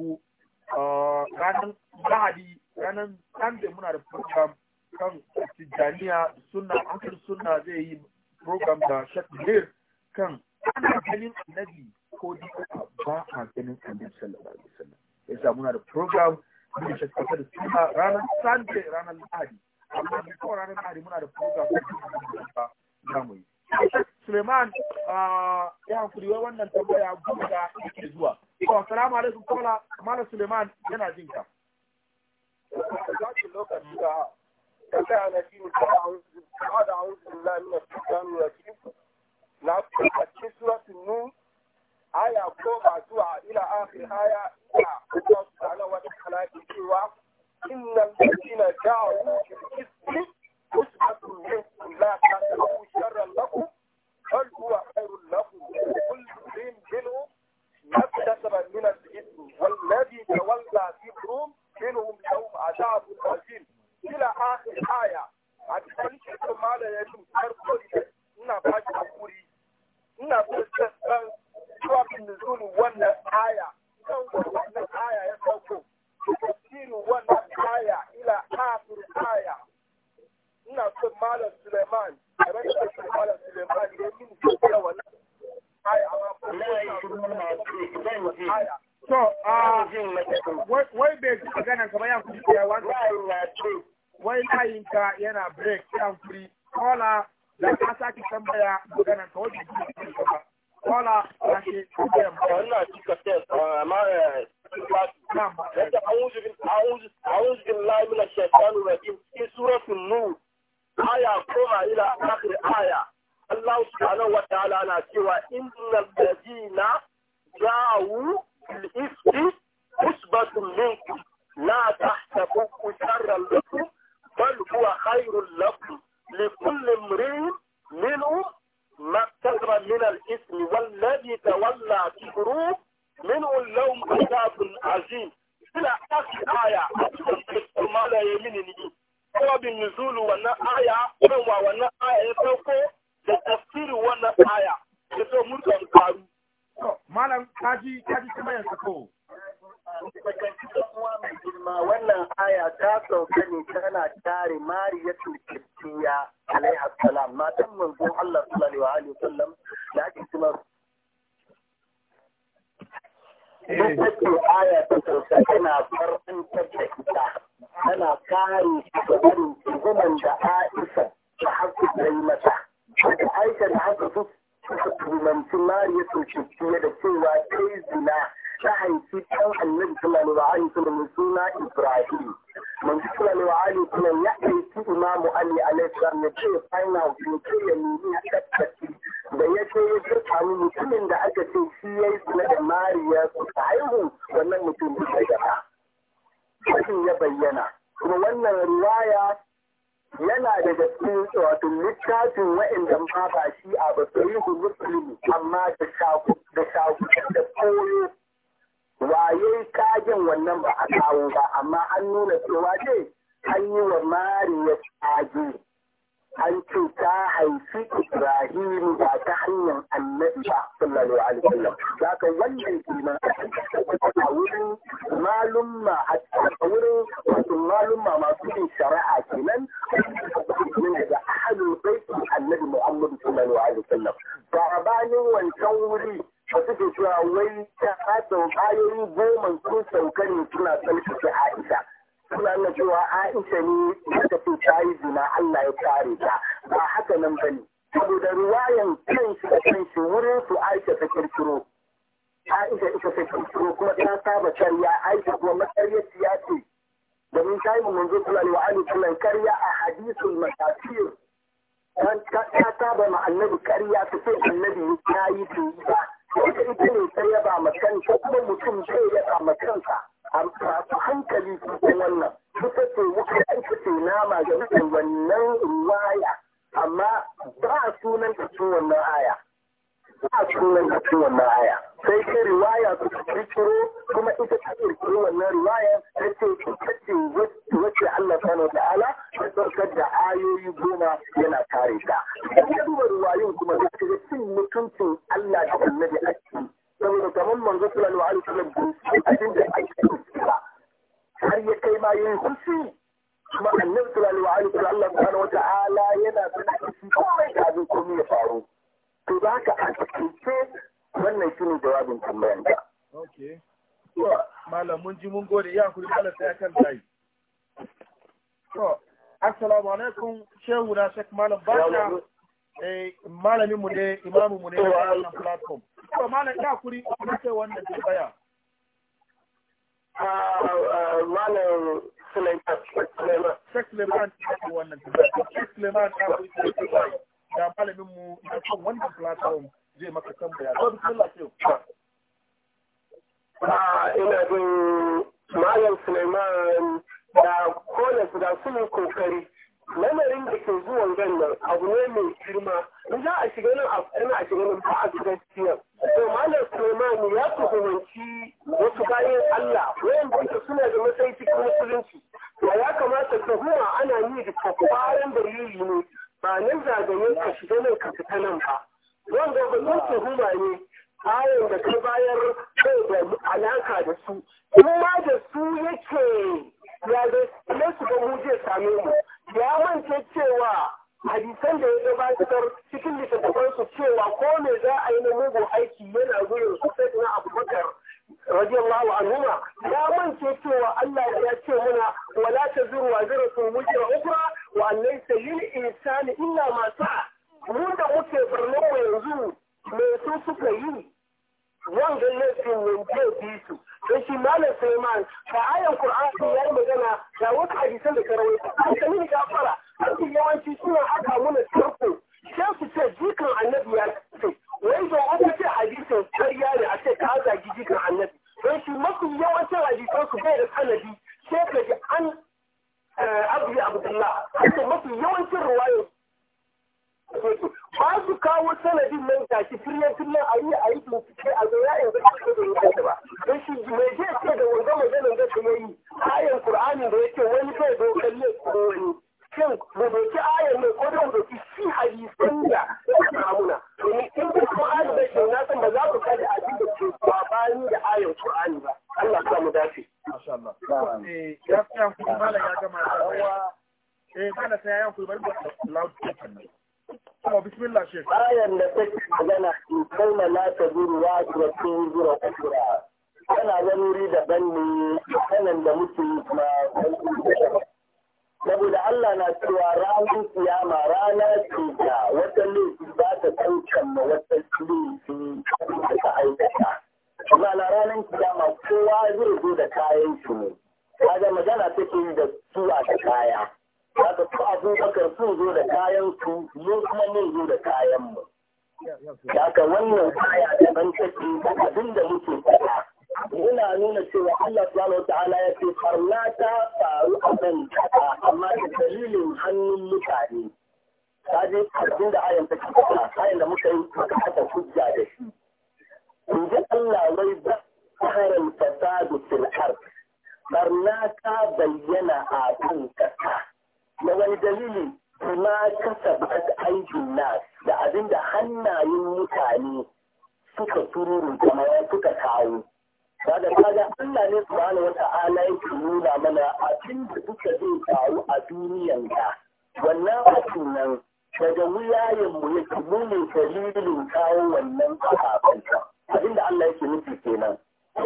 ranan Lahadi ranan Sunday muna da program kan tijaniya sunna akal sunna zai yi program da Sheikh Mir kan ana ganin annabi ko dika ba a ganin annabi sallallahu alaihi wasallam yasa muna da program mun shi kasa da suna ranar sunday ranar lahadi amma bi ko ranar lahadi muna da program da mu yi suleiman ah, ya hankuri wai wannan tambaya gudu da zuwa to assalamu alaikum kola mala suleiman yana jin ka lokaci da tambaya na shi ne ta da a'udhu billahi minash shaitanir rajim na aya goma zuwa ila akhir aya ila Allah subhanahu wa ta'ala ke cewa innal ladina ja'u bil ismi usbatun minkum la tahsabu sharran lakum hal huwa khairun lakum kul jinu imrin min al من wal ladhi tawalla ذكرهم منهم يوم عذاب عظيم الى اخر ايه a cikin cikin malamin farko ina ba shi hakuri ina so sababin nuzul wannan aya sauko wannan aya ya sauko tafsiru wannan aya ila akhir aya ina son malam Suleiman a ran da shi malam Suleiman ya yi min da wannan aya amma ko aya so ah wai bai ji magana kama yan kudi ya wani wai layin ka yana break yan free kola da ka saki tambaya magana ka wajen ka ba Kola Rashid Adam. Ina cika test amma yadda a'udhu bin a'udhu a'udhu billahi minash shaitanir rajim fi suratul nur aya koma ila akhir aya Allah subhanahu wa ta'ala na cewa innal ladina ja'u bil ifki usbatun minkum la tahsabu sharran lakum bal huwa khairul lakum likulli imrin minhum مكتبا من الاسم والذي تولى كبره منه اللوم عذاب عظيم الى اخر ايه ما لا يمينني هو بالنزول وانا ايه هو وانا ايه فوقه لتفسير وانا ايه يتوقع مرتب كارو مالا كاجي كاجي كما يتوقع uwa mai girma wannan aya ta sauka ne tana tare mariyatu kibtiya alaiha salam matan manzon Allah sallallahu alaihi wasallam da ake kuma Lokacin aya ta sauka tana farantar da ita tana kare shugaban shugaban da Aisha ta haka ta yi mata. Da Aisha da haka su suka tumanci mariyatu kibtiya da cewa ta zina ta haifi ɗan annabi sallallahu alaihi wasallam mai suna Ibrahim manzo sallallahu alaihi wasallam ya aiki Imam Ali alaihi salam ya ce find out ce ya nemi tabbaci da ya ce ya ce mutumin da aka ce shi yayi zina da Mariya su haihu wannan mutum bai gaba Rashin ya bayyana kuma wannan riwaya yana da cikin wato littafin wa'inda ma ba shi a ba sai muslim amma da shaku da koyo waye kajin wannan ba a kawo ba amma an nuna cewa ce an yi wa mariya kage an ce ta haifi ibrahimu ba ta hanyar annabi ba sallallahu alaihi wasallam za ka wannan kiman a wurin malumma a wurin wato malumma masu yin shari'a kenan min daga ahalul baiti annabi muhammadu sallallahu alaihi wasallam ba bani wancan wuri da suke cewa wai ta hadau ayoyi goma sun sauka ne suna tsarkake Aisha. Suna nuna cewa Aisha ne ta tafi ta yi zina Allah ya kare ta ba haka nan ba ne. Saboda ruwayan kanshi da kanshi wurin su Aisha ta kirkiro. Aisha ita ta kirkiro kuma ta saba karya Aisha kuma matsayar ya ce. Domin ta yi mu manzo kula ne wa kullum karya a hadisul masafir. dan ta saba ma annabi ƙarya ta ce annabi ya yi ba ita ita ne ta yaba ma kanta kuma mutum zai yaba ma kansa a masu hankali cikin wannan ta ce wuka ita ce nama ga wannan waya, amma ba sunan cikin wannan aya ba cikin nan a cikin wannan aya sai ke riwaya su kirkiro kuma ita ta kirkiro wannan riwaya ta ce ita ce wacce Allah subhanahu wa ta'ala ta ɗaukar da ayoyi goma yana tare ta ita duba riwayoyin kuma ta ce cin mutuncin Allah da annabi a ciki saboda kamar manzo sallallahu alaihi wasallam a cikin da ake har ya kai ma yin hushi kuma annabi sallallahu alaihi wasallam Allah ta'ala yana sanar da komai da abin komai ya faru to za ka a cikinke wannan shi ne jawabin tambayan Ok. Malam mun ji mun gode ya kuri kala sai kan tayi. To, assalamu alaikum shehu na shek malam basha. Eh, malamin mu ne imamu mu ne na wannan platform. To malam ya kuri na sai wannan tambaya. Malam Suleiman. Shek Suleiman ya Suleiman wannan Suleiman Shek Suleiman Suleiman kuri Suleiman tambaya. da malamin mu na kan wannan platform zai maka tambaya don bismillah ah, ina bin malam Suleiman da kone su da suna kokari lamarin da ke zuwan gan nan abu ne mai girma in za a shiga nan a a shiga nan ba a shiga gaskiya to malam Suleiman ya tuhumanci wasu bayan Allah wayanda suna da matsayi cikin musulunci ya kamata tuhuma ana ni da kwakwaran dalili ne ba nan zagaye ka shiga nan ka fita nan ba wanda ba sun tuhuma ne ayon da ka bayar kai da alaka da su in ma da su yake ya da su mu zai same mu ya mance cewa hadisan da ya gabatar cikin littattafansu cewa ko me za a yi na mugun aiki yana gurin su na abubakar radiyallahu anhuma ya mance cewa Allah ya ce muna wala tazuru wa ziratu wujra ukra wa an laysa lil insani illa ma sa'a mu da muke barno mu yanzu me su suka yi ne su mun je bi su shi malam Sulaiman fa ayan Qur'ani ya yi magana ga wasu hadisan da karawai an ta mini gafara an yawanci suna haka muna tarko sai su ce jikan annabi ya ce wai da wani ce hadisin ƙarya ne a ce ka zagi jikin annabi don shi mafi yawancin hadisan su bai da sanadi sai ka ji an eh, abu abdullah hatta mafi yawancin ruwayar ba su kawo sanadin nan ga shi firyan firyan a yi a yi bincike a zo ya yanzu a cikin zuwa da ba don shi mai zai ce da wanda maganin da ta yi ayan qur'ani da yake wani bai dogon ne ko wani shin mu doki ayar ne ko don mu doki shi hadisan da suka samuna domin in da Qur'ani bai shi na san ba za ku kaji abin da ke babani da ayar Qur'ani ba Allah ya mu dace masha Allah eh gaskiya ku ya gama da eh sai ku bari loud da take magana in kalma la ta zuru wa ta zuru kana wani daban ne sanan da muke ma saboda Allah na cewa ranar kiyama ranar ce wata laifi za ta ɗaukan ma wata laifi da ta aikata. Kuma na ranar kiyama kowa zai zo da kayan shi ne. Kaga magana take yi da suwa da kaya. Kaga su abubakar su zo da kayan su, mu kuma mun zo da kayan mu. Kaga wannan kaya daban take da abin da muke faɗa. muna nuna cewa Allah subhanahu ta'ala ya ce farnata ta faru a nan amma da dalilin hannun mutane ta je karfin da ayan take fara da muka yi muka haka hujja da shi in ji Allah wai ba tsarin fasadu fil ard barna ta bayyana a kan kasa da wani dalili kuma ta aikin nas da abinda hannayen mutane suka tururu kuma suka kawo da kaga Allah ne subhanahu wa ta'ala yake nuna mana abin da duka zai faru a duniyan ka. Wannan abin nan daga wuyayen mu yake mu ne dalilin kawo wannan sahaban ka. Abin da Allah yake nufi kenan.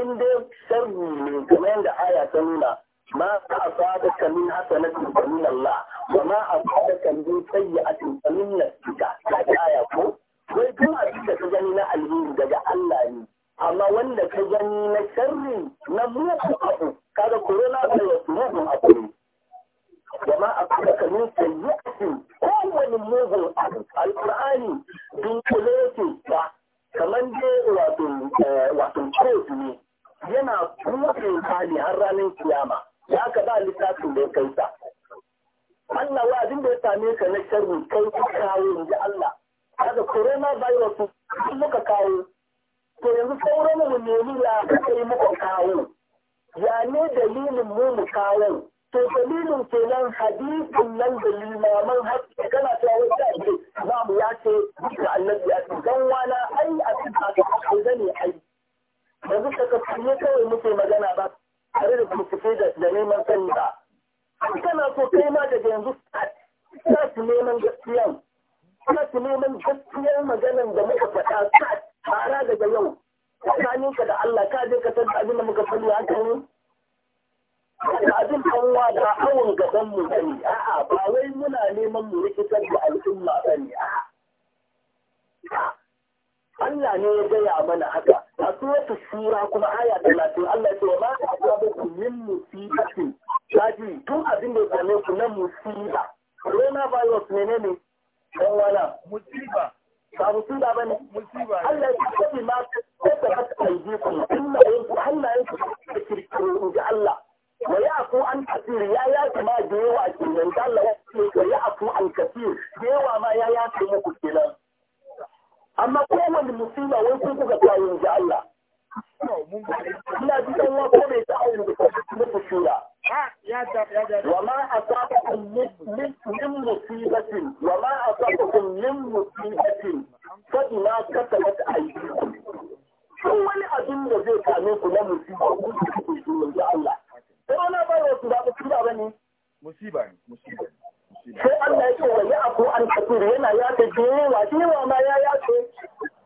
In dai sharri ne kamar da aya ta nuna ma ka min hasanatin fa min Allah wa ma ka min sayyi'atin fa min nafsika. ta aya ko? Wai kuma abin da ka gani na alheri daga Allah ne. amma wanda ka gani na sharri na muku abu kaga corona virus mugun abu ne a kuma kamin kowane mugun abu alkur'ani dunkule yake ba kamar dai wato kotu eh, ne yana buɗe hali har ranar kiyama ya ka ba littafin da ya kai sa Allah wa abin da ya same ka na sharri kai ka kawo inji Allah kaga corona virus muka kawo to yanzu sauran mu nemi ya kuka yi muka kawo ya ne dalilin mu mu kawo to dalilin kenan hadisin nan da limaman hakki kana cewa wai da za mu ya ce duka annabi ya ce dan wana ai a cikin haka ko da ai yanzu ka kafiye kawai muke magana ba tare da fice da neman sani ba kana so kai ma daga yanzu ka neman gaskiyan su neman gaskiyar maganan da muka faɗa ka fara daga yau tsakaninka da Allah ka je ka san abin da muka faɗi haka ne da abin kanwa da awon gaban mu bane a'a ba wai muna neman mu rikitar da al'umma ba a'a Allah ne ya gaya mana haka a suratul sura kuma aya talatin, Allah ya ce ma asabakum min musibatin kaji tun abin da ya same ku na musiba corona virus menene dan wala musiba ba musiba ba ne Allah ya tafi ma ta tabbata ayyukan hannayenku hannayenku ta kirkiro ga Allah wa ya ya'fu an kasir ya yafi ma da yawa kenan da Allah ya ce wa ya'fu an kasir da yawa ma ya yafi muku nan. amma kowane musiba wai kun kuka kayan ga Allah ina ji dan wa ko bai ta aure da kuma shura وما أصابكم من مصيبة وما أصابكم من مصيبة فبما كسبت أيديكم duk wani abin da zai same na musiba ku da kuke so yanzu Allah sai wani ba sai Allah ya ce wa ya aku an kafir yana ya ta jewa jewa ma ya ya ce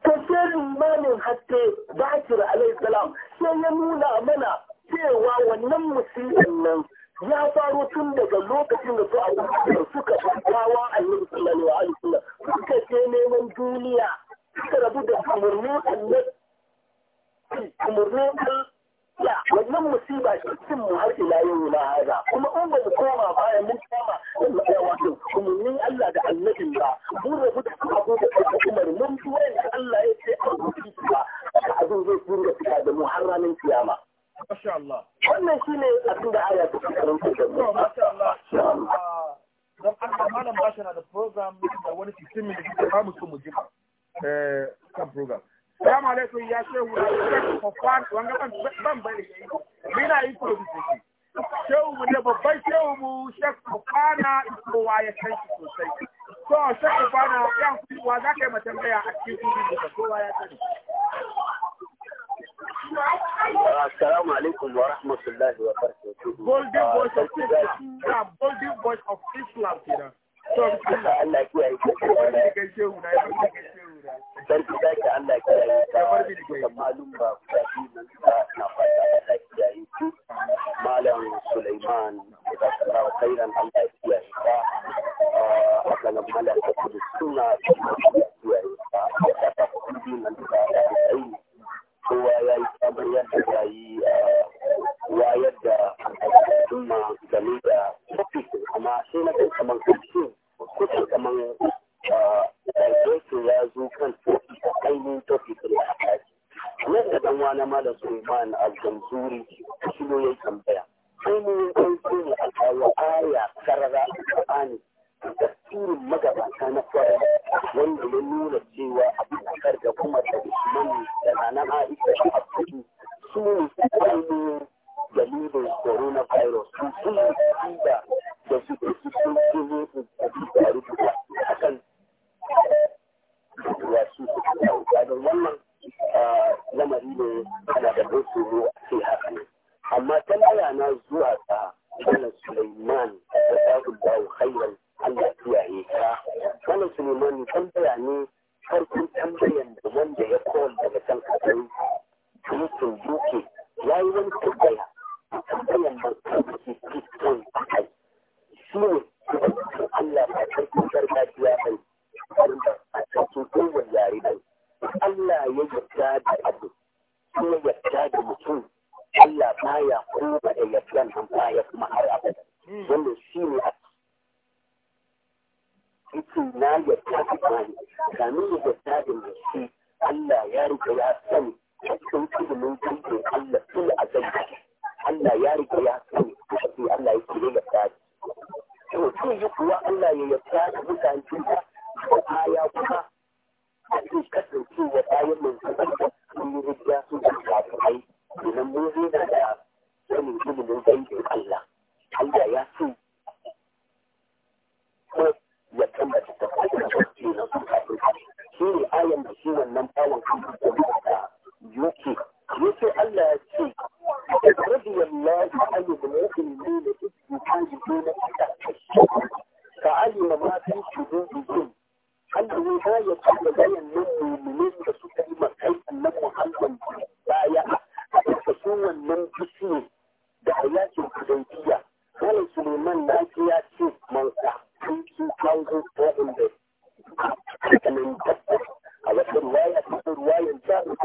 to sai limamin haske bakir alayhi salam sai ya nuna mana cewa wannan musiban nan ya faro tun daga lokacin da su abubakar suka fadawa annabi sallallahu wa alisunan suka je neman duniya suka rabu da umarnin annabi ya wannan musiba ce cin mu har ila yau na haza kuma in ba mu koma bayan mun kama koma ya wato umarnin Allah da annabin ba mun rabu da abubakar da umar mun fi da Allah ya ce a rubuci ba a abin zai dinga fita da mu har ranar kiyama Masha Allah. Wannan shi ne abin da aya ta karanta da mu. Masha Allah. Don Allah malam Basha na da program da wani sistemi da kike ba mu so mu jima. Eh, kan program. Salamu alaikum ya shehu na shek Kofan wanga ban ban bane shi. Mina yi produce Shehu mu da babban shehu mu shek Kofana kowa ya san shi sosai. To shek Kofana ya kuwa za ka yi matambaya a cikin kowa ya sani. Assalamu alaikum wa rahmatullahi wa Golden voice of Islam. Golden voice of Islam Allah kiyaye ka. Sarki na fata Allah kiyaye Malam Sulaiman da Allah khairan Allah ah, kiyaye ka. Haka kudu suna kiyaye da aiki. kowa ya yi sabon yadda ta yi wayar da al'umma game da topic amma sai na kai kamar ko kusa kamar digestion ya zo kan topic ainihin topic da aka yi kamar da dan wani malam suleiman al-jamzuri shi ne ya tambaya ainihin kai ne a kawo aya karara a tasirin magabata na fara wanda ya nuna cewa abubakar da kuma da usman da nana aisha a abdullahi su ne ainihin dalilin coronavirus su sun yi da da su ke su sun ke ne su a faru duka a kan da su su ke kawo tsadar wannan lamari ne ana da dosu ne a ce haka ne amma tambaya na zuwa ga Malam suleiman da ta gudawo khairan Allah kiyaye ka wannan Sulemani tambaya ne farkon tambayan da wanda ya kowal daga can kasar Kristin Duke ya yi wani tambaya tambayan da kake Kristin a kai shi ne Allah ba sarkin gargajiya bai a cikin kowane yare ba Allah ya yarda da abu kuma yarda da mutum Allah baya kuma da yarda nan baya kuma har abada hmm. wannan shi ne a yake na yadda da bani kamin ya yadda da mai shi Allah ya rika ya sani a cikin ilimin jirgin Allah tun a zai Allah ya rika ya sani cikin Allah ya kire ya tafi to tun yi kuwa Allah ya yadda da mutane da ya kuma a cikin kasancewa bayan mai da sun yi rijiya sun da kafirai domin mun zai da da sanin ilimin Allah Allah ya sani ya tabbata ta kuma tsoki na suka fi shi ne ayan da shi wannan ayan kan kuka da ta UK. Allah ya ce, Rabi Allah ya ayi da mutum ne da suke kan shi ne na suka fi shi. Ka ayi ma ma kan da shi. Allah ya ce da bayan nan ne ne da suka yi ma kai Allah Muhammad baya. Ka su wannan fushi da ayyakin kudaitiya. Wani Suleiman na ce ya ce manka. in 2007 I mean, I said, I said, why is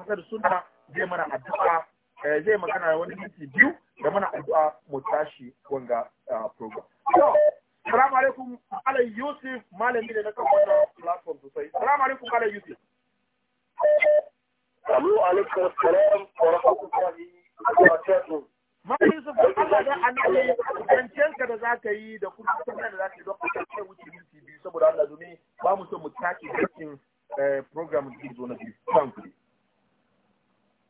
hasar suna zai mana addu'a eh, zai magana wani minti biyu da mana addu'a mu tashi wanga program so salamu alaikum ala yusuf malami da na kan wannan platform sosai salamu alaikum ala yusuf Salamu alaikum salam wa rahmatullahi wa barakatuh Yusuf da Allah da annabi zancen ka da zaka yi da kuma sunan da zaka yi don ka ce wuce minti biyu saboda Allah domin ba mu so mu take cikin eh, program din zo na biyu. Thank you.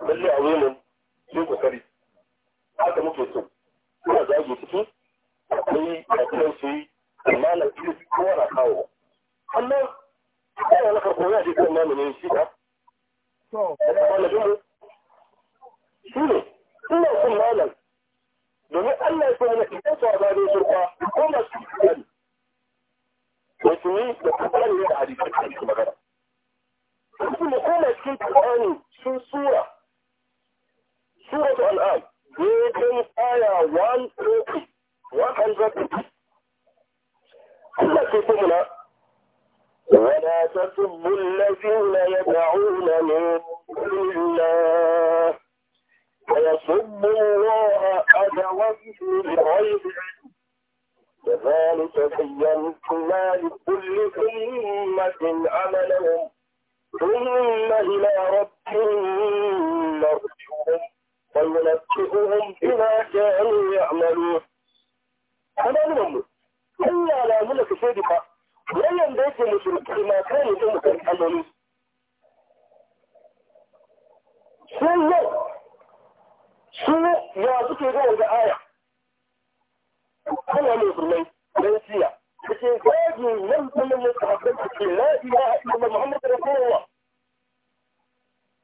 lalle a wurin yi kokari haka muke so kuma da ake ciki akwai da kuma su yi amma na ilimi kowa na kawo amma kowa na karko ya je kan malamin shi ba shi ne ina son malam domin Allah ya kuma idan su azare su kwa ko masu kiyari wasu ni da kuma ne da hadisi da magana kuma kuma cikin Qur'ani sun sura Surat Al-An, Gidan Aya 130. Allah ke fi muna, Wada ta tubbun lafiya ya da'una ne, Illa, Ka ya tubbun wa a كذلك بينت ما لكل أمة عملهم ثم إلى رب مرجوهم وينبئهم بما كانوا يعملون mu. Allah na nuna ka shaidi fa wannan da yake musulunci ma kai ne mu kan alloli su yau su ya suke ga wanda aya Allah ne musulmai dan siya kace gaji nan kuma ne sahabbai kace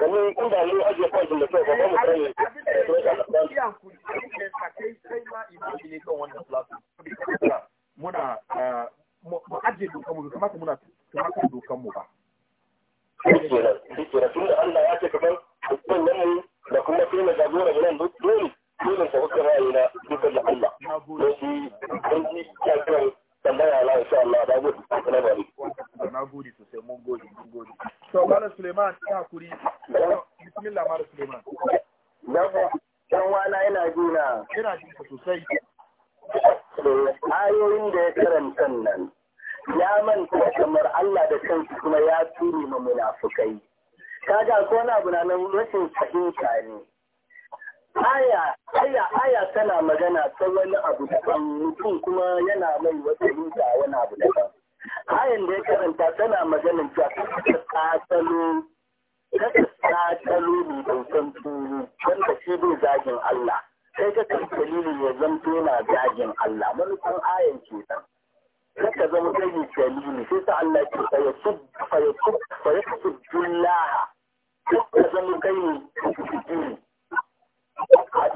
domin in ba eh, mu ajiye kwanci da kyau ba ba mu sani kai ma imani ne kan muna mu ajiye dokan mu kamata muna tumakar dokan mu ba Bikira tun da Allah ya ce kamar wannan da kuma kai na jagora da nan dole dole ka kuka ra'ayi na dukkan da Allah. Na gode. Don shi tambaya insha Allah da gode na gode mun gode mun gode to malam Suleiman hakuri bismillah malam Suleiman dan dan wana yana jina ina sosai ayoyin da ya karanta nan ya manta kamar Allah da kansu kuma ya turi ma munafukai kaga ko na abu na nan rashin fahimta ne aya aya tana magana ta wani abu daban mutum kuma yana mai wata hinta wani abu daban ayan da ya karanta tana magana ta tsatsalo ta tsatsalo mai daukan turu wanda shi bai zagin Allah sai ka kan dalili ya zanto na zagin Allah manufan ayan ce sai ka zama kai dalili sai sa Allah ke fa yasub fa yasub fa yasub ka zama kai dalili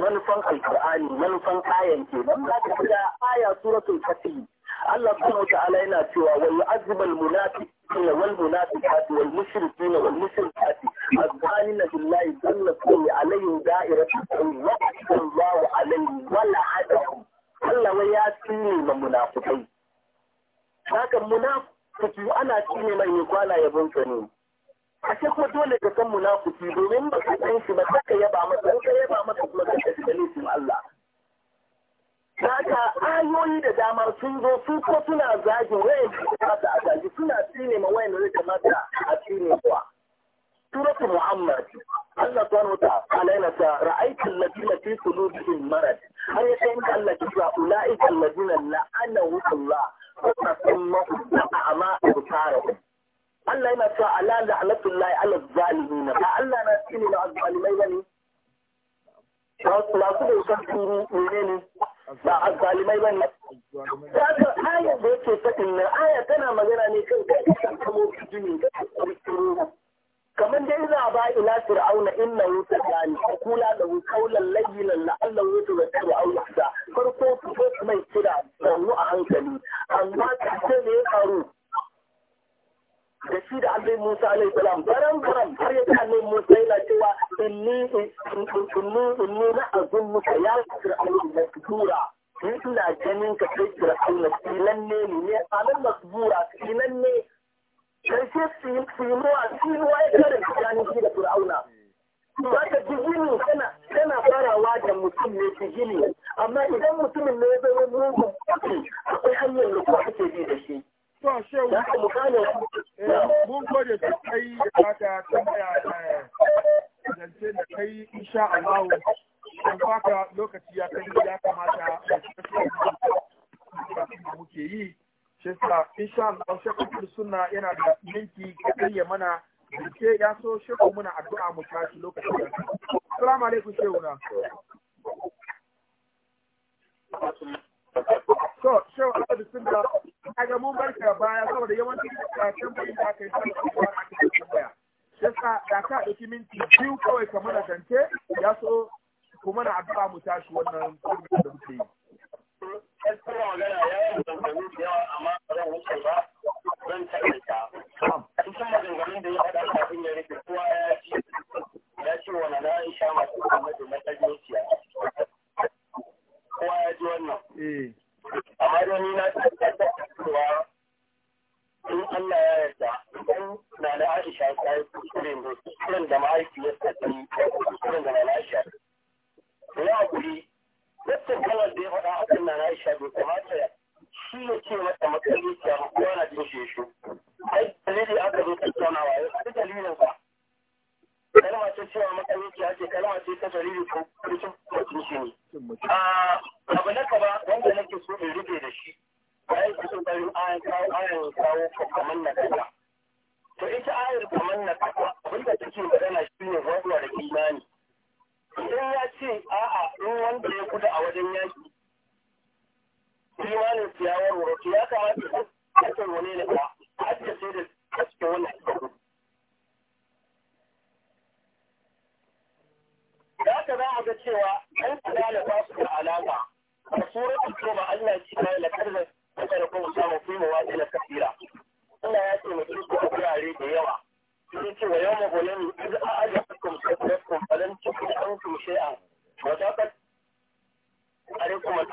manufan alkur'ani manufan ayan ke nan za ka ga aya suratul fatih Allah subhanahu ta'ala yana cewa wal yu'azzibul munafiqin wal munafiqat wal na wal mushrikati azbanina billahi dalla kulli alayhi da'iratu Allahu alayhi wa la'adahu Allah wai ya tsine ma munafikai haka munafiki ana tsine mai kwana ya sa ne a ce ko dole ka san munafiki domin ba ka san shi ba ka yaba masa ko ka yaba masa kuma ka ce da nufin Allah Haka ayoyi da damar sun zo su ko suna zagi wayan da kamata a zagi suna tsine ma wayan da kamata a tsine kuwa. Suratu Muhammad Allah ta nuna ta yana ta ra'aita alladhina fi qulubihim marad har ya kai inda Allah ke cewa ulaika alladhina la'anahum Allah wa tasammahu a'ma absarahum Allah yana cewa ala la'natullahi ala zalimin ba Allah na tsini na azzalimai bane masu bautan turu menene ba azzalimai bane da aka aya da yake fadin nan aya tana magana ne kan da ta kamo bijini kamar dai za ba ila fir'auna innahu tajani kula da qawlan layyinan la'allahu yatadhakkaru aw yahsa farko fito mai kira da a hankali amma ta ce ne ya faru da shi da annabi Musa alaihi salam baran baran har yadda annabi Musa yana cewa inni inni inni na azunnuka ya fir'aun masbura ni ina ganin ka kai fir'aun filan ne ne anan masbura filan ne karshe sinuwa sinuwa ya kare tsakanin shi da fir'auna za ka ji gini tana farawa da mutum ne ki amma idan mutumin ne ya zama mugun akwai hanyar da ko ake bi da shi To, shehu, eh, mun gode da kai da da zance da kai insha lokaci ya kai ya kamata yi. Shi sa, insha suna yana da minti kaɗai ya mana ke ya so muna addu'a mu tashi lokacin alaikum To, shau Allah da sun da kaga mun barka baya saboda yawanci karatun bayin da aka yi saboda ba aka yi tambaya. Yasa da ka ɗauki minti biyu kawai ka mana zance ya so kuma na addu'a mu tashi wannan kurmi da muke yi. Kuma magana ya yi zanzani da yawa amma ba zan wuce ba zan taƙaita. Kusan maganganun da ya faɗa kafin ya rufe kowa ya ce ya ce wani na sha masu kuma da na ƙarfi kowa ya ji wannan. Eh. Amma da ni na tabbata cewa in Allah ya yarda idan na da Aisha ta yi kuskure ne kuskuren da mahaifiyarta ta yi kuskuren da na da Aisha. Ya hakuri Dattin kawar da ya faɗa a kan Nana Aisha bai kamata ya shi ya ce mata makarniciya ba kowa na jin shi ya shi. Ai, dalili aka zo tattaunawa ya faɗi dalilin sa. kalma ce cewa makarici ake kalma ce ta jariri ko kurcin mutum shi ne. Ah, abu na gaba wanda nake so in rufe da shi bayan ku sun bari ayan kawo ayan kawo kamar na kaza. To ita ayar kamar na kaza abinda take magana shi ne rabuwa da imani. Idan ya ce a'a in wanda ya kuda a wajen yaki imanin su ya warware to ya kamata a wani ne ba a da sai da cikin wannan da haka za a ga cewa an kula da ba su da alaƙa a suratul tauba Allah ya ce la lakarzan kada kuma samu fi mawadi la kafira Allah ya ce mutum ko wurare da yawa sun ce wa yawma gulami idza a'ajakum sakarakum falan tukun ankum shay'an wa kuma alaikum al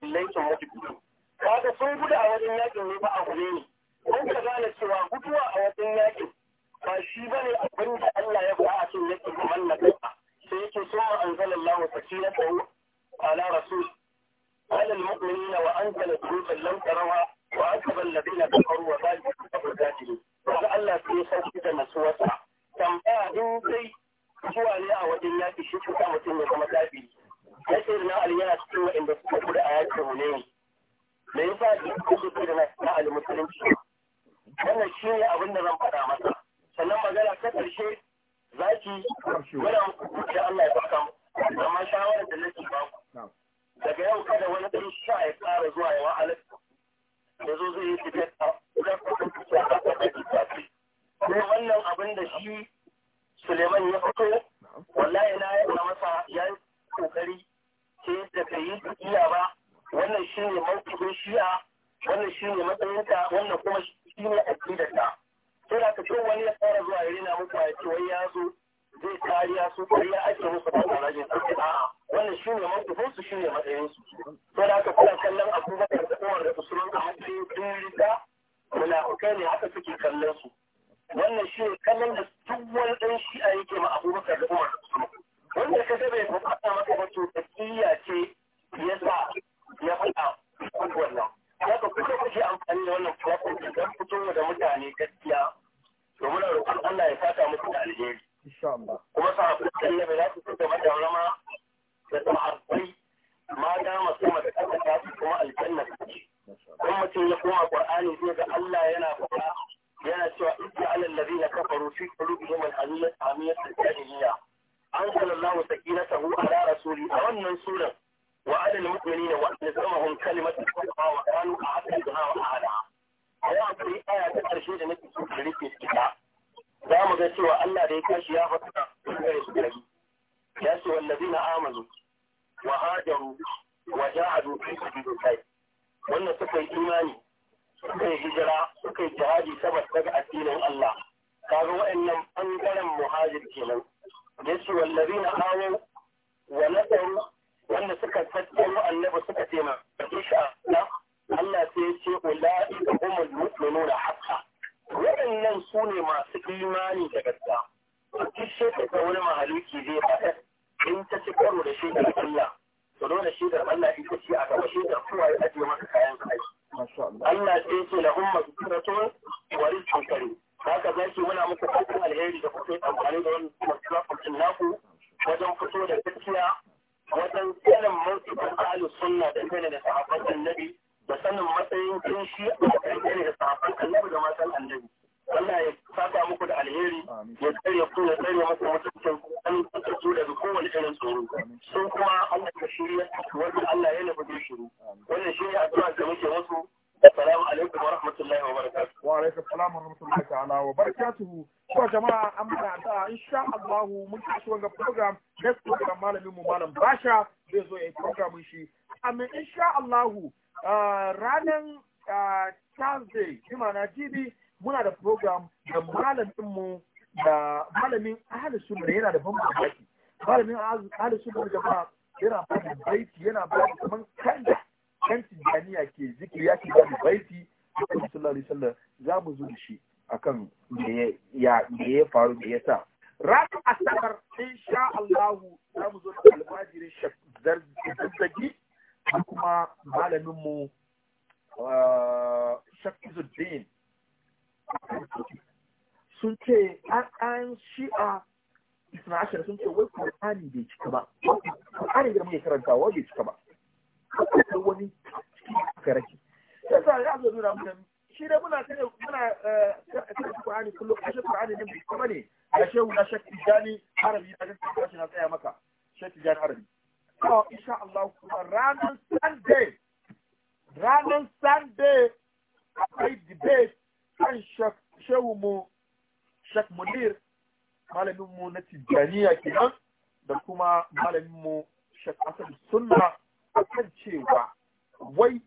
laikin mutum kaga sun gudu a wajen yakin ne ba a gure ne kun ka gane cewa guduwa a wajen yakin ba shi bane abin da Allah ya ba a cikin yakin ba. sai yake cewa anzalallahu sakinatahu ala rasul على المؤمنين وأنزل جنودا لم تروها وعذب الذين كفروا وذلك كتاب ذاته ولعل في صوت نسوسا كم إن كي zuwa ne a wajen yaƙi shi cuta mutum ya zama kafiri ya ce na ali yana cikin waɗanda suka kuda a yaƙin hune da ya sa ji ko da na ali musulunci wannan shi ne abin da zan faɗa masa sannan magana ta ƙarshe zaki yana muku da Allah ya baka mu amma shawarar da nake ba ku daga yau kada wani ɗan sha ya ƙara zuwa ya wahalar da zo zai yi fitar da zai kuɗin kuɗi a ƙasa da kitafi kuma wannan abin da shi Suleiman ya fito wallahi na ya ba masa ya yi kokari ce da ka yi iya ba wannan shi ne mawkifin shi'a wannan shi ne matsayinta wannan kuma shi ne ta. sai da ka wani ya fara zuwa ya rina muku ya ce wai ya zo zai kariya su kariya ake musu ba kwarajin sarki a'a wannan shi ne mankufin su shi ne matsayin su sai da aka kula kallon abubakar da kowar da usulun a matsayin muna kai ne haka suke kallon su wannan shi ne kallon da duk wani ɗan shi'a yake ma abubakar da kowar da usulun wanda ka bai bukata maka wato tafiya ce ya sa ya faɗa wannan Haka kuka kuke amfani da wannan platform da don fito da mutane gaskiya to muna roƙon Allah ya saka musu da alheri. Kuma sahabbin annabi za su fito da madarama da me ya faru me yasa ranar asabar insha Allah za mu zo da almajirin da kuma malamin mu ah, Shakizuddin sun ce an shi'a ashirin sun ce wai Qur'ani bai cika ba. Qur'ani da muke karantawa bai cika ba. Akwai wani cikin karaki sai Yasa ya zo nuna shi dai muna kare muna kare eh, Qur'ani kullum ashe Qur'ani ne bai kuma ne ashe wala shak tijani arabi da kake kashi na tsaya maka shak tijani arabi to insha Allah kuma ranar Sunday ranar Sunday akwai debate kan shak shehu mu shak Munir malamin mu na tijaniya kenan da kuma malamin mu shak Asad Sunna akan cewa wai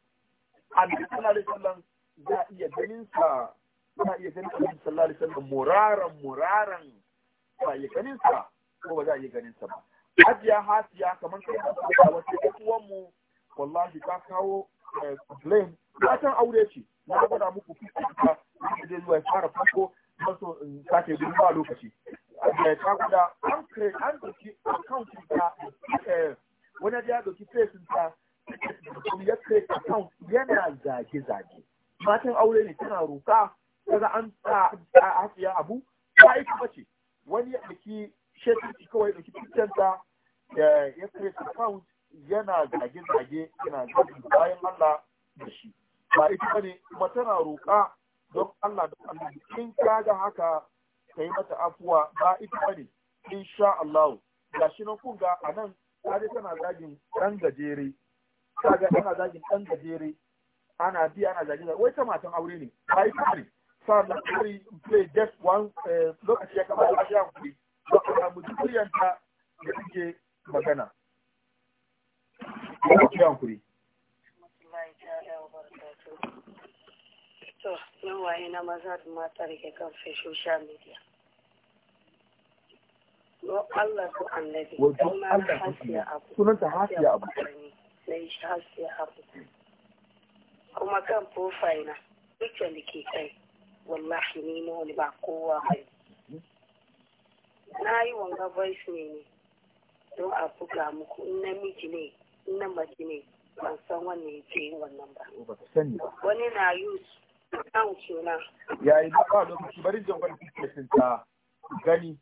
annabi sallallahu alaihi wasallam za a iya ganin sa za a iya ganin sa, sallallahu alaihi wasallam muraran muraran za a iya ganin sa ko ba za a iya ganin sa ba hajiya hasiya kamar kai da ta wace uwan mu wallahi ta kawo blame eh, matan aure ce na da muku fitinka da zai zuwa ya fara farko don so in sake gudun ba lokaci ta kula an kare an doki account ta eh, wani ya doki fesin ta ya kare account yana zage-zage matan aure ne tana roka kaga an ta hafiya abu ta aiki ce wani ya ɗauki shekarci kawai ya ɗauki pictanta ya create account yana zage-zage yana zage bayan Allah da shi ba ita bane kuma tana roƙa don Allah da Allah in kaga haka kai mata afuwa ba ita bane insha Allah gashi nan kun ga anan kaje tana zagin dan gajere kaga tana zagin dan gajere ana bi ana zage zage wai ta matan aure ne bai kare da kare play just one lokaci ya kamata a sha kuɗi to a samu zuriyanta da suke magana ya kuɗi to yawaye na maza da mata da ke kan social media no Allah ko annabi don Allah hasiya sunan ta hasiya abu sai shi hasiya abu kuma kan profile na picture da ke kai wallahi ni ne wani ba kowa mai na yi wanga voice ne ne don a buga muku in namiji ne in na mace ne ban san wani ya ce wannan ba wani na use account na yayi ba ba lokaci bari jan wani picture ta gani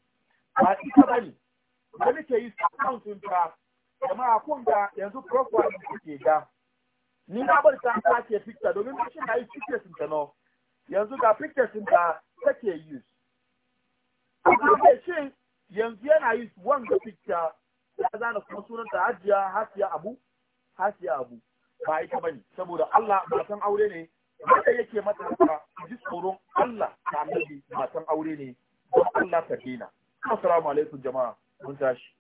ba ita bane ba ke yi account ta jama'a kun ga yanzu profile ke da ni na bar ta sake fita domin mashin na yi sun ta no yanzu ga sun ta take yi. amma ke shin yanzu yana yi ga fita ya zana kuma sunan ta hajiya hasiya abu hasiya abu ba ita bane saboda Allah matan aure ne wanda yake mata haka ji tsoron Allah ta annabi matan aure ne don Allah ta dina assalamu alaikum jama'a mun tashi